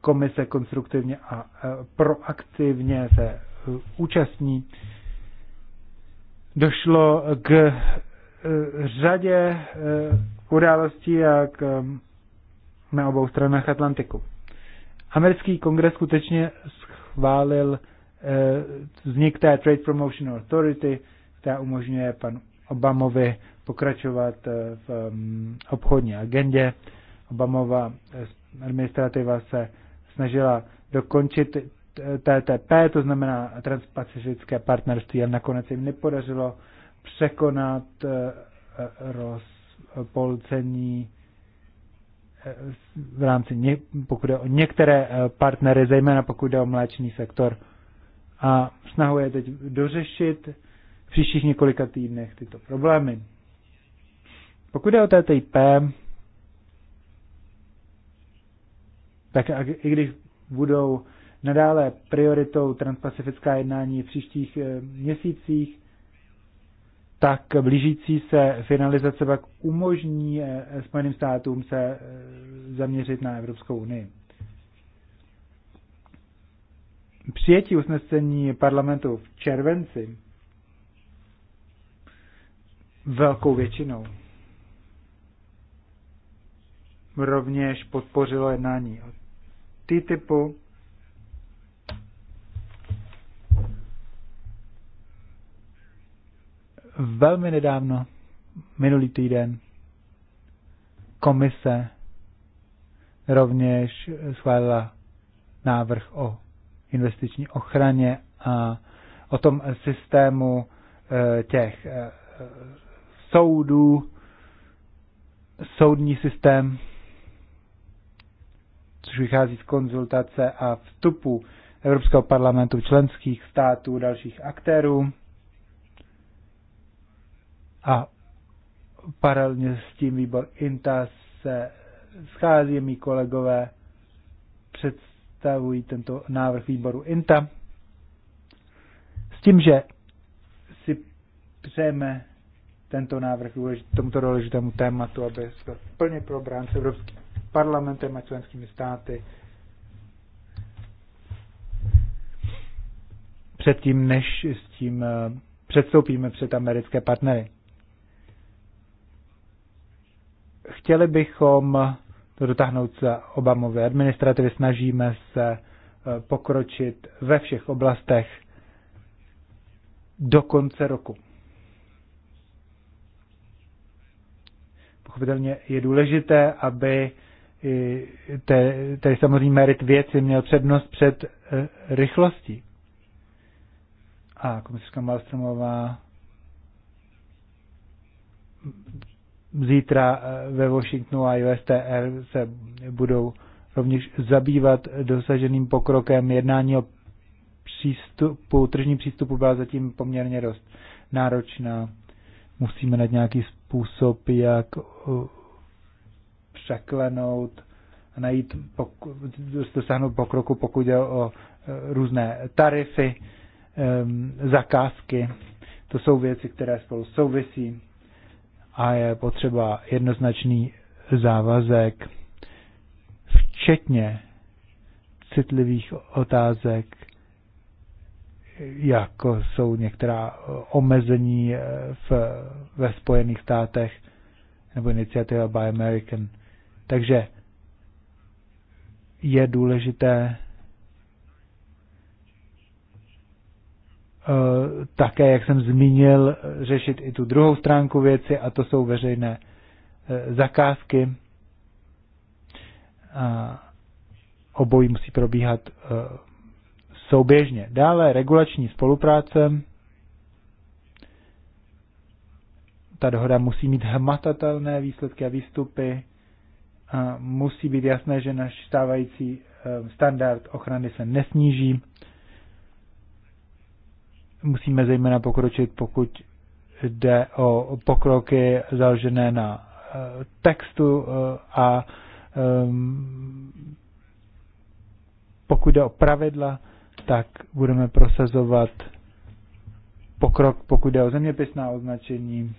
komise konstruktivně a e, proaktivně se e, účastní. Došlo k řadě eh, událostí jak eh, na obou stranách Atlantiku. Americký kongres skutečně schválil eh, vznik té Trade Promotion Authority, která umožňuje panu Obamovi pokračovat v mm, obchodní agendě. Obamova administrativa se snažila dokončit TTP, to znamená Transpacifické partnerství, ale nakonec jim nepodařilo překonat eh, rozpolcení eh, v rámci, pokud jde o některé eh, partnery, zejména pokud jde o mléčný sektor. A snahu je teď dořešit v příštích několika týdnech tyto problémy. Pokud jde o TTIP, tak i když budou nadále prioritou transpacifická jednání v příštích měsících, tak blížící se finalizace pak umožní eh, Spojeným státům se eh, zaměřit na Evropskou unii. Přijetí usnesení parlamentu v červenci velkou většinou rovněž podpořilo jednání o TTIPu velmi nedávno, minulý týden, komise rovněž schválila návrh o investiční ochraně a o tom systému eh, těch eh, soudů, soudní systém, což vychází z konzultace a vstupu Evropského parlamentu, členských států, dalších aktérů. A paralelně s tím výbor INTA se schází, mý kolegové představují tento návrh výboru INTA s tím, že si přejeme tento návrh tomuto důležitému tématu, aby byl plně probrán s Evropským parlamentem a členskými státy. Předtím, než s tím eh, předstoupíme před americké partnery. Chtěli bychom to dotáhnout za Obamové administrativy, snažíme se eh, pokročit ve všech oblastech do konce roku. Pochopitelně je důležité, aby tedy samozřejmě merit věci měl přednost před eh, rychlostí. A komisařka Malstromová Zítra eh, ve Washingtonu a USTR se budou rovněž zabývat dosaženým pokrokem jednání o přístupu, tržní přístupu byla zatím poměrně dost náročná. Musíme najít nějaký způsob, jak eh, překlenout a najít, poku, dosáhnout pokroku, pokud jde o eh, různé tarify, ehm, zakázky. To jsou věci, které spolu souvisí a je potřeba jednoznačný závazek, včetně citlivých otázek, jako jsou některá omezení eh, v, ve Spojených státech nebo iniciativa By American. Takže je důležité Eh, také, jak jsem zmínil, řešit i tu druhou stránku věci, a to jsou veřejné eh, zakázky. A obojí musí probíhat eh, souběžně. Dále regulační spolupráce. Ta dohoda musí mít hmatatelné výsledky a výstupy. A musí být jasné, že náš stávající standard ochrany se nesníží musíme zejména pokročit, pokud jde o pokroky založené na eh, textu eh, a ehm, pokud jde o pravidla, tak budeme prosazovat pokrok, pokud jde o zeměpisná označení,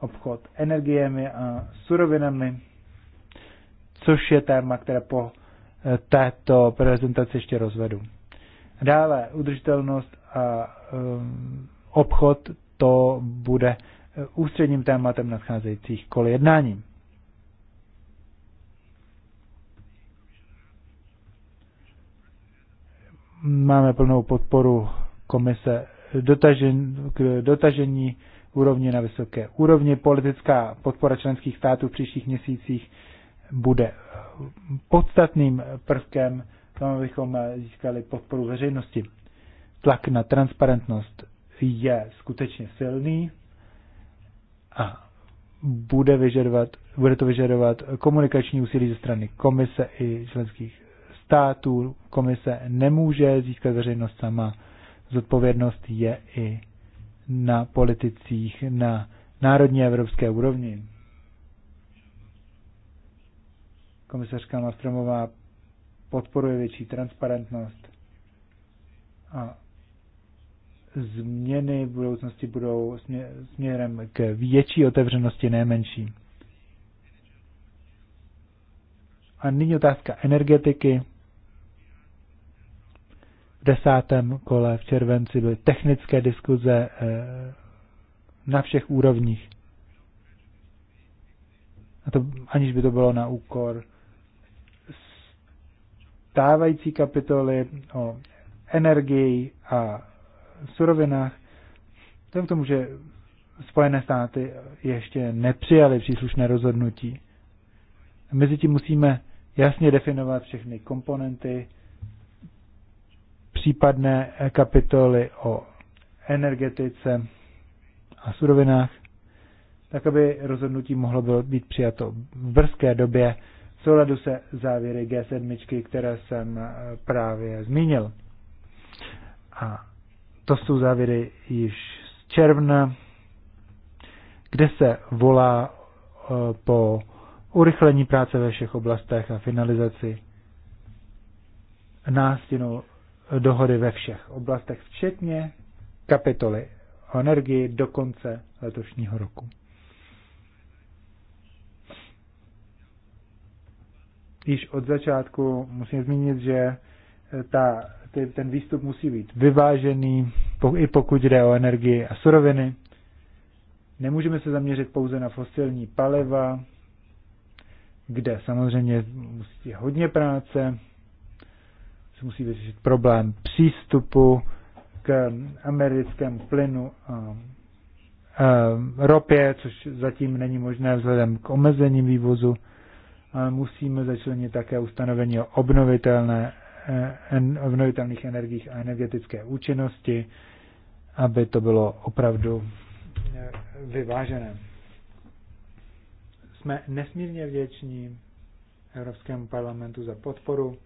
obchod energiemi a surovinami, což je téma, které po eh, této prezentaci ještě rozvedu. Dále udržitelnost a um, obchod, to bude uh, ústředním tématem nadcházejících kol jednání. Máme plnou podporu komise dotažen, k dotažení úrovně na vysoké úrovni. Politická podpora členských států v příštích měsících bude podstatným prvkem tam abychom získali podporu veřejnosti. Tlak na transparentnost je skutečně silný a bude, vyžadovat, bude to vyžadovat komunikační úsilí ze strany komise i členských států. Komise nemůže získat veřejnost sama. Zodpovědnost je i na politicích na národní evropské úrovni. Komisařka Mastromová podporuje větší transparentnost a změny v budoucnosti budou směrem k větší otevřenosti, ne menší. A nyní otázka energetiky. V desátém kole v červenci byly technické diskuze eh, na všech úrovních. A to aniž by to bylo na úkor stávající kapitoly o energii a surovinách, tam k tomu, že Spojené státy ještě nepřijaly příslušné rozhodnutí. mezi tím musíme jasně definovat všechny komponenty, případné kapitoly o energetice a surovinách, tak aby rozhodnutí mohlo být přijato v brzké době souladu se závěry G7, které jsem eh, právě zmínil. A to jsou závěry již z června, kde se volá eh, po urychlení práce ve všech oblastech a finalizaci nástinu dohody ve všech oblastech, včetně kapitoly o energii do konce letošního roku. již od začátku musím zmínit, že eh, ta, ty, ten výstup musí být vyvážený, i pokud jde o energii a suroviny. Nemůžeme se zaměřit pouze na fosilní paliva, kde samozřejmě musí hodně práce, se musí vyřešit problém přístupu k americkému plynu a ropě, což zatím není možné vzhledem k omezením vývozu ale musíme začlenit také ustanovení o obnovitelné, eh, obnovitelných energiích a energetické účinnosti, aby to bylo opravdu eh, vyvážené. Jsme nesmírně vděční Evropskému parlamentu za podporu.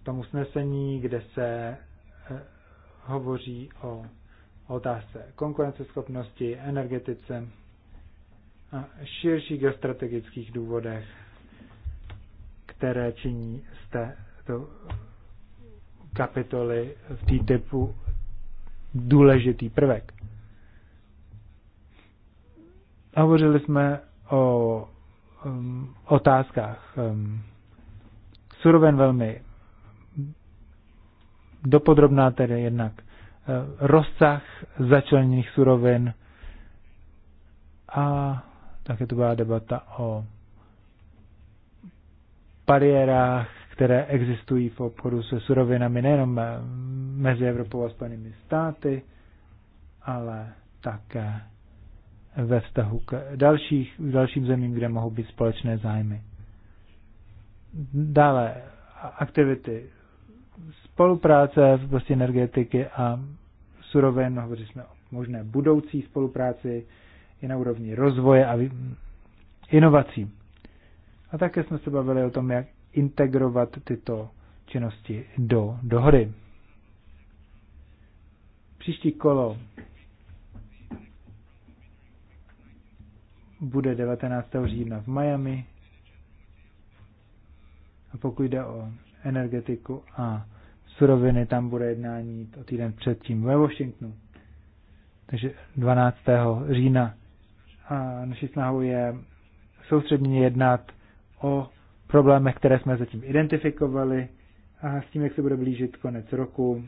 V tom usnesení, kde se eh, hovoří o otázce konkurenceschopnosti, energetice a širších geostrategických důvodech, které činí z této kapitoly v té typu důležitý prvek. Hovořili jsme o um, otázkách um, suroven velmi dopodrobná tedy jednak Eh, rozsah začleněných surovin a také to byla debata o bariérách, které existují v obchodu se surovinami nejenom eh, mezi Evropou a Spojenými státy, ale také ve vztahu k dalších, dalším zemím, kde mohou být společné zájmy. Dále aktivity spolupráce v oblasti energetiky a surovin, hovořili jsme o možné budoucí spolupráci i na úrovni rozvoje a inovací. A také jsme se bavili o tom, jak integrovat tyto činnosti do dohody. Příští kolo bude 19. října v Miami. A pokud jde o energetiku a suroviny, tam bude jednání o týden předtím ve Washingtonu. Takže 12. října. A naší snahou je soustředně jednat o problémech, které jsme zatím identifikovali a s tím, jak se bude blížit konec roku,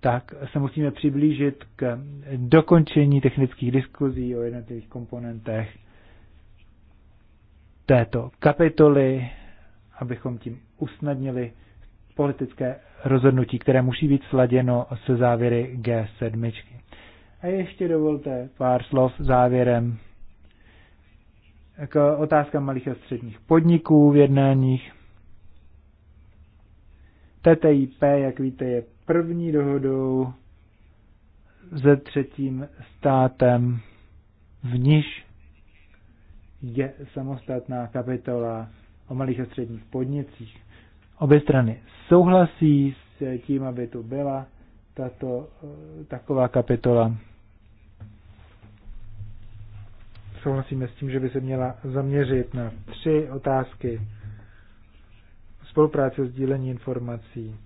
tak se musíme přiblížit k dokončení technických diskuzí o jednotlivých komponentech této kapitoly, abychom tím usnadnili politické rozhodnutí, které musí být sladěno se závěry G7. A ještě dovolte pár slov závěrem k otázkám malých a středních podniků v jednáních. TTIP, jak víte, je první dohodou se třetím státem, v níž je samostatná kapitola o malých a středních podnicích. Obě strany souhlasí s tím, aby tu byla tato, eh, taková kapitola. Souhlasíme s tím, že by se měla zaměřit na tři otázky. Spolupráce, s dílení informací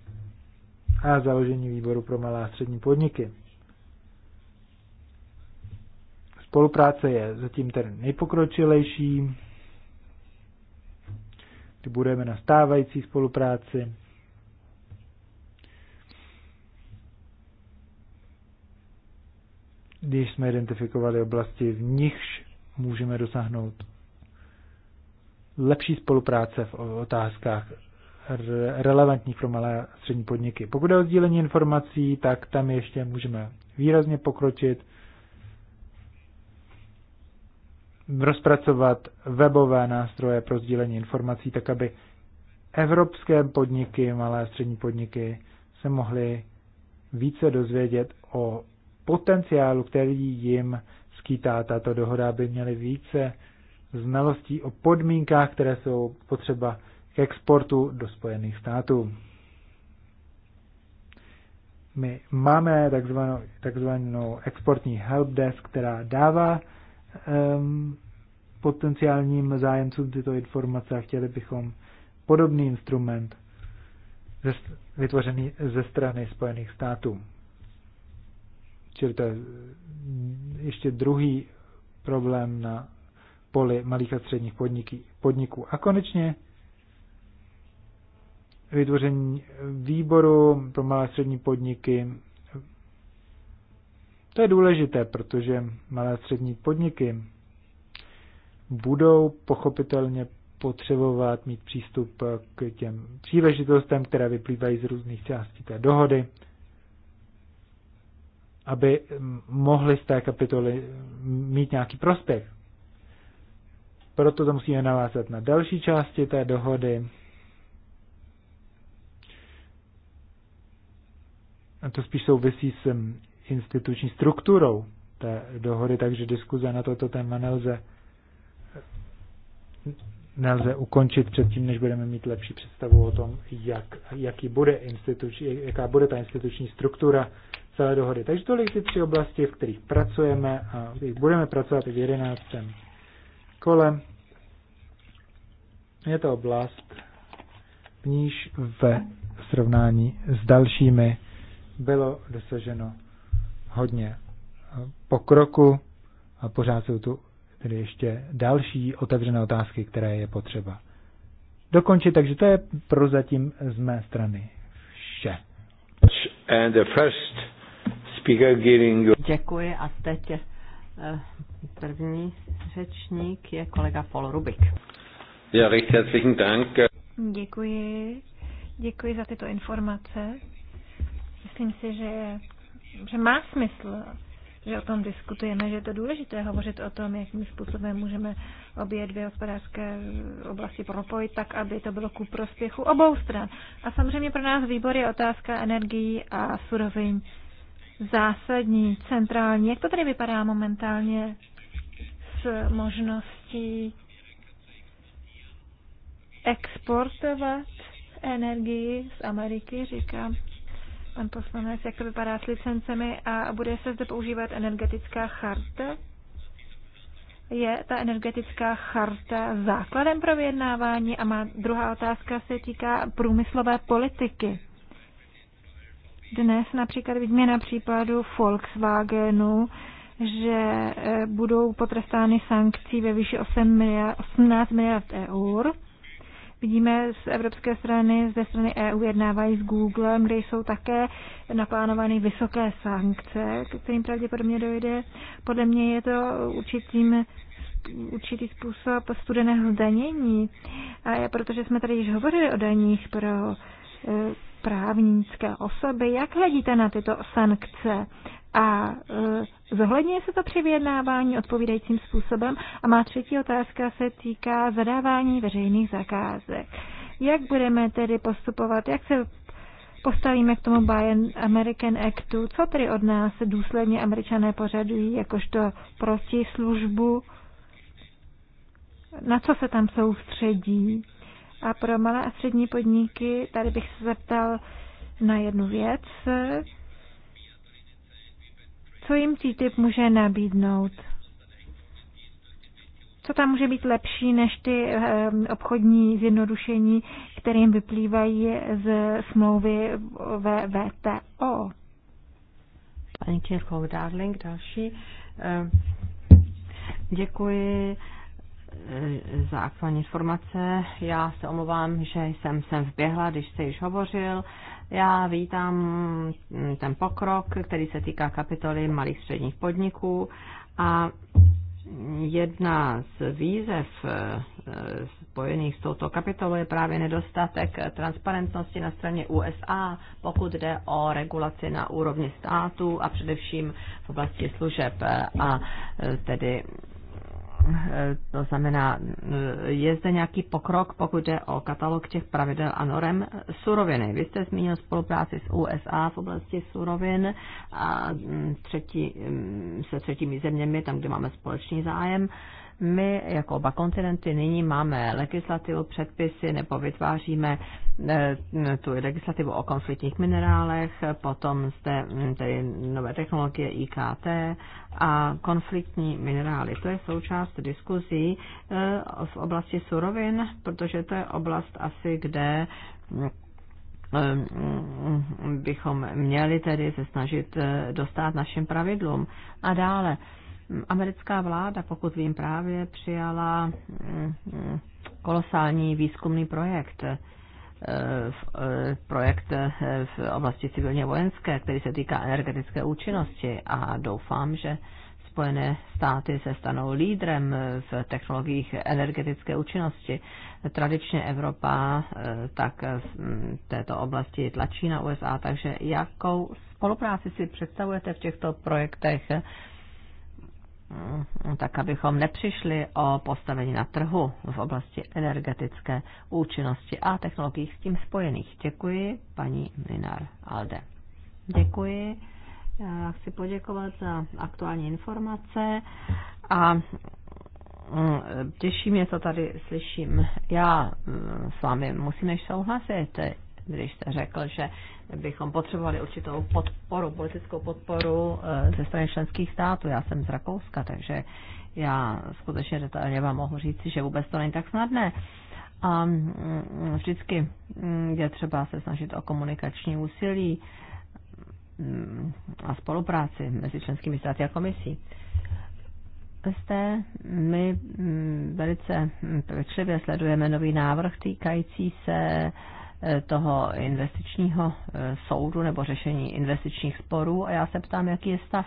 a založení výboru pro malé a střední podniky. Spolupráce je zatím ten nejpokročilejší kdy budeme na stávající spolupráci. Když jsme identifikovali oblasti, v nichž můžeme dosáhnout lepší spolupráce v otázkách relevantních pro malé a střední podniky. Pokud je o sdílení informací, tak tam ještě můžeme výrazně pokročit. rozpracovat webové nástroje pro sdílení informací, tak aby evropské podniky, malé a střední podniky se mohly více dozvědět o potenciálu, který jim skýtá tato dohoda, aby měli více znalostí o podmínkách, které jsou potřeba k exportu do Spojených států. My máme takzvanou, takzvanou exportní helpdesk, která dává potenciálním zájemcům tyto informace a chtěli bychom podobný instrument vytvořený ze strany Spojených států. Čili to je ještě druhý problém na poli malých a středních podniky, podniků. A konečně vytvoření výboru pro malé a střední podniky to je důležité, protože malé střední podniky budou pochopitelně potřebovat mít přístup k těm příležitostem, které vyplývají z různých částí té dohody, aby mohli z té kapitoly mít nějaký prospěch. Proto to musíme navázat na další části té dohody. A to spíš souvisí s instituční strukturou té dohody, takže diskuze na toto téma nelze, nelze ukončit předtím, než budeme mít lepší představu o tom, jak, jaký bude instituč, jaká bude ta instituční struktura celé dohody. Takže tolik ty tři oblasti, v kterých pracujeme a v kterých budeme pracovat i v jedenáctém kole. Je to oblast, v níž ve srovnání s dalšími bylo dosaženo hodně pokroku a pořád jsou tu tedy ještě další otevřené otázky, které je potřeba dokončit. Takže to je prozatím z mé strany vše. And the first speaker giving... Děkuji a
teď eh,
první řečník je kolega Paul Rubik.
Ja, recht
herzlichen
Dank.
Děkuji. Děkuji za tyto informace. Myslím si, že je že má smysl, že o tom diskutujeme, že je to důležité hovořit o tom, jakým způsobem můžeme obě dvě hospodářské oblasti propojit tak, aby to bylo ku prospěchu obou stran. A samozřejmě pro nás výbor je otázka energií a surovin zásadní, centrální. Jak to tady vypadá momentálně s možností exportovat energii z Ameriky, říkám, pan poslanec, jak to vypadá s licencemi a bude se zde používat energetická charta? Je ta energetická charta základem pro vyjednávání? A má druhá otázka se týká průmyslové politiky. Dnes například vidíme na případu Volkswagenu, že eh, budou potrestány sankcí ve výši 8 miliard, 18 miliard eur Vidíme z evropské strany, ze strany EU jednávají s Googlem, kde jsou také naplánovány vysoké sankce, kterým pravděpodobně dojde. Podle mě je to určitým určitý způsob studeného zdanění, a protože jsme tady již hovořili o daních pro e, právnické osoby. Jak hledíte na tyto sankce? a e, zohledňuje se to při vyjednávání odpovídajícím způsobem. A má třetí otázka se týká zadávání veřejných zakázek. Jak budeme tedy postupovat, jak se postavíme k tomu Buy American Actu, co tedy od nás důsledně američané pořadují jakožto protislužbu, na co se tam soustředí. A pro malé a střední podniky, tady bych se zeptal na jednu věc, co jim TTIP může nabídnout? Co tam může být lepší než ty eh, obchodní zjednodušení, kterým vyplývají z smlouvy ve VTO? Paní Kirchhoff Darling, další. Eh,
děkuji za aktuální informace. Já se omlouvám, že jsem sem vběhla, když jste již hovořil. Já vítám ten pokrok, který se týká kapitoly malých středních podniků a jedna z výzev eh, spojených s touto kapitolou je právě nedostatek transparentnosti na straně USA, pokud jde o regulaci na úrovni státu a především v oblasti služeb. A eh, tedy Eh, to znamená, eh, je zde nějaký pokrok, pokud jde o katalog těch pravidel a norem suroviny. Vy jste zmínil spolupráci s USA v oblasti surovin a mm, třetí, mm, se třetími zeměmi, tam, kde máme společný zájem. My jako oba kontinenty nyní máme legislativu, předpisy nebo vytváříme eh, tu legislativu o konfliktních minerálech, potom zde hm, tedy nové technologie IKT a konfliktní minerály. To je součást diskuzí eh, v oblasti surovin, protože to je oblast asi, kde hm, hm, bychom měli tedy se snažit eh, dostat našim pravidlům. A dále Americká vláda, pokud vím, právě přijala eh, eh, kolosální výzkumný projekt, eh, projekt v oblasti civilně vojenské, který se týká energetické účinnosti a doufám, že Spojené státy se stanou lídrem v technologiích energetické účinnosti. Tradičně Evropa tak v této oblasti tlačí na USA, takže jakou spolupráci si představujete v těchto projektech Mm, tak abychom nepřišli o postavení na trhu v oblasti energetické účinnosti a technologií s tím spojených. Děkuji, paní Minar Alde. Děkuji. Já chci poděkovat za aktuální informace a mm, těší mě, co tady slyším. Já mm, s vámi musím než souhlasit když jste řekl, že bychom potřebovali určitou podporu, politickou podporu eh, ze strany členských států. Já jsem z Rakouska, takže já skutečně detailně vám mohu říct, že vůbec to není tak snadné. A mm, mm, vždycky mm, je třeba se snažit o komunikační úsilí a spolupráci mezi členskými státy a komisí Zde my velice pečlivě sledujeme nový návrh týkající se Eh, toho investičního eh, soudu nebo řešení investičních sporů a já se ptám, jaký je stav.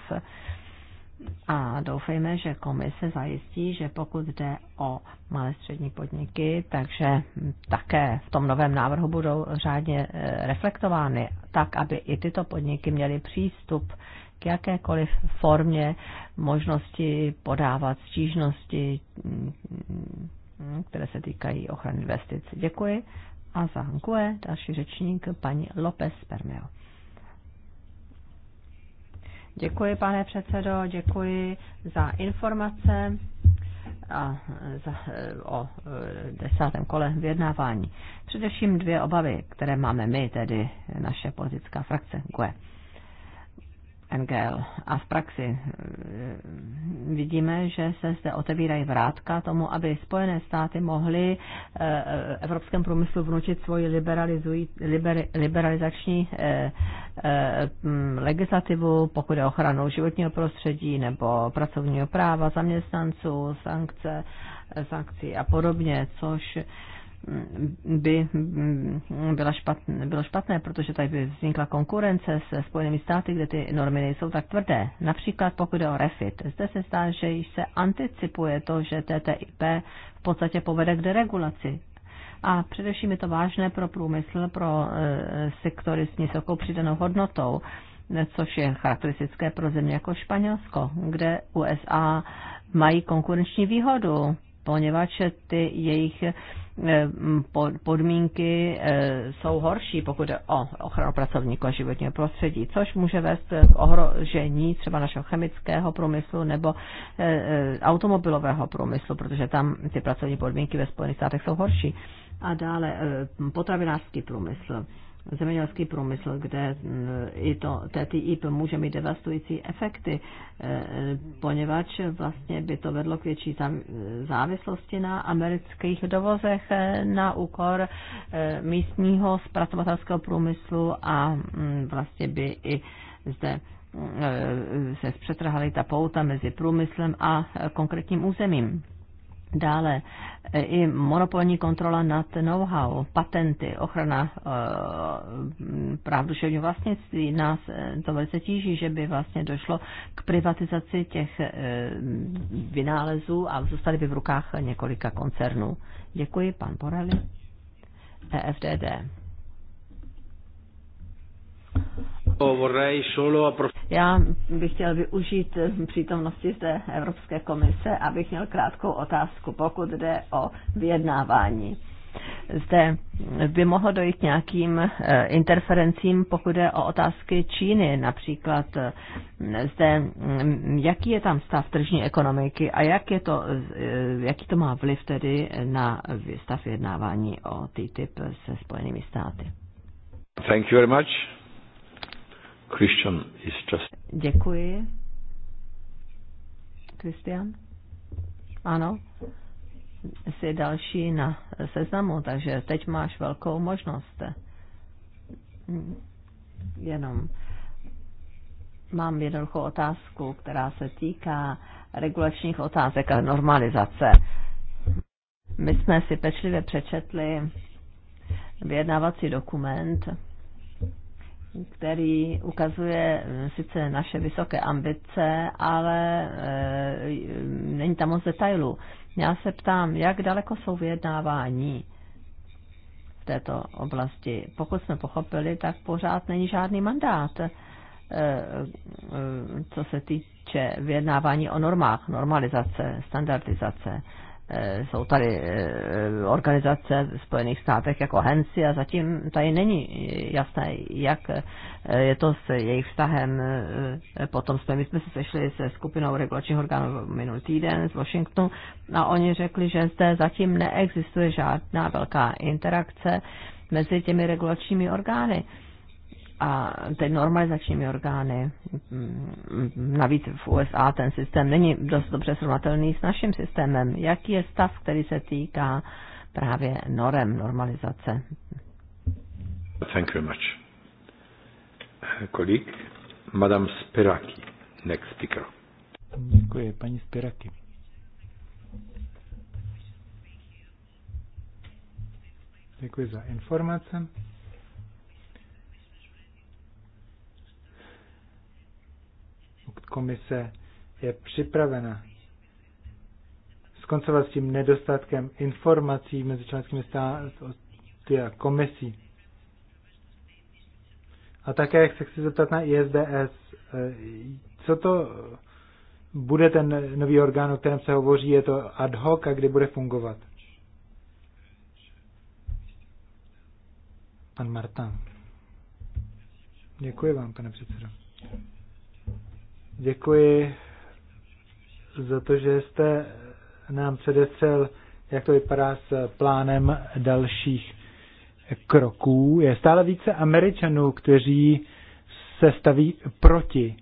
A doufejme, že komise zajistí, že pokud jde o malé střední podniky, takže také v tom novém návrhu budou řádně eh, reflektovány, tak aby i tyto podniky měly přístup k jakékoliv formě možnosti podávat stížnosti, mm, mm, které se týkají ochrany investic. Děkuji. A za Hankue další řečník paní López Permeo. Děkuji, pane předsedo, děkuji za informace a za, o e, desátém kole vyjednávání. Především dvě obavy, které máme my, tedy naše politická frakce GUE. NGL. A v praxi eh, vidíme, že se zde otevírají vrátka tomu, aby Spojené státy mohly eh, eh, evropském průmyslu vnučit svoji liber, liberalizační mm, legislativu, pokud je ochranu životního prostředí nebo pracovního práva zaměstnanců, sankce, sankcí a podobně, což by mm, byla špatné, bylo špatné, protože tady by vznikla konkurence se Spojenými státy, kde ty normy nejsou tak tvrdé. Například pokud jde o refit. Zde se zdá, že již se anticipuje to, že TTIP v podstatě povede k deregulaci. A především je to vážné pro průmysl, pro e, sektory s nízkou přidanou hodnotou což je charakteristické pro země jako Španělsko, kde USA mají konkurenční výhodu, poněvadž ty jejich Eh, podmínky eh, jsou horší, pokud je o ochranu pracovníků a životního prostředí, což může vést k ohrožení třeba našeho chemického průmyslu nebo eh, automobilového průmyslu, protože tam ty pracovní podmínky ve Spojených státech jsou horší. A dále potravinářský průmysl zemědělský průmysl, kde mm, i to TTIP může mít devastující efekty, eh, poněvadž vlastně by to vedlo k větší závislosti na amerických dovozech eh, na úkor eh, místního zpracovatelského průmyslu a mm, vlastně by i zde se zpřetrhaly ta pouta mezi průmyslem a konkrétním územím. Dále e, i monopolní kontrola nad know-how, patenty, ochrana e, práv duševního vlastnictví. Nás e, to velice tíží, že by vlastně došlo k privatizaci těch e, vynálezů a zůstaly by v rukách několika koncernů. Děkuji, pan Borelli. EFDD. Já bych chtěl využít přítomnosti zde Evropské komise, abych měl krátkou otázku, pokud jde o vyjednávání. Zde by mohlo dojít k nějakým eh, interferencím, pokud jde o otázky Číny, například eh, zde, mm, jaký je tam stav tržní ekonomiky a jak je to, eh, jaký to má vliv tedy na stav vyjednávání o TTIP se Spojenými státy. Thank you very much. Christian is just... Děkuji. Christian? Ano. Jsi další na seznamu, takže teď máš velkou možnost. Jenom mám jednoduchou otázku, která se týká regulačních otázek a normalizace. My jsme si pečlivě přečetli vyjednávací dokument který ukazuje eh, sice naše vysoké ambice, ale eh, není tam moc detailů. Já se ptám, jak daleko jsou vyjednávání v této oblasti. Pokud jsme pochopili, tak pořád není žádný mandát, eh, co se týče vyjednávání o normách, normalizace, standardizace. Eh, jsou tady eh, organizace v Spojených státech jako Hensi a zatím tady není jasné, jak eh, je to s jejich vztahem. Potom jsme, my jsme se sešli se skupinou regulačních orgánů minulý týden z Washingtonu a oni řekli, že zde zatím neexistuje žádná velká interakce mezi těmi regulačními orgány a ty normalizačními orgány. Mm, navíc v USA ten systém není dost dobře srovnatelný s naším systémem. Jaký je stav, který se týká právě norem normalizace?
Thank you very much.
Kolik? Madame Spiraki, next speaker. Děkuji, paní Spiraki. Děkuji za informace. komise je připravena skoncovat s tím nedostatkem informací mezi členskými státy a komisí. A také, jak se chci zeptat na ISDS, co to bude ten nový orgán, o kterém se hovoří, je to ad hoc a kdy bude fungovat? Pan Martin. Děkuji vám, pane předsedo. Děkuji za to, že jste nám předestřel, jak to vypadá s plánem dalších kroků. Je stále více Američanů, kteří se staví proti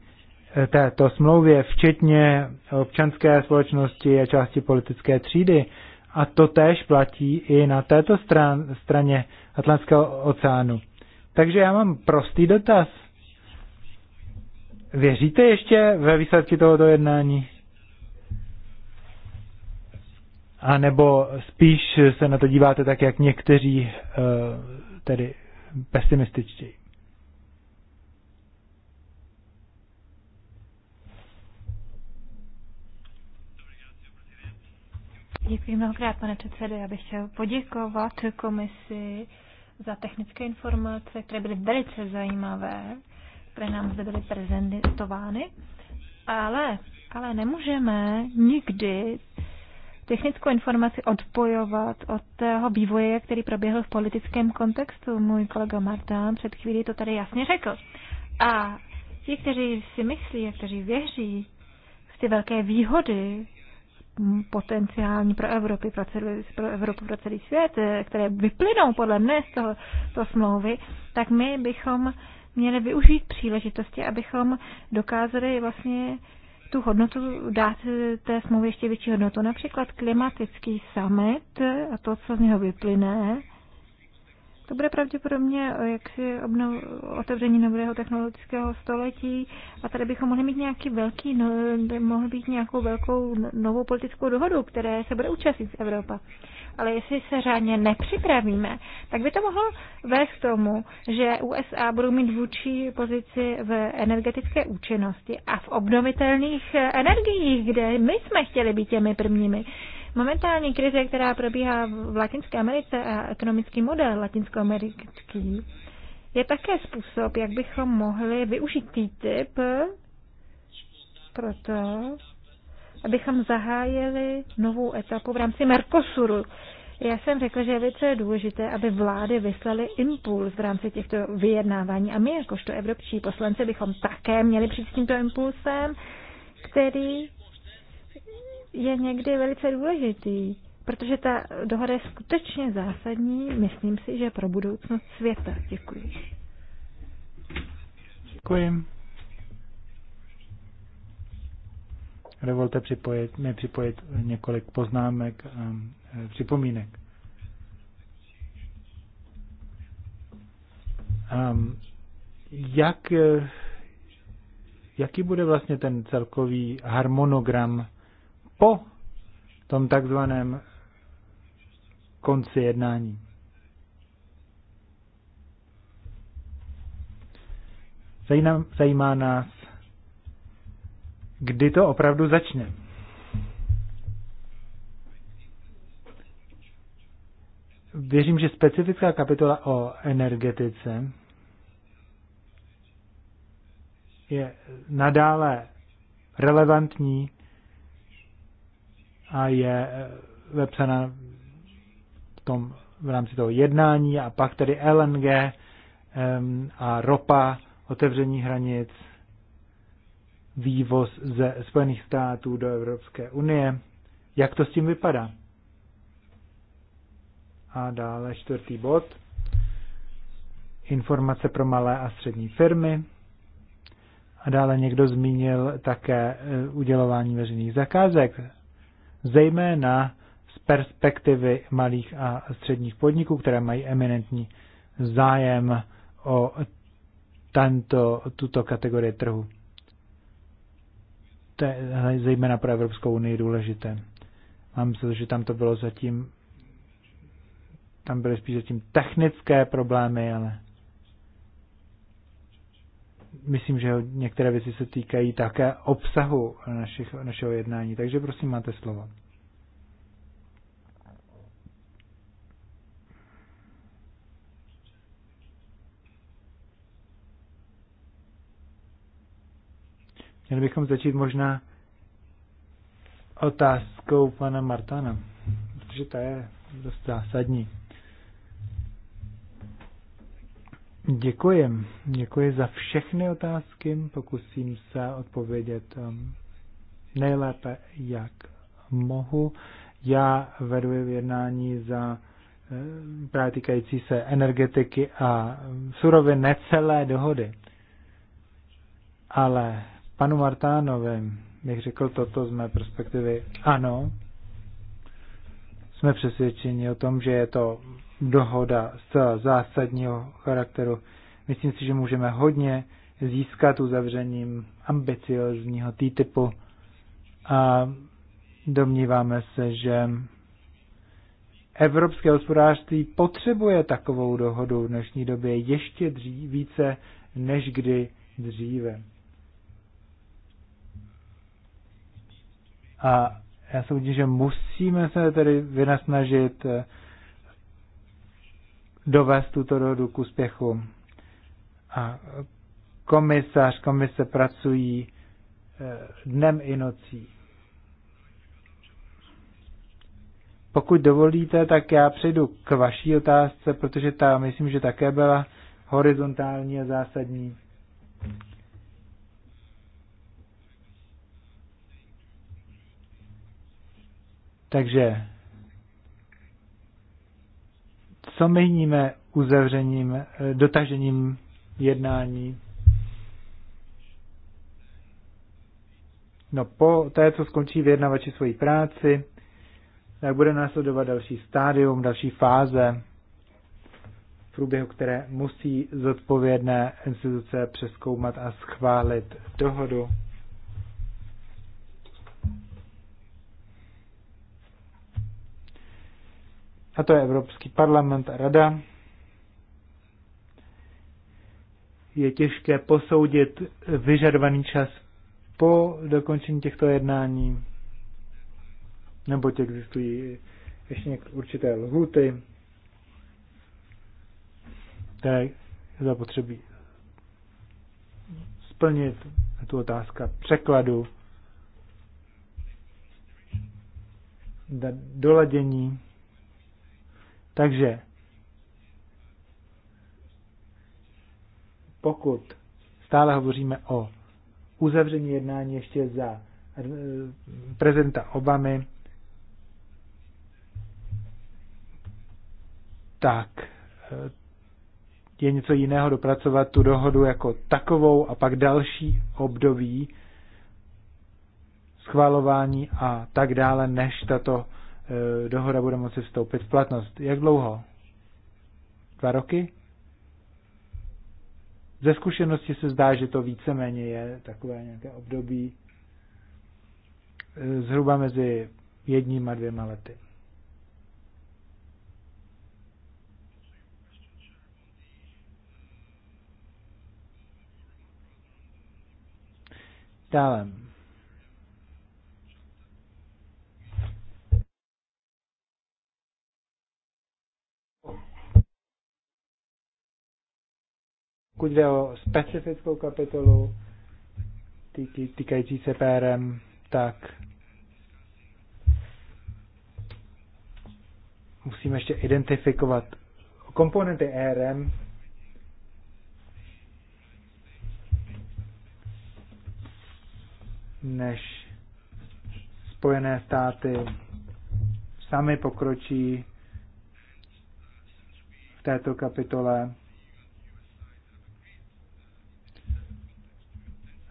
této smlouvě, včetně občanské společnosti a části politické třídy. A to též platí i na této stran, straně Atlantského oceánu. Takže já mám prostý dotaz Věříte ještě ve výsledky tohoto jednání? A nebo spíš se na to díváte tak, jak někteří eh, tedy pesimističtí?
Děkuji mnohokrát, pane předsedo. Já bych chtěl poděkovat komisi za technické informace, které byly velice zajímavé které nám zde byly prezentovány, ale, ale nemůžeme nikdy technickou informaci odpojovat od toho vývoje, který proběhl v politickém kontextu. Můj kolega Martán před chvílí to tady jasně řekl. A ti, kteří si myslí a kteří věří v ty velké výhody potenciální pro Evropu, pro, celý, pro Evropu, pro celý svět, které vyplynou podle mne z toho, toho smlouvy, tak my bychom měli využít příležitosti, abychom dokázali vlastně tu hodnotu dát eh, té smlouvě ještě větší hodnotu. Například klimatický summit a to, co z něho vyplyne, to bude pravděpodobně eh, jaksi obnov, otevření nového technologického století a tady bychom mohli mít nějaký velký, no, mohl být nějakou velkou novou politickou dohodu, které se bude účastnit Evropa ale jestli se řádně nepřipravíme, tak by to mohlo vést k tomu, že USA budou mít vůči pozici v energetické účinnosti a v obnovitelných eh, energiích, kde my jsme chtěli být těmi prvními. Momentální krize, která probíhá v Latinské Americe a ekonomický model latinskoamerický, je také způsob, jak bychom mohli využít TTIP proto, abychom zahájili novou etapu v rámci Mercosuru. Já jsem řekla, že je velice důležité, aby vlády vyslaly impuls v rámci těchto vyjednávání a my, jakožto evropští poslanci, bychom také měli přijít s tímto impulsem, který je někdy velice důležitý, protože ta dohoda je skutečně zásadní, myslím si, že pro budoucnost světa. Děkuji.
Děkuji. dovolte připojit, mi připojit několik poznámek a e, připomínek. A jak, e, jaký bude vlastně ten celkový harmonogram po tom takzvaném konci jednání? Zajímá nás kdy to opravdu začne. Věřím, že specifická kapitola o energetice je nadále relevantní a je eh, vepsána v, tom, v rámci toho jednání a pak tedy LNG a ropa, otevření hranic, vývoz ze Spojených států do Evropské unie. Jak to s tím vypadá? A dále čtvrtý bod. Informace pro malé a střední firmy. A dále někdo zmínil také e, udělování veřejných zakázek, zejména z perspektivy malých a středních podniků, které mají eminentní zájem o tento, tuto kategorii trhu je zejména pro Evropskou unii důležité. Mám se, že tam to bylo zatím, tam byly spíš zatím technické problémy, ale myslím, že některé věci se týkají také obsahu našich, našeho jednání. Takže prosím, máte slovo. Měli bychom začít možná otázkou pana Martana, protože ta je dost zásadní. Děkuji. Děkuji za všechny otázky. Pokusím se odpovědět um, nejlépe, jak mohu. Já vedu jednání za eh, právě týkající se energetiky a surovin necelé dohody. Ale Panu Martánovi bych řekl toto z mé perspektivy. Ano, jsme přesvědčeni o tom, že je to dohoda zcela zásadního charakteru. Myslím si, že můžeme hodně získat uzavřením ambiciozního T-typu a domníváme se, že evropské hospodářství potřebuje takovou dohodu v dnešní době ještě dřív, více než kdy dříve. A já soudím, že musíme se tedy vynasnažit eh, dovést tuto dohodu k úspěchu. A komisař, komise pracují eh, dnem i nocí. Pokud dovolíte, tak já přejdu k vaší otázce, protože ta, myslím, že také byla horizontální a zásadní. Takže co měníme uzavřením, eh, dotažením jednání? No po té, co skončí vyjednavači svoji práci, tak bude následovat další stádium, další fáze, v průběhu které musí zodpovědné instituce přeskoumat a schválit dohodu. a to je Evropský parlament a rada. Je těžké posoudit vyžadovaný čas po dokončení těchto jednání, neboť existují ještě určité lhuty, které zapotřebí splnit tu otázka překladu, doladění takže pokud stále hovoříme o uzavření jednání ještě za eh, prezidenta Obamy, tak eh, je něco jiného dopracovat tu dohodu jako takovou a pak další období schvalování a tak dále, než tato Eh, dohoda bude moci vstoupit v platnost. Jak dlouho? Dva roky? Ze zkušenosti se zdá, že to víceméně je takové nějaké období eh, zhruba mezi jedním a dvěma lety. Dále. Pokud jde o specifickou kapitolu týkající se PRM, tak musíme ještě identifikovat komponenty ERM, než Spojené státy sami pokročí v této kapitole.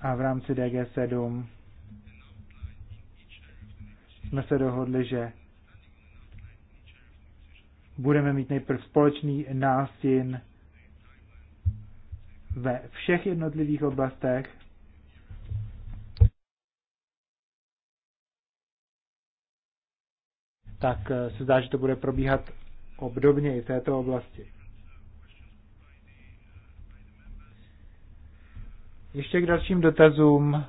a v rámci DG7 jsme se dohodli, že budeme mít nejprve společný nástin ve všech jednotlivých oblastech. Tak eh, se zdá, že to bude probíhat obdobně i v této oblasti. Ještě k dalším dotazům.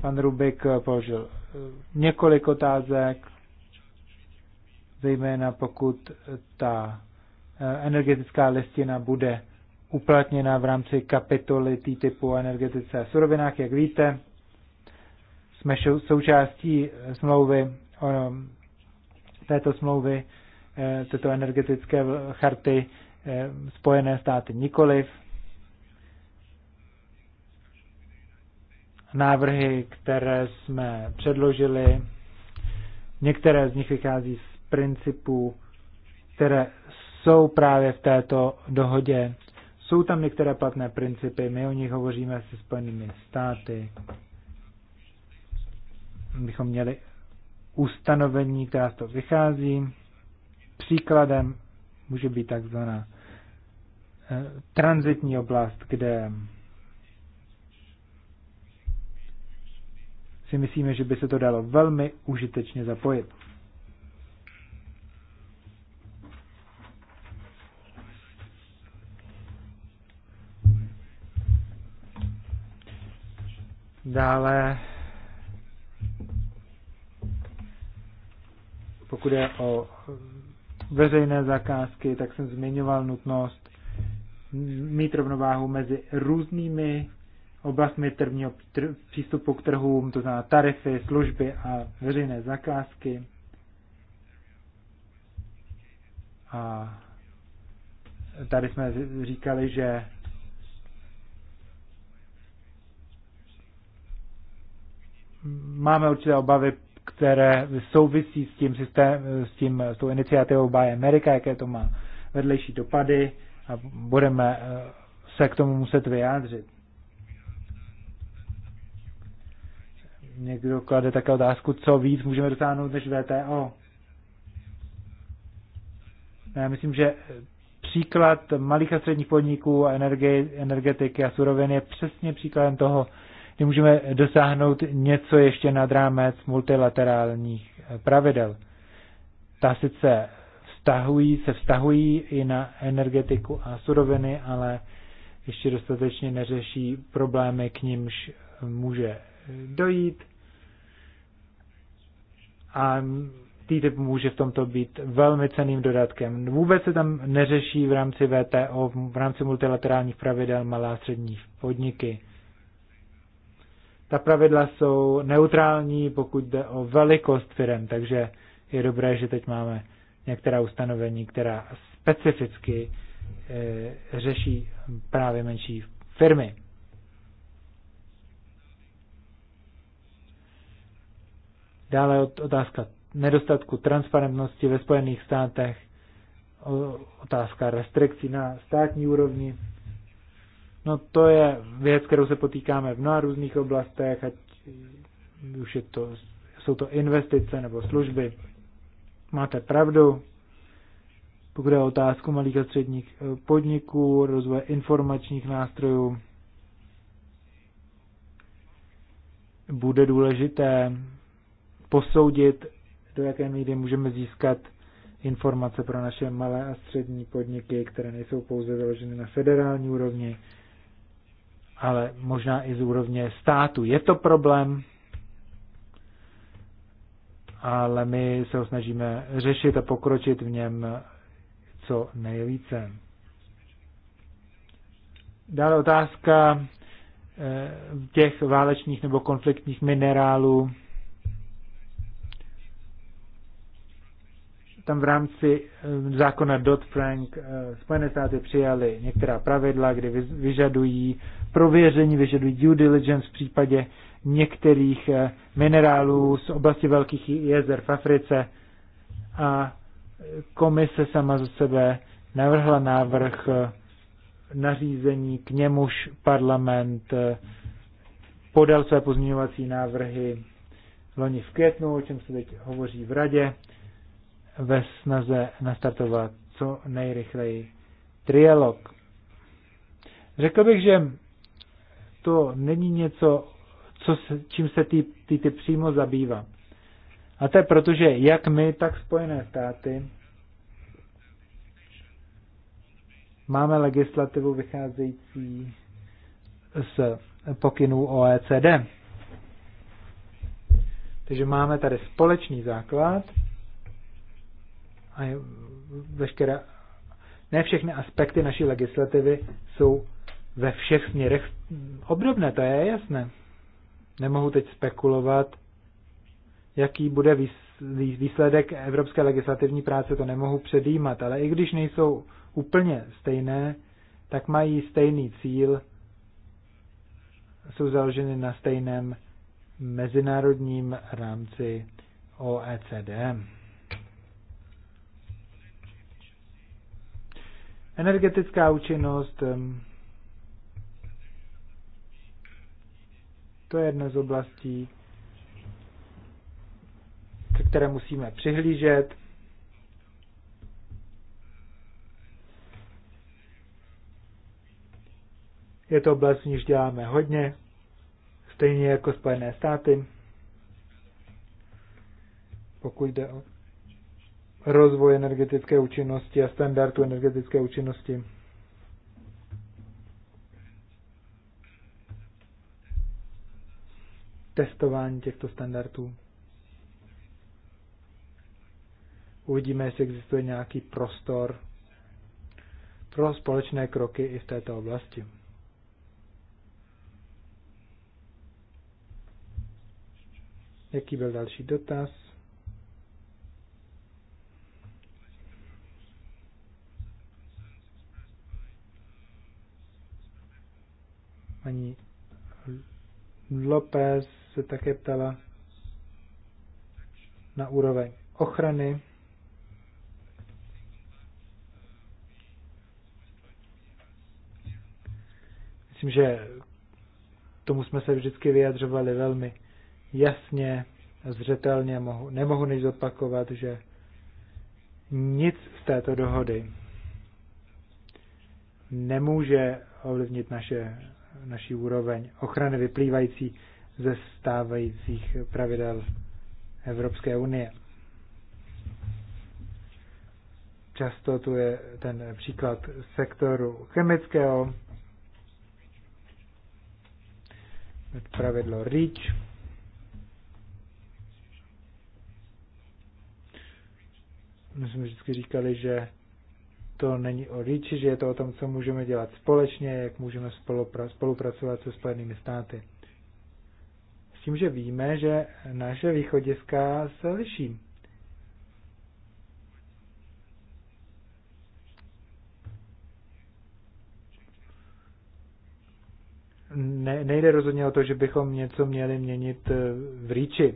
Pan Rubik položil eh, několik otázek, zejména pokud ta eh, energetická listina bude uplatněna v rámci kapitoly TTIPu typu energetice a surovinách. Jak víte, jsme součástí eh, smlouvy o této smlouvy, této energetické charty Spojené státy nikoliv. návrhy, které jsme předložili. Některé z nich vychází z principů, které jsou právě v této dohodě. Jsou tam některé platné principy, my o nich hovoříme se Spojenými státy. Bychom měli ustanovení, která z toho vychází. Příkladem může být takzvaná eh, transitní oblast, kde si myslíme, že by se to dalo velmi užitečně zapojit. Dále, pokud je o veřejné zakázky, tak jsem zmiňoval nutnost mít rovnováhu mezi různými oblastmi trvního přístupu k trhům, to znamená tarify, služby a veřejné zakázky. A tady jsme říkali, že máme určité obavy, které souvisí s tím systém, s tím, s tou iniciativou Buy America, jaké to má vedlejší dopady a budeme eh, se k tomu muset vyjádřit. Někdo klade také otázku, co víc můžeme dosáhnout než VTO. Já myslím, že příklad malých a středních podniků a energie, energetiky a surovin je přesně příkladem toho, kdy můžeme dosáhnout něco ještě nad rámec multilaterálních pravidel. Ta sice vztahují, se vztahují i na energetiku a suroviny, ale ještě dostatečně neřeší problémy, k nímž může dojít a TTIP může v tomto být velmi ceným dodatkem. Vůbec se tam neřeší v rámci VTO, v rámci multilaterálních pravidel malá a střední podniky. Ta pravidla jsou neutrální, pokud jde o velikost firm, takže je dobré, že teď máme některá ustanovení, která specificky e, řeší právě menší firmy. Dále otázka nedostatku transparentnosti ve Spojených státech, otázka restrikcí na státní úrovni. No to je věc, kterou se potýkáme v mnoha různých oblastech, ať už je to, jsou to investice nebo služby. Máte pravdu, pokud je otázku malých a středních e, podniků, rozvoje informačních nástrojů, bude důležité posoudit, do jaké míry můžeme získat informace pro naše malé a střední podniky, které nejsou pouze založeny na federální úrovni, ale možná i z úrovně státu. Je to problém, ale my se ho snažíme řešit a pokročit v něm co nejvíce. Dále otázka eh, těch válečných nebo konfliktních minerálů. tam v rámci eh, zákona Dodd-Frank eh, Spojené státy přijali některá pravidla, kdy vyžadují prověření, vyžadují due diligence v případě některých eh, minerálů z oblasti velkých jezer v Africe a komise sama ze sebe navrhla návrh nařízení, k němuž parlament podal své pozměňovací návrhy loni v květnu, o čem se teď hovoří v radě ve snaze nastartovat co nejrychleji trialog. Řekl bych, že to není něco, co, čím se ty, ty, ty přímo zabývá. A to je proto, že jak my, tak Spojené státy máme legislativu vycházející z pokynů OECD. Takže máme tady společný základ a veškeré, ne všechny aspekty naší legislativy jsou ve všech směrech obdobné, to je jasné. Nemohu teď spekulovat, jaký bude výsledek evropské legislativní práce, to nemohu předjímat, ale i když nejsou úplně stejné, tak mají stejný cíl, jsou založeny na stejném mezinárodním rámci OECD. Energetická účinnost, to je jedna z oblastí, k které musíme přihlížet. Je to oblast, v níž děláme hodně, stejně jako Spojené státy, pokud jde o rozvoj energetické účinnosti a standardu energetické účinnosti. Testování těchto standardů. Uvidíme, jestli existuje nějaký prostor pro společné kroky i v této oblasti. Jaký byl další dotaz? Paní López se také ptala na úroveň ochrany. Myslím, že tomu jsme se vždycky vyjadřovali velmi jasně, zřetelně. Mohu, nemohu než zopakovat, že nic z této dohody nemůže ovlivnit naše naší úroveň ochrany vyplývající ze stávajících pravidel Evropské unie. Často tu je ten příklad sektoru chemického, pravidlo REACH, my jsme vždycky říkali, že to není o říči, že je to o tom, co můžeme dělat společně, jak můžeme spolupracovat se Spojenými státy. S tím, že víme, že naše východiska se liší. Ne, nejde rozhodně o to, že bychom něco měli měnit eh, v říči.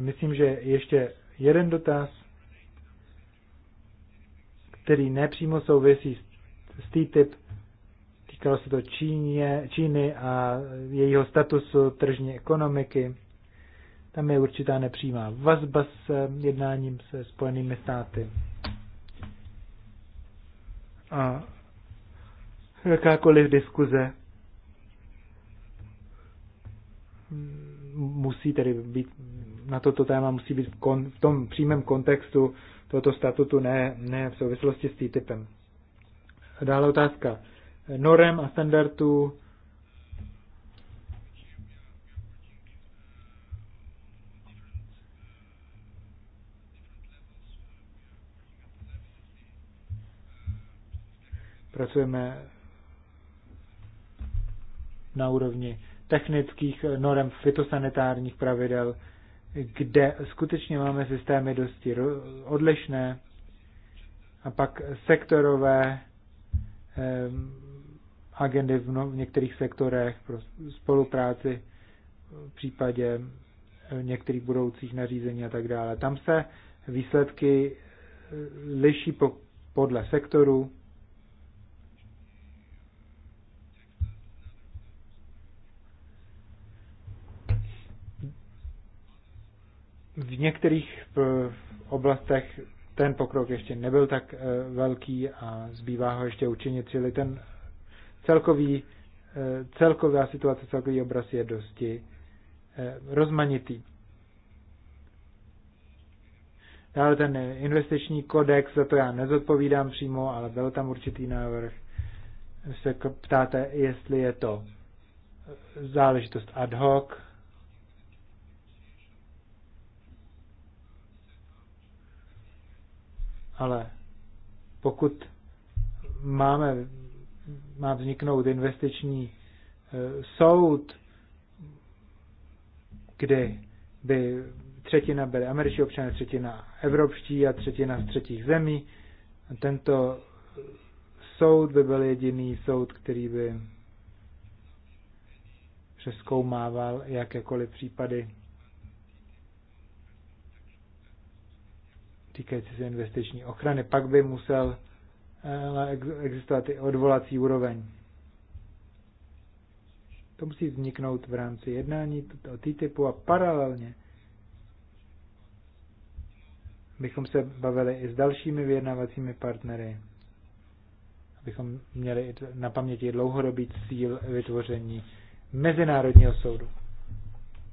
Myslím, že ještě jeden dotaz, který nepřímo souvisí s TTIP. Týkalo se to Číně, Číny a jejího statusu tržní ekonomiky. Tam je určitá nepřímá vazba s eh, jednáním se Spojenými státy. A jakákoliv diskuze musí tedy být na toto téma musí být v, kon, v tom přímém kontextu tohoto statutu, ne, ne v souvislosti s TTIPem. Dále otázka norem a standardů. Pracujeme na úrovni technických norem, fitosanitárních pravidel, kde skutečně máme systémy dosti odlišné a pak sektorové ehm, agendy no-, v některých sektorech pro spolupráci v případě eh, některých budoucích nařízení a tak dále. Tam se výsledky eh, liší podle sektoru, v některých eh, oblastech ten pokrok ještě nebyl tak eh, velký a zbývá ho ještě učinit, čili ten celkový, eh, celková situace, celkový obraz je dosti rozmanitý. Dále ten investiční kodex, za to já nezodpovídám přímo, ale byl tam určitý návrh. Se ptáte, jestli je to záležitost ad hoc, Ale pokud máme, má vzniknout investiční e, soud, kdy by třetina byly američtí občané, třetina evropští a třetina z třetích zemí. Tento soud by byl jediný soud, který by přeskoumával jakékoliv případy týkající se investiční ochrany. Pak by musel eh, existovat i odvolací úroveň. To musí vzniknout v rámci jednání o TTIPu a paralelně bychom se bavili i s dalšími vyjednávacími partnery, abychom měli na paměti dlouhodobý cíl vytvoření Mezinárodního soudu.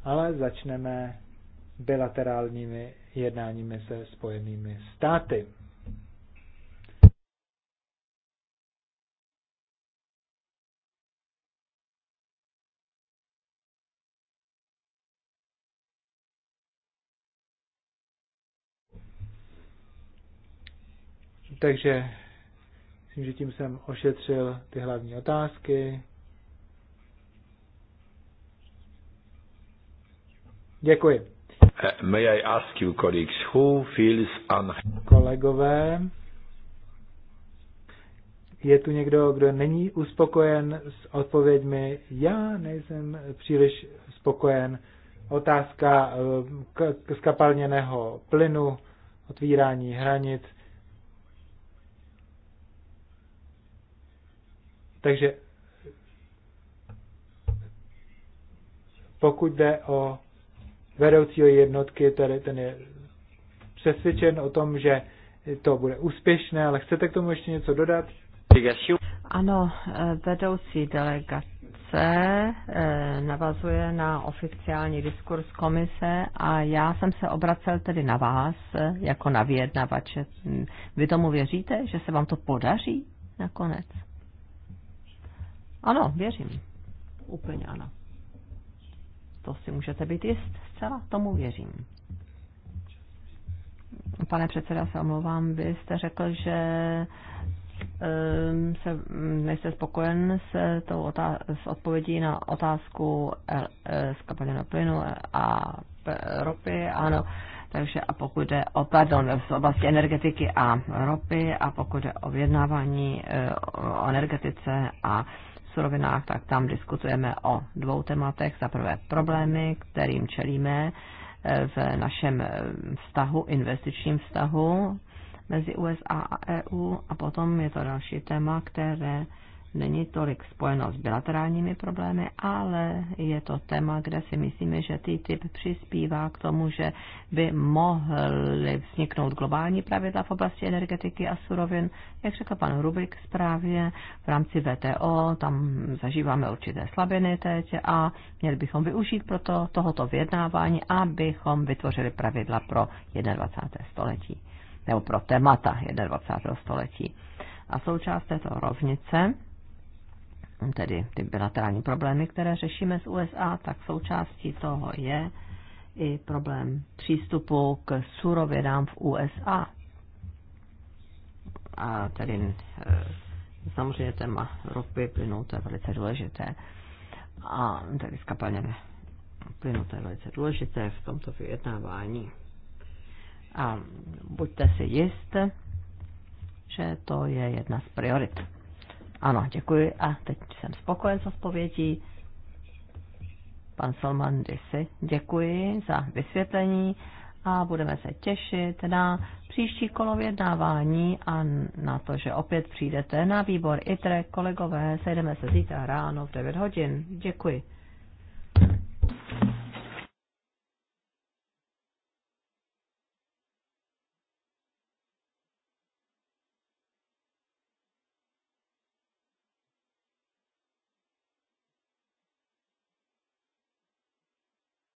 Ale začneme bilaterálními jednáními se spojenými státy. Takže myslím, že tím jsem ošetřil ty hlavní otázky. Děkuji. May I ask you, colleagues, who feels un... Kolegové, je tu někdo, kdo není uspokojen s odpověďmi? Já nejsem příliš spokojen. Otázka eh, skapalněného plynu, otvírání hranic. Takže pokud jde o vedoucího jednotky, tedy ten je přesvědčen o tom, že to bude úspěšné, ale chcete k tomu ještě něco dodat?
Ano, vedoucí delegace eh, navazuje na oficiální diskurs komise a já jsem se obracel tedy na vás eh, jako na vyjednavače. Vy tomu věříte, že se vám to podaří nakonec? Ano, věřím. Úplně ano. To si můžete být jist, zcela tomu věřím. Pane předseda, se omlouvám, vy jste řekl, že ehm, se, nejste spokojen s, tou s odpovědí na otázku eh, eh, skapalného plynu eh, a ropy, ano. Takže a pokud jde o, pardon, v oblasti energetiky a ropy a pokud jde o vyjednávání o energetice a surovinách, tak tam diskutujeme o dvou tématech. Za prvé problémy, kterým čelíme eh, v našem eh, vztahu, investičním vztahu mezi USA a EU. A potom je to další téma, které není tolik spojeno s bilaterálními problémy, ale je to téma, kde si myslíme, že TTIP přispívá k tomu, že by mohly vzniknout globální pravidla v oblasti energetiky a surovin. Jak řekl pan Rubik správně, v rámci VTO tam zažíváme určité slabiny teď a měli bychom využít proto tohoto vyjednávání, abychom vytvořili pravidla pro 21. století nebo pro témata 21. století. A součást této rovnice tedy ty bilaterální problémy, které řešíme s USA, tak součástí toho je i problém přístupu k surovinám v USA. A tedy e, samozřejmě téma ropy, plynu, to je velice důležité. A tedy skapalněné plynu, to je velice důležité v tomto vyjednávání. A buďte si jist, že to je jedna z priorit. Ano, děkuji a teď jsem spokojen s odpovědí. Pan Salman Disi, děkuji za vysvětlení a budeme se těšit na příští kolo vědnávání a na to, že opět přijdete na výbor ITRE. Kolegové, sejdeme se zítra ráno v 9 hodin. Děkuji.